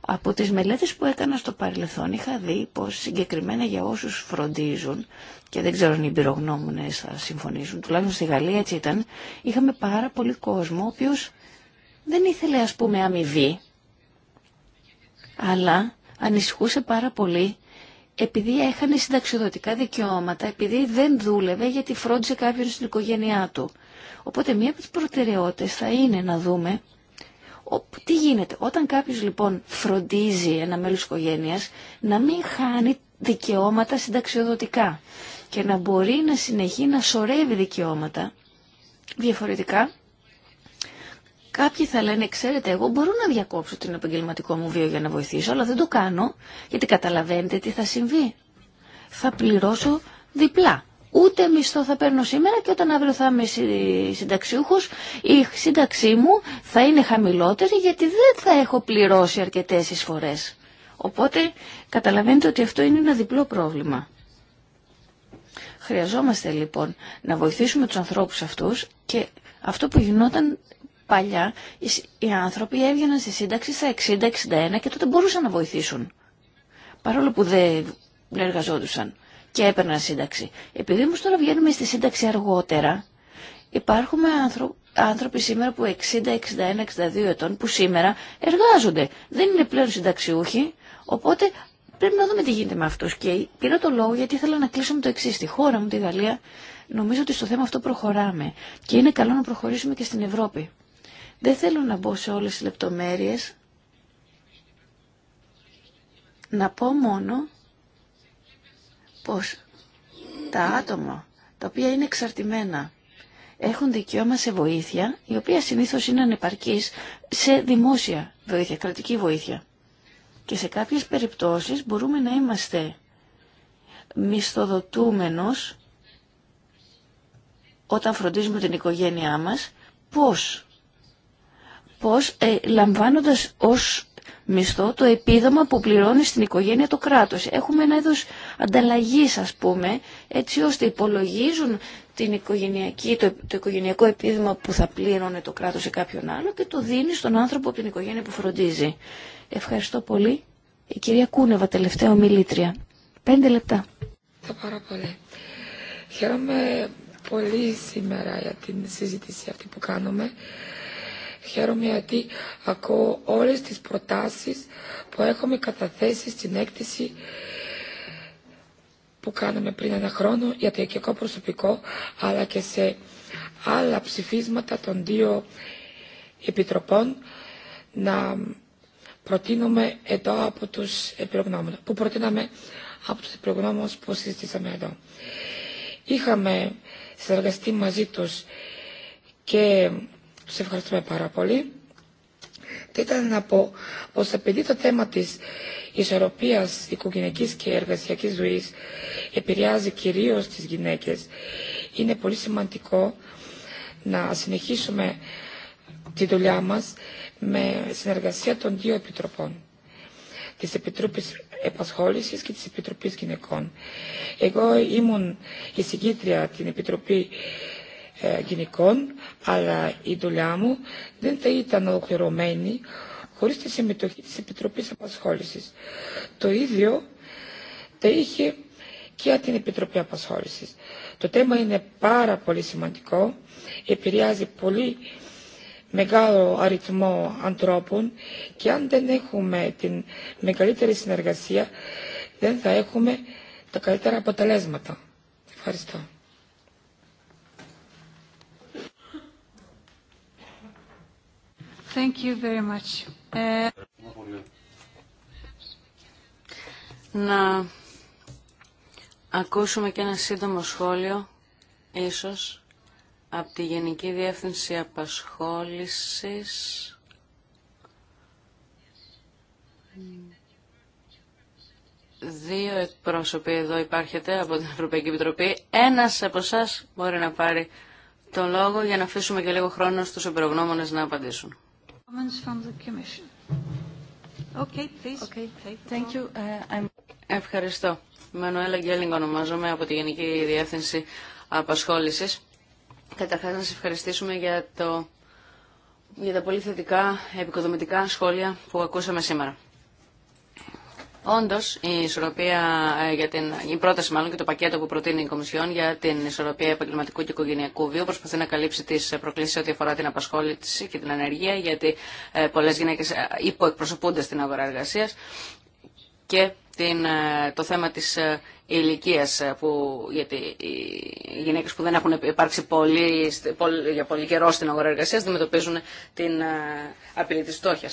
Από τις μελέτες που έκανα στο παρελθόν είχα δει πως συγκεκριμένα για όσους φροντίζουν και δεν ξέρω αν οι εμπειρογνώμονες θα συμφωνήσουν, τουλάχιστον στη Γαλλία έτσι ήταν, είχαμε πάρα πολύ κόσμο ο οποίος δεν ήθελε ας πούμε αμοιβή, αλλά ανησυχούσε πάρα πολύ επειδή έχανε συνταξιδοτικά δικαιώματα, επειδή δεν δούλευε γιατί φρόντιζε κάποιον στην οικογένειά του. Οπότε μία από τις προτεραιότητες θα είναι να δούμε τι γίνεται, όταν κάποιος λοιπόν φροντίζει ένα μέλος οικογένειας να μην χάνει δικαιώματα συνταξιοδοτικά και να μπορεί να συνεχεί να σωρεύει δικαιώματα διαφορετικά Κάποιοι θα λένε, ξέρετε, εγώ μπορώ να διακόψω την επαγγελματικό μου βίο για να βοηθήσω, αλλά δεν το κάνω, γιατί καταλαβαίνετε τι θα συμβεί. Θα πληρώσω διπλά ούτε μισθό θα παίρνω σήμερα και όταν αύριο θα είμαι συνταξιούχος η σύνταξή μου θα είναι χαμηλότερη γιατί δεν θα έχω πληρώσει αρκετές εισφορές. Οπότε καταλαβαίνετε ότι αυτό είναι ένα διπλό πρόβλημα. Χρειαζόμαστε λοιπόν να βοηθήσουμε τους ανθρώπους αυτούς και αυτό που γινόταν παλιά οι άνθρωποι έβγαιναν στη σύνταξη στα 60-61 και τότε μπορούσαν να βοηθήσουν παρόλο που δεν εργαζόντουσαν και έπαιρναν σύνταξη. Επειδή όμω τώρα βγαίνουμε στη σύνταξη αργότερα, υπάρχουν άνθρωποι σήμερα που 60, 61, 62 ετών που σήμερα εργάζονται. Δεν είναι πλέον συνταξιούχοι, οπότε πρέπει να δούμε τι γίνεται με αυτούς. Και πήρα το λόγο γιατί ήθελα να κλείσω με το εξή. Στη χώρα μου, τη Γαλλία, νομίζω ότι στο θέμα αυτό προχωράμε. Και είναι καλό να προχωρήσουμε και στην Ευρώπη. Δεν θέλω να μπω σε όλες τις λεπτομέρειες. Να πω μόνο πως τα άτομα τα οποία είναι εξαρτημένα έχουν δικαίωμα σε βοήθεια, η οποία συνήθως είναι ανεπαρκής σε δημόσια βοήθεια, κρατική βοήθεια. Και σε κάποιες περιπτώσεις μπορούμε να είμαστε μισθοδοτούμενος όταν φροντίζουμε την οικογένειά μας, πώς πως ε, λαμβάνοντας ως μισθό το επίδομα που πληρώνει στην οικογένεια το κράτος. Έχουμε ένα είδος ανταλλαγής ας πούμε, έτσι ώστε υπολογίζουν την οικογενειακή, το, το οικογενειακό επίδομα που θα πλήρωνε το κράτος σε κάποιον άλλο και το δίνει στον άνθρωπο από την οικογένεια που φροντίζει. Ευχαριστώ πολύ. Η κυρία Κούνεβα, τελευταία ομιλήτρια. Πέντε λεπτά. Ευχαριστώ πάρα πολύ. Χαίρομαι πολύ σήμερα για την συζήτηση αυτή που κάνουμε. Χαίρομαι γιατί ακούω όλες τις προτάσεις που έχουμε καταθέσει στην έκτηση που κάναμε πριν ένα χρόνο για το οικιακό προσωπικό, αλλά και σε άλλα ψηφίσματα των δύο επιτροπών να προτείνουμε εδώ από τους που προτείναμε από τους επιλογνώμενους που συζητήσαμε εδώ. Είχαμε συνεργαστεί μαζί τους και τους ευχαριστούμε πάρα πολύ. Θα ήθελα να πω πως επειδή το θέμα της ισορροπίας οικογενειακής και εργασιακής ζωής επηρεάζει κυρίως τις γυναίκες, είναι πολύ σημαντικό να συνεχίσουμε τη δουλειά μας με συνεργασία των δύο επιτροπών της Επιτροπής Επασχόλησης και της Επιτροπής Γυναικών. Εγώ ήμουν η συγκίτρια την Επιτροπή ε, γυναικών, αλλά η δουλειά μου δεν θα ήταν ολοκληρωμένη χωρίς τη συμμετοχή της Επιτροπής Απασχόλησης. Το ίδιο θα είχε και την Επιτροπή Απασχόλησης. Το θέμα είναι πάρα πολύ σημαντικό, επηρεάζει πολύ μεγάλο αριθμό ανθρώπων και αν δεν έχουμε την μεγαλύτερη συνεργασία δεν θα έχουμε τα καλύτερα αποτελέσματα. Ευχαριστώ. Thank you very much. Ε, να ακούσουμε και ένα σύντομο σχόλιο, ίσως, από τη Γενική Διεύθυνση Απασχόλησης. Δύο εκπρόσωποι εδώ υπάρχετε από την Ευρωπαϊκή Επιτροπή. Ένας από εσά μπορεί να πάρει το λόγο για να αφήσουμε και λίγο χρόνο στους εμπειρογνώμονες να απαντήσουν. Ευχαριστώ. Μανουέλα Γκέλινγκ ονομάζομαι από τη Γενική Διεύθυνση Απασχόλησης. Καταρχάς να σας ευχαριστήσουμε για, για τα πολύ θετικά επικοδομητικά σχόλια που ακούσαμε σήμερα. Όντω, η ισορροπία ε, για την. Η πρόταση, μάλλον και το πακέτο που προτείνει η Κομισιόν για την ισορροπία επαγγελματικού και οικογενειακού βίου προσπαθεί να καλύψει τι ε, προκλήσει ό,τι αφορά την απασχόληση και την ανεργία, γιατί ε, πολλέ γυναίκε υποεκπροσωπούνται στην αγορά εργασία και την, το θέμα της ηλικία, γιατί οι γυναίκε που δεν έχουν υπάρξει πολύ, για πολύ καιρό στην αγορά εργασία αντιμετωπίζουν την απειλή τη φτώχεια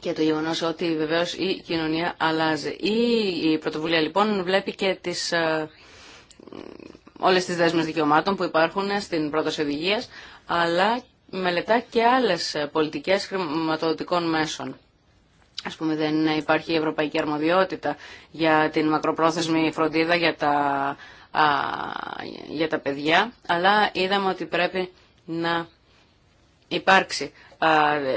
και το γεγονό ότι βεβαίω η κοινωνία αλλάζει. Η, η πρωτοβουλία λοιπόν βλέπει και τις, ε, όλες τις δέσμες δικαιωμάτων που υπάρχουν στην πρόταση οδηγία, αλλά μελετά και άλλες πολιτικές χρηματοδοτικών μέσων. Ας πούμε δεν υπάρχει ευρωπαϊκή αρμοδιότητα για την μακροπρόθεσμη φροντίδα για τα, για τα παιδιά, αλλά είδαμε ότι πρέπει να υπάρξει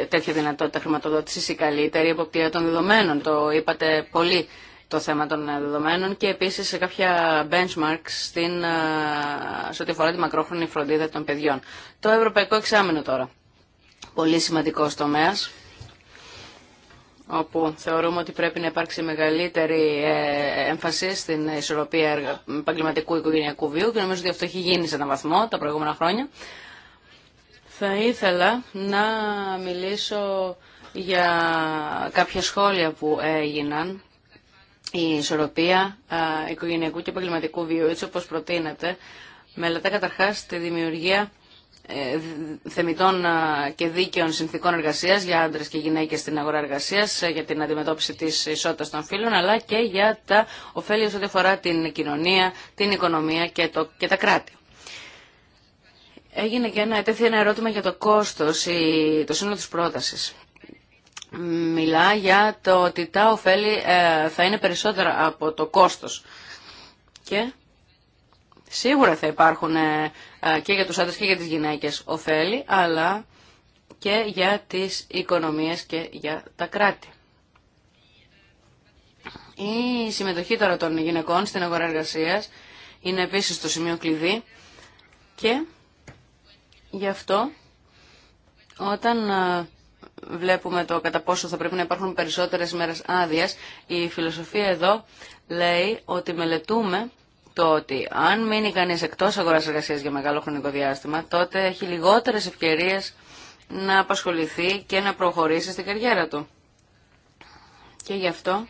τέτοια δυνατότητα χρηματοδότησης ή καλύτερη εποπτεία των δεδομένων. Το είπατε πολύ το θέμα των δεδομένων και επίσης σε κάποια benchmarks στην, σε ό,τι αφορά τη μακρόχρονη φροντίδα των παιδιών. Το Ευρωπαϊκό Εξάμεινο τώρα. Πολύ σημαντικός τομέας όπου θεωρούμε ότι πρέπει να υπάρξει μεγαλύτερη ε, έμφαση στην ισορροπία επαγγελματικού οικογενειακού βίου και νομίζω ότι αυτό έχει γίνει σε έναν βαθμό τα προηγούμενα χρόνια. Θα ήθελα να μιλήσω για κάποια σχόλια που έγιναν. Η ισορροπία οικογενειακού και επαγγελματικού βίου, έτσι όπως προτείνεται, μελετά καταρχάς τη δημιουργία ε, θεμητών και δίκαιων συνθήκων εργασίας για άντρες και γυναίκες στην αγορά εργασία, ε, για την αντιμετώπιση της ισότητας των φύλων, αλλά και για τα ωφέλη ό,τι αφορά την κοινωνία, την οικονομία και, το, και τα κράτη. Έγινε και ένα, ετέθη ένα ερώτημα για το κόστος, ή το σύνολο της πρότασης. Μιλά για το ότι τα ωφέλη ε, θα είναι περισσότερα από το κόστος. Και σίγουρα θα υπάρχουν ε, ε, και για τους άντρες και για τις γυναίκες ωφέλη, αλλά και για τις οικονομίες και για τα κράτη. Η συμμετοχή τώρα των γυναικών στην αγορά εργασίας είναι επίσης το σημείο κλειδί και Γι' αυτό όταν ε, βλέπουμε το κατά πόσο θα πρέπει να υπάρχουν περισσότερες μέρες άδεια, η φιλοσοφία εδώ λέει ότι μελετούμε το ότι αν μείνει κανείς εκτός αγοράς εργασίας για μεγάλο χρονικό διάστημα, τότε έχει λιγότερες ευκαιρίες να απασχοληθεί και να προχωρήσει στην καριέρα του. Και γι' αυτό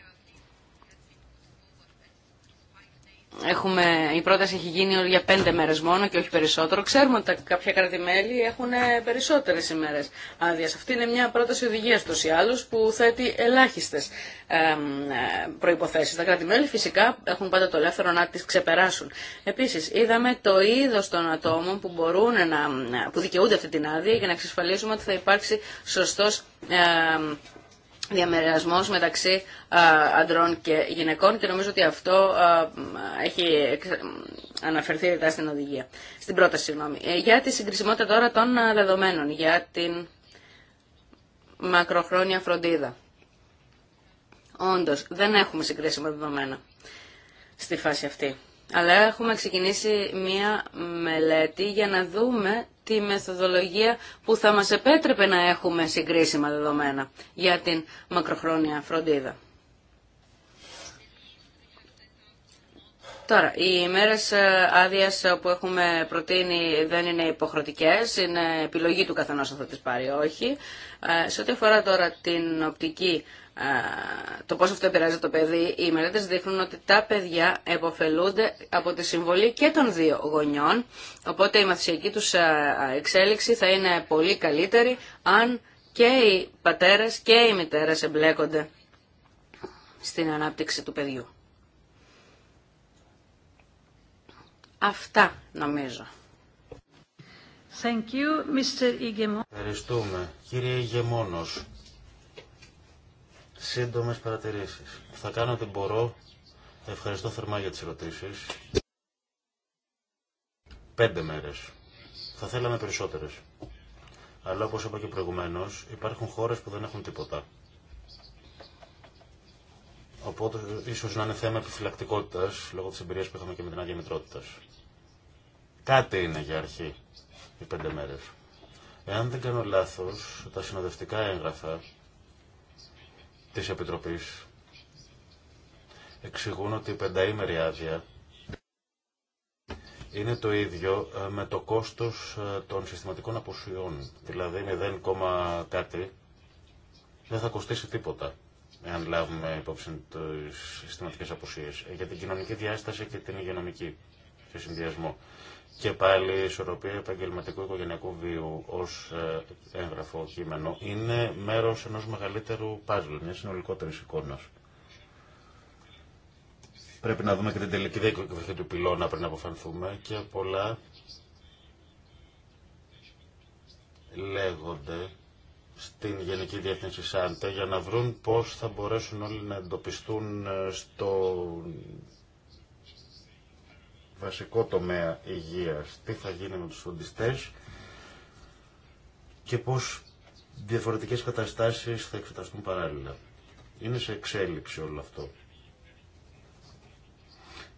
έχουμε, η πρόταση έχει γίνει για πέντε μέρε μόνο και όχι περισσότερο. Ξέρουμε ότι τα, κάποια κρατημέλη έχουν περισσότερε ημέρε. άδεια. Αυτή είναι μια πρόταση οδηγία του ή άλλου, που θέτει ελάχιστε ε, προϋποθέσεις. Τα κρατημέλη φυσικά έχουν πάντα το ελεύθερο να τι ξεπεράσουν. Επίση, είδαμε το είδο των ατόμων που, μπορούν να, που δικαιούνται αυτή την άδεια για να εξασφαλίσουμε ότι θα υπάρξει σωστό. ε, διαμερισμός μεταξύ αντρών και γυναικών και νομίζω ότι αυτό έχει αναφερθεί ρητά στην οδηγία, στην πρόταση, ε, Για τη συγκρισιμότητα τώρα των δεδομένων, για την μακροχρόνια φροντίδα. Όντως, δεν έχουμε συγκρίσιμα δεδομένα στη φάση αυτή. Αλλά έχουμε ξεκινήσει μία μελέτη για να δούμε τη μεθοδολογία που θα μας επέτρεπε να έχουμε συγκρίσιμα δεδομένα για την μακροχρόνια φροντίδα. Τώρα, οι μέρες ε, άδεια που έχουμε προτείνει δεν είναι υποχρεωτικές, είναι επιλογή του καθενός αν θα τις πάρει όχι. Ε, σε ό,τι αφορά τώρα την οπτική το πώς αυτό επηρεάζει το παιδί, οι μελέτες δείχνουν ότι τα παιδιά εποφελούνται από τη συμβολή και των δύο γονιών, οπότε η μαθησιακή τους εξέλιξη θα είναι πολύ καλύτερη αν και οι πατέρες και οι μητέρες εμπλέκονται στην ανάπτυξη του παιδιού. Αυτά νομίζω. Thank you, Mr. Ευχαριστούμε. Κύριε Ηγεμόνος σύντομε παρατηρήσεις. Θα κάνω ό,τι μπορώ. Ευχαριστώ θερμά για τις ερωτήσει. Πέντε μέρες. Θα θέλαμε περισσότερες. Αλλά όπως είπα και προηγουμένως, υπάρχουν χώρε που δεν έχουν τίποτα. Οπότε ίσως να είναι θέμα επιφυλακτικότητας λόγω της εμπειρία που είχαμε και με την άδεια μητρότητας. Κάτι είναι για αρχή οι πέντε μέρε. Εάν δεν κάνω λάθο, τα συνοδευτικά έγγραφα της Επιτροπής εξηγούν ότι η πενταήμερη άδεια είναι το ίδιο ε, με το κόστος ε, των συστηματικών αποσυρών. Δηλαδή 0, κάτι δεν θα κοστίσει τίποτα εάν λάβουμε υπόψη τις συστηματικές αποσύσεις, ε, Για την κοινωνική διάσταση και την υγειονομική σε συνδυασμό και πάλι η ισορροπία επαγγελματικού οικογενειακού βίου ω ε, έγγραφο κείμενο είναι μέρο ενό μεγαλύτερου παζλ, μια συνολικότερη εικόνα. Πρέπει να δούμε και την τελική διακοπή του πυλώνα πριν αποφανθούμε και πολλά λέγονται στην Γενική Διεύθυνση ΣΑΝΤΕ για να βρουν πώς θα μπορέσουν όλοι να εντοπιστούν ε, στο βασικό τομέα υγείας, τι θα γίνει με τους φροντιστές και πώς διαφορετικές καταστάσεις θα εξεταστούν παράλληλα. Είναι σε εξέλιξη όλο αυτό.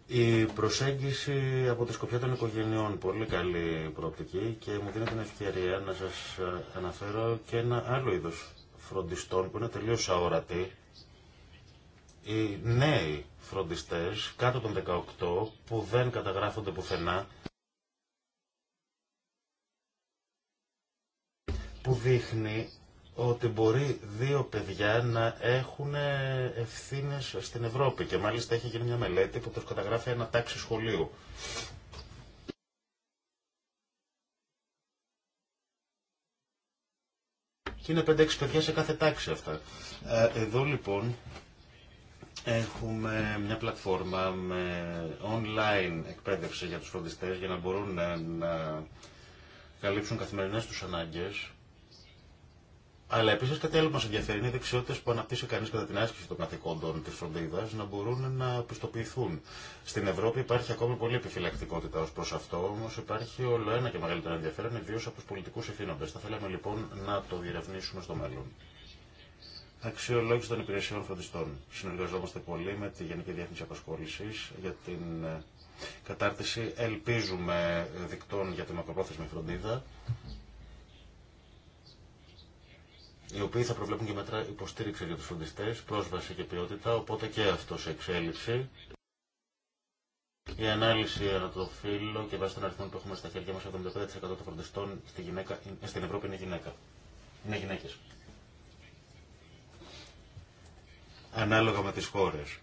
Η προσέγγιση από τη σκοπιά των οικογενειών, πολύ καλή προοπτική και μου δίνει την ευκαιρία να σας αναφέρω και ένα άλλο είδος φροντιστών που είναι τελείως αόρατοι. Οι νέοι φροντιστές κάτω των 18 που δεν καταγράφονται πουθενά που δείχνει ότι μπορεί δύο παιδιά να έχουν ευθύνες στην Ευρώπη και μάλιστα έχει γίνει μια μελέτη που τους καταγράφει ένα τάξη σχολείου. Και είναι 5-6 παιδιά σε κάθε τάξη αυτά. Ε, εδώ λοιπόν Έχουμε μια πλατφόρμα με online εκπαίδευση για τους φροντιστές για να μπορούν να καλύψουν καθημερινές τους ανάγκες. Αλλά επίσης κάτι άλλο μας ενδιαφέρει είναι οι δεξιότητες που αναπτύσσει κανείς κατά την άσκηση των καθηκόντων της φροντίδας να μπορούν να πιστοποιηθούν. Στην Ευρώπη υπάρχει ακόμη πολύ επιφυλακτικότητα ως προς αυτό, όμως υπάρχει όλο ένα και μεγαλύτερο ενδιαφέρον, ιδίως από τους πολιτικούς ευθύνοντες. Θα θέλαμε λοιπόν να το διερευνήσουμε στο μέλλον. Αξιολόγηση των υπηρεσιών φροντιστών. Συνεργαζόμαστε πολύ με τη Γενική Διεύθυνση Απασχόληση για την ε, κατάρτιση. Ελπίζουμε δικτών για τη μακροπρόθεσμη φροντίδα, οι οποίοι θα προβλέπουν και μέτρα υποστήριξη για του φροντιστέ, πρόσβαση και ποιότητα, οπότε και αυτό σε εξέλιξη. Η ανάλυση ανά το φύλλο και βάσει των αριθμών που έχουμε στα χέρια μα, 75% των φροντιστών στη γυναίκα, ε, στην Ευρώπη είναι γυναίκα. Είναι γυναίκες. ανάλογα με τις χώρες.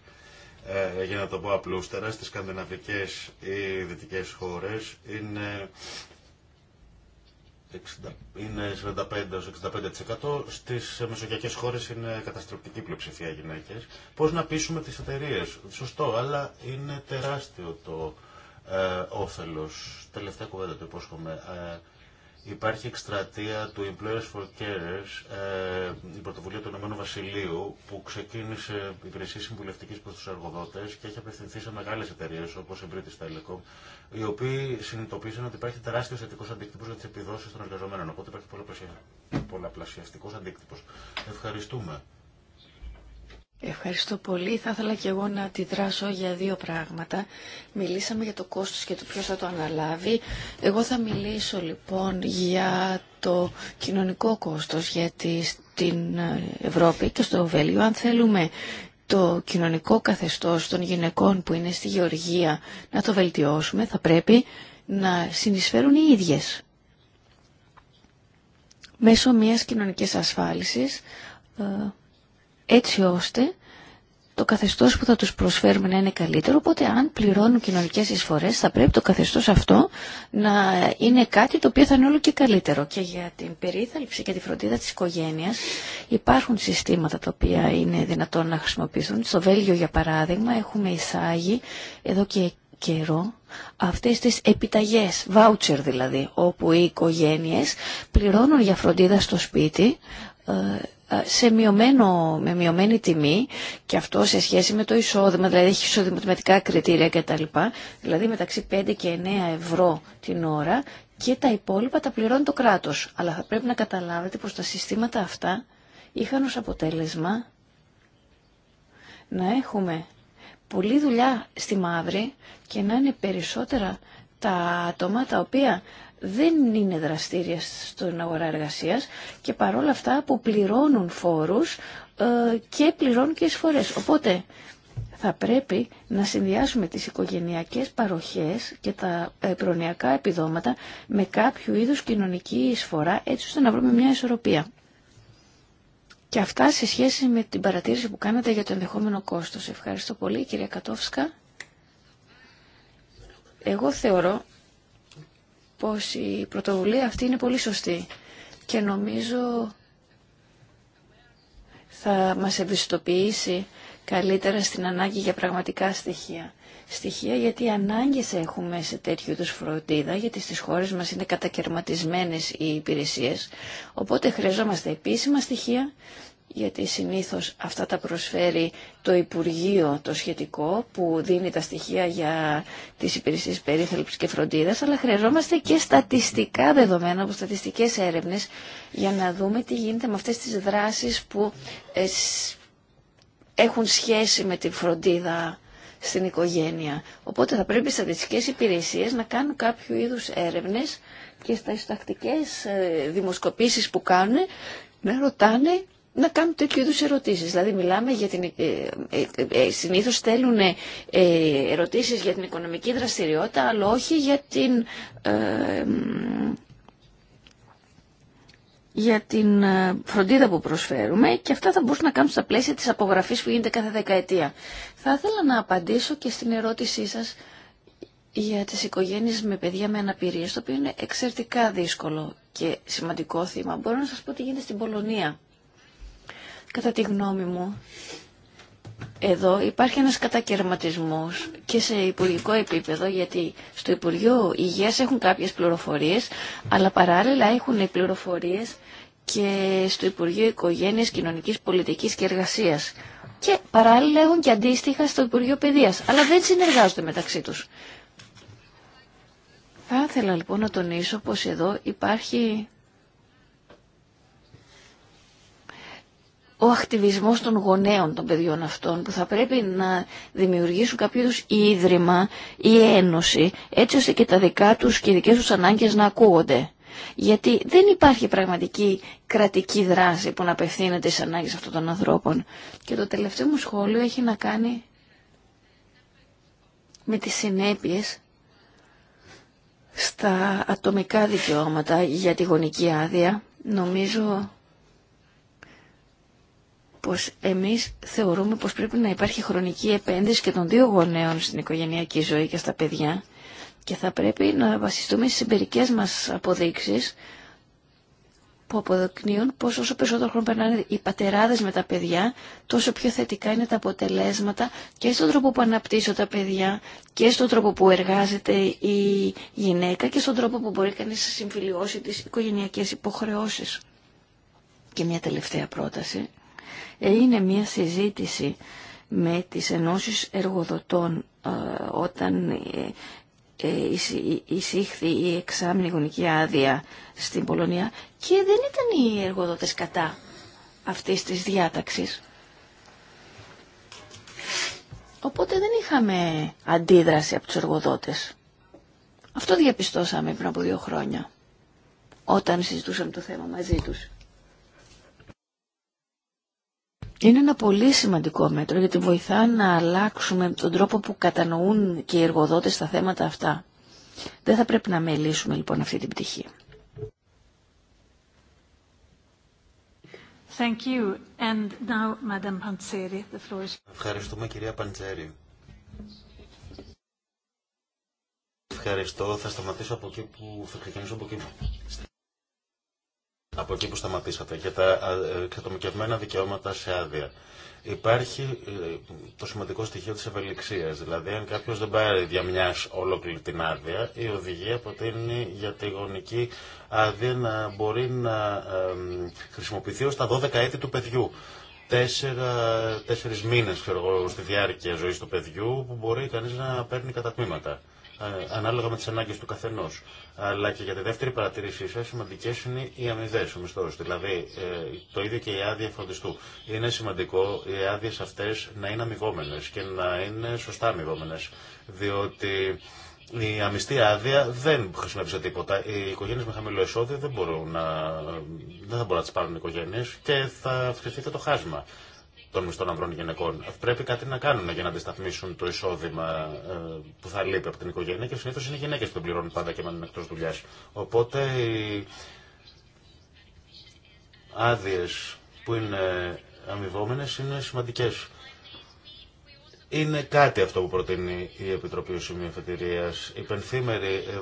Ε, για να το πω απλούστερα, στις σκανδιναβικές ή δυτικές χώρες είναι, 60, είναι 45-65%, στις μεσογειακές χώρες είναι καταστροφική πλειοψηφία γυναίκες. Πώς να πείσουμε τις εταιρείε. Σωστό, αλλά είναι τεράστιο το ε, όφελος. Τελευταία κουβέντα το υπόσχομαι. Ε, Υπάρχει εκστρατεία του Employers for Carers, ε, η πρωτοβουλία του Ηνωμένου Βασιλείου, που ξεκίνησε υπηρεσία συμβουλευτική προ του εργοδότε και έχει απευθυνθεί σε μεγάλε εταιρείε όπω η British Telecom, οι οποίοι συνειδητοποίησαν ότι υπάρχει τεράστιο θετικό αντίκτυπο για τι επιδόσει των εργαζομένων. Οπότε υπάρχει πολλαπλασιαστικό αντίκτυπο. Ευχαριστούμε. Ευχαριστώ πολύ. Θα ήθελα και εγώ να δράσω για δύο πράγματα. Μιλήσαμε για το κόστος και το ποιος θα το αναλάβει. Εγώ θα μιλήσω λοιπόν για το κοινωνικό κόστος, γιατί στην Ευρώπη και στο Βέλγιο, αν θέλουμε το κοινωνικό καθεστώς των γυναικών που είναι στη γεωργία να το βελτιώσουμε, θα πρέπει να συνεισφέρουν οι ίδιες. Μέσω μιας κοινωνικής ασφάλισης, ε, έτσι ώστε το καθεστώς που θα τους προσφέρουμε να είναι καλύτερο, οπότε αν πληρώνουν κοινωνικές εισφορές θα πρέπει το καθεστώς αυτό να είναι κάτι το οποίο θα είναι όλο και καλύτερο. Και για την περίθαλψη και τη φροντίδα της οικογένεια υπάρχουν συστήματα τα οποία είναι δυνατόν να χρησιμοποιηθούν. Στο Βέλγιο για παράδειγμα έχουμε εισάγει εδώ και καιρό αυτές τις επιταγές, voucher δηλαδή, όπου οι οικογένειες πληρώνουν για φροντίδα στο σπίτι ε, ε, σε με μειωμένη τιμή και αυτό σε σχέση με το εισόδημα, δηλαδή έχει εισοδηματικά κριτήρια κτλ. Δηλαδή μεταξύ 5 και 9 ευρώ την ώρα και τα υπόλοιπα τα πληρώνει το κράτος. Αλλά θα πρέπει να καταλάβετε πως τα συστήματα αυτά είχαν ως αποτέλεσμα να έχουμε πολλή δουλειά στη μαύρη και να είναι περισσότερα τα άτομα τα οποία δεν είναι δραστήρια στον αγορά εργασία και παρόλα αυτά που πληρώνουν φόρους ε, και πληρώνουν και εισφορέ. Οπότε θα πρέπει να συνδυάσουμε τις οικογενειακές παροχές και τα ε, προνοιακά επιδόματα με κάποιο είδους κοινωνική εισφορά έτσι ώστε να βρούμε μια ισορροπία. Και αυτά σε σχέση με την παρατήρηση που κάνατε για το ενδεχόμενο κόστος. Ευχαριστώ πολύ κυρία Κατόφσκα. Εγώ θεωρώ πως η πρωτοβουλία αυτή είναι πολύ σωστή και νομίζω θα μας ευιστοποιήσει καλύτερα στην ανάγκη για πραγματικά στοιχεία. Στοιχεία γιατί ανάγκες έχουμε σε τέτοιου είδους φροντίδα, γιατί στις χώρες μας είναι κατακαιρματισμένες οι υπηρεσίες, οπότε χρειαζόμαστε επίσημα στοιχεία γιατί συνήθως αυτά τα προσφέρει το Υπουργείο το σχετικό που δίνει τα στοιχεία για τις υπηρεσίες περίθαλψης και φροντίδας, αλλά χρειαζόμαστε και στατιστικά δεδομένα από στατιστικές έρευνες για να δούμε τι γίνεται με αυτές τις δράσεις που ε, έχουν σχέση με την φροντίδα στην οικογένεια. Οπότε θα πρέπει οι στατιστικές υπηρεσίες να κάνουν κάποιο είδους έρευνες και στα ιστακτικές ε, δημοσκοπήσεις που κάνουν να ρωτάνε να κάνουν τέτοιου είδου ερωτήσει. Δηλαδή, μιλάμε για την. Ε, ε, ε, Συνήθω στέλνουν ερωτήσει για την οικονομική δραστηριότητα, αλλά όχι για την. για την φροντίδα που προσφέρουμε και αυτά θα μπορούσαν να κάνουν στα πλαίσια της απογραφής που γίνεται κάθε δεκαετία. Θα ήθελα να απαντήσω και στην ερώτησή σας για τις οικογένειες με παιδιά με αναπηρίες, το οποίο είναι εξαιρετικά δύσκολο και σημαντικό θύμα. Μπορώ να σας πω τι γίνεται στην Πολωνία. Κατά τη γνώμη μου, εδώ υπάρχει ένας κατακαιρματισμός και σε υπουργικό επίπεδο, γιατί στο Υπουργείο Υγείας έχουν κάποιες πληροφορίες, αλλά παράλληλα έχουν πληροφορίες και στο Υπουργείο Οικογένειας, Κοινωνικής Πολιτικής και Εργασίας. Και παράλληλα έχουν και αντίστοιχα στο Υπουργείο Παιδείας, αλλά δεν συνεργάζονται μεταξύ τους. Θα ήθελα λοιπόν να τονίσω πως εδώ υπάρχει ο ακτιβισμός των γονέων των παιδιών αυτών που θα πρέπει να δημιουργήσουν κάποιο είδους ίδρυμα ή ένωση έτσι ώστε και τα δικά τους και οι δικές τους ανάγκες να ακούγονται. Γιατί δεν υπάρχει πραγματική κρατική δράση που να απευθύνεται στις ανάγκες αυτών των ανθρώπων. Και το τελευταίο μου σχόλιο έχει να κάνει με τις συνέπειες στα ατομικά δικαιώματα για τη γονική άδεια. Νομίζω πως εμείς θεωρούμε πως πρέπει να υπάρχει χρονική επένδυση και των δύο γονέων στην οικογενειακή ζωή και στα παιδιά και θα πρέπει να βασιστούμε στις εμπειρικές μας αποδείξεις που αποδεικνύουν πως όσο περισσότερο χρόνο περνάνε οι πατεράδες με τα παιδιά, τόσο πιο θετικά είναι τα αποτελέσματα και στον τρόπο που αναπτύσσουν τα παιδιά και στον τρόπο που εργάζεται η γυναίκα και στον τρόπο που μπορεί κανείς να συμφιλιώσει τις οικογενειακές υποχρεώσεις. Και μια τελευταία πρόταση είναι μια συζήτηση με τις ενώσεις εργοδοτών ε, όταν ε, εισήχθη η εξάμεινη γονική άδεια στην Πολωνία και δεν ήταν οι εργοδότες κατά αυτής της διάταξης. Οπότε δεν είχαμε αντίδραση από τους εργοδότες. Αυτό διαπιστώσαμε πριν από δύο χρόνια, όταν συζητούσαμε το θέμα μαζί τους είναι ένα πολύ σημαντικό μέτρο γιατί βοηθά να αλλάξουμε τον τρόπο που κατανοούν και οι εργοδότες τα θέματα αυτά. Δεν θα πρέπει να μελήσουμε λοιπόν αυτή την πτυχή. Thank you. And now, Madam the Ευχαριστούμε κυρία Παντζέρη. Ευχαριστώ. Θα σταματήσω από εκεί που θα ξεκινήσω από εκεί από εκεί που σταματήσατε, για τα εξατομικευμένα δικαιώματα σε άδεια. Υπάρχει ε, το σημαντικό στοιχείο της ευελιξίας, δηλαδή αν κάποιος δεν πάρει για μιας ολόκληρη την άδεια, η οδηγία αποτείνει για τη γονική άδεια να μπορεί να χρησιμοποιηθεί ως τα 12 έτη του παιδιού. Τέσσερα, τέσσερις μήνες, στη διάρκεια ζωής του παιδιού που μπορεί κανείς να παίρνει κατά τμήματα ε, ανάλογα με τις ανάγκες του καθενός αλλά και για τη δεύτερη παρατήρησή σα, σημαντικέ είναι οι αμοιβέ, ο μισθό. Δηλαδή, ε, το ίδιο και η άδεια φροντιστού. Είναι σημαντικό οι άδειε αυτέ να είναι αμοιβόμενε και να είναι σωστά αμοιβόμενε. Διότι η αμυστή άδεια δεν χρησιμεύει σε τίποτα. Οι οικογένειε με χαμηλό εισόδιο δεν, μπορούν να, δεν θα μπορούν να τι πάρουν οι οικογένειε και θα αυξηθεί το χάσμα των μισθών ανδρών γυναικών. Πρέπει κάτι να κάνουν για να αντισταθμίσουν το εισόδημα ε, που θα λείπει από την οικογένεια και συνήθω είναι οι γυναίκε που τον πληρώνουν πάντα και μένουν εκτό δουλειά. Οπότε οι άδειε που είναι αμοιβόμενε είναι σημαντικέ. Είναι κάτι αυτό που προτείνει η Επιτροπή Ουσιμή Εφετηρία. Η πενθήμερη ε,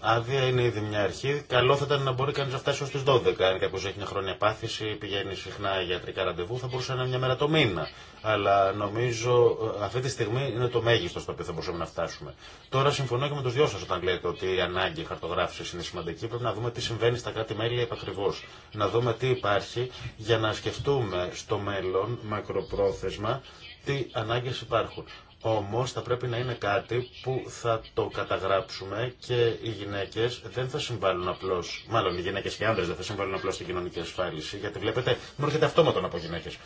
άδεια είναι ήδη μια αρχή. Καλό θα ήταν να μπορεί κανεί να φτάσει ω τι 12. Αν κάποιο έχει μια χρόνια πάθηση, πηγαίνει συχνά για ιατρικά ραντεβού, θα μπορούσε να είναι μια μέρα το μήνα. Αλλά νομίζω ε, αυτή τη στιγμή είναι το μέγιστο στο οποίο θα μπορούσαμε να φτάσουμε. Τώρα συμφωνώ και με του δυο σα όταν λέτε ότι η ανάγκη χαρτογράφηση είναι σημαντική. Πρέπει να δούμε τι συμβαίνει στα κράτη-μέλη επακριβώ. Να δούμε τι υπάρχει για να σκεφτούμε στο μέλλον μακροπρόθεσμα τι ανάγκες υπάρχουν. Όμως θα πρέπει να είναι κάτι που θα το καταγράψουμε και οι γυναίκες δεν θα συμβάλλουν απλώς, μάλλον οι γυναίκες και οι άνδρες δεν θα συμβάλλουν απλώς στην κοινωνική ασφάλιση, γιατί βλέπετε, μου έρχεται αυτόματον από γυναίκες.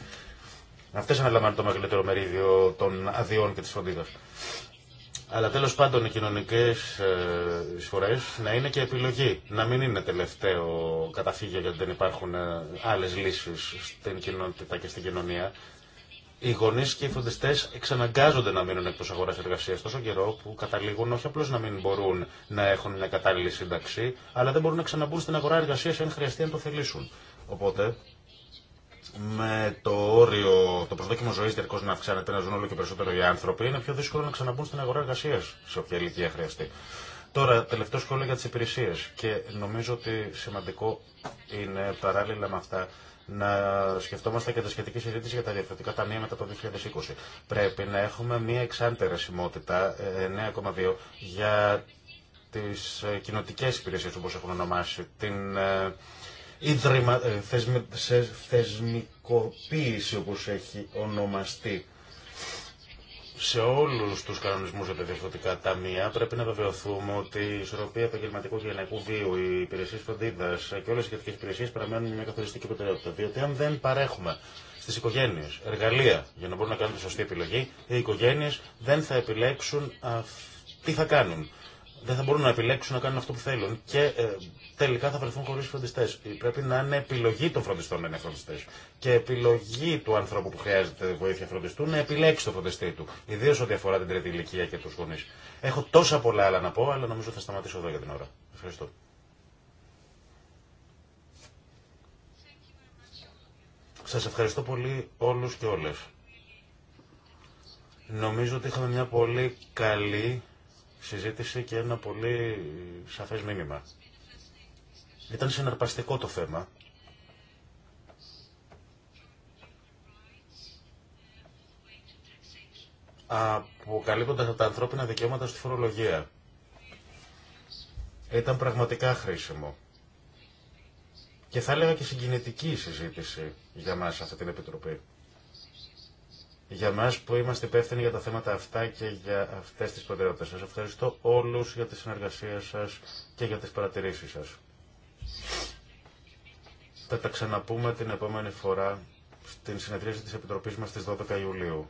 Αυτές αναλαμβάνουν το μεγαλύτερο μερίδιο των αδειών και της φροντίδας. Αλλά τέλος πάντων οι κοινωνικές ε, εισφορές να είναι και επιλογή. Να μην είναι τελευταίο καταφύγιο γιατί δεν υπάρχουν ε, άλλες λύσεις στην κοινότητα και στην κοινωνία. Οι γονεί και οι φροντιστέ εξαναγκάζονται να μείνουν εκτό αγορά εργασία τόσο καιρό που καταλήγουν όχι απλώ να μην μπορούν να έχουν μια κατάλληλη σύνταξη, αλλά δεν μπορούν να ξαναμπούν στην αγορά εργασία αν χρειαστεί να το θελήσουν. Οπότε, με το όριο, το προσδόκιμο ζωή διαρκώ να αυξάνεται, να ζουν όλο και περισσότερο οι άνθρωποι, είναι πιο δύσκολο να ξαναμπούν στην αγορά εργασία σε όποια ηλικία χρειαστεί. Τώρα, τελευταίο σχόλιο για τι υπηρεσίε. Και νομίζω ότι σημαντικό είναι παράλληλα με αυτά να σκεφτόμαστε και τα σχετική συζήτηση για τα διευθυντικά ταμεία μετά το 2020. Πρέπει να έχουμε μια εξάντερα σημότητα, 9,2, ε, για τις ε, κοινοτικές υπηρεσίες όπως έχουν ονομάσει, την ε, ίδρυμα, θεσμικοποίηση όπως έχει ονομαστεί σε όλου του κανονισμού για ταμεία πρέπει να βεβαιωθούμε ότι η ισορροπία επαγγελματικού και γενικού βίου, οι υπηρεσίε φροντίδα και όλε οι σχετικέ υπηρεσίε παραμένουν μια καθοριστική προτεραιότητα. Διότι αν δεν παρέχουμε στι οικογένειε εργαλεία για να μπορούν να κάνουν τη σωστή επιλογή, οι οικογένειε δεν θα επιλέξουν τι θα κάνουν. Δεν θα μπορούν να επιλέξουν να κάνουν αυτό που θέλουν. Και ε, τελικά θα βρεθούν χωρί φροντιστέ. Πρέπει να είναι επιλογή των φροντιστών να είναι φροντιστέ. Και επιλογή του ανθρώπου που χρειάζεται βοήθεια φροντιστού να επιλέξει το φροντιστή του. Ιδίω ό,τι αφορά την τρίτη ηλικία και του γονεί. Έχω τόσα πολλά άλλα να πω, αλλά νομίζω θα σταματήσω εδώ για την ώρα. Ευχαριστώ. Σα ευχαριστώ πολύ όλου και όλε. Νομίζω ότι είχαμε μια πολύ καλή συζήτηση και ένα πολύ σαφές μήνυμα. Ήταν συναρπαστικό το θέμα. Αποκαλύπτοντας τα ανθρώπινα δικαιώματα στη φορολογία. Ήταν πραγματικά χρήσιμο. Και θα έλεγα και συγκινητική συζήτηση για μας αυτή την Επιτροπή. Για μας που είμαστε υπεύθυνοι για τα θέματα αυτά και για αυτές τις προτεραιότητες σας. Ευχαριστώ όλους για τη συνεργασία σας και για τις παρατηρήσεις σας. Θα τα ξαναπούμε την επόμενη φορά στην συνεδρίαση της Επιτροπής μας στις 12 Ιουλίου.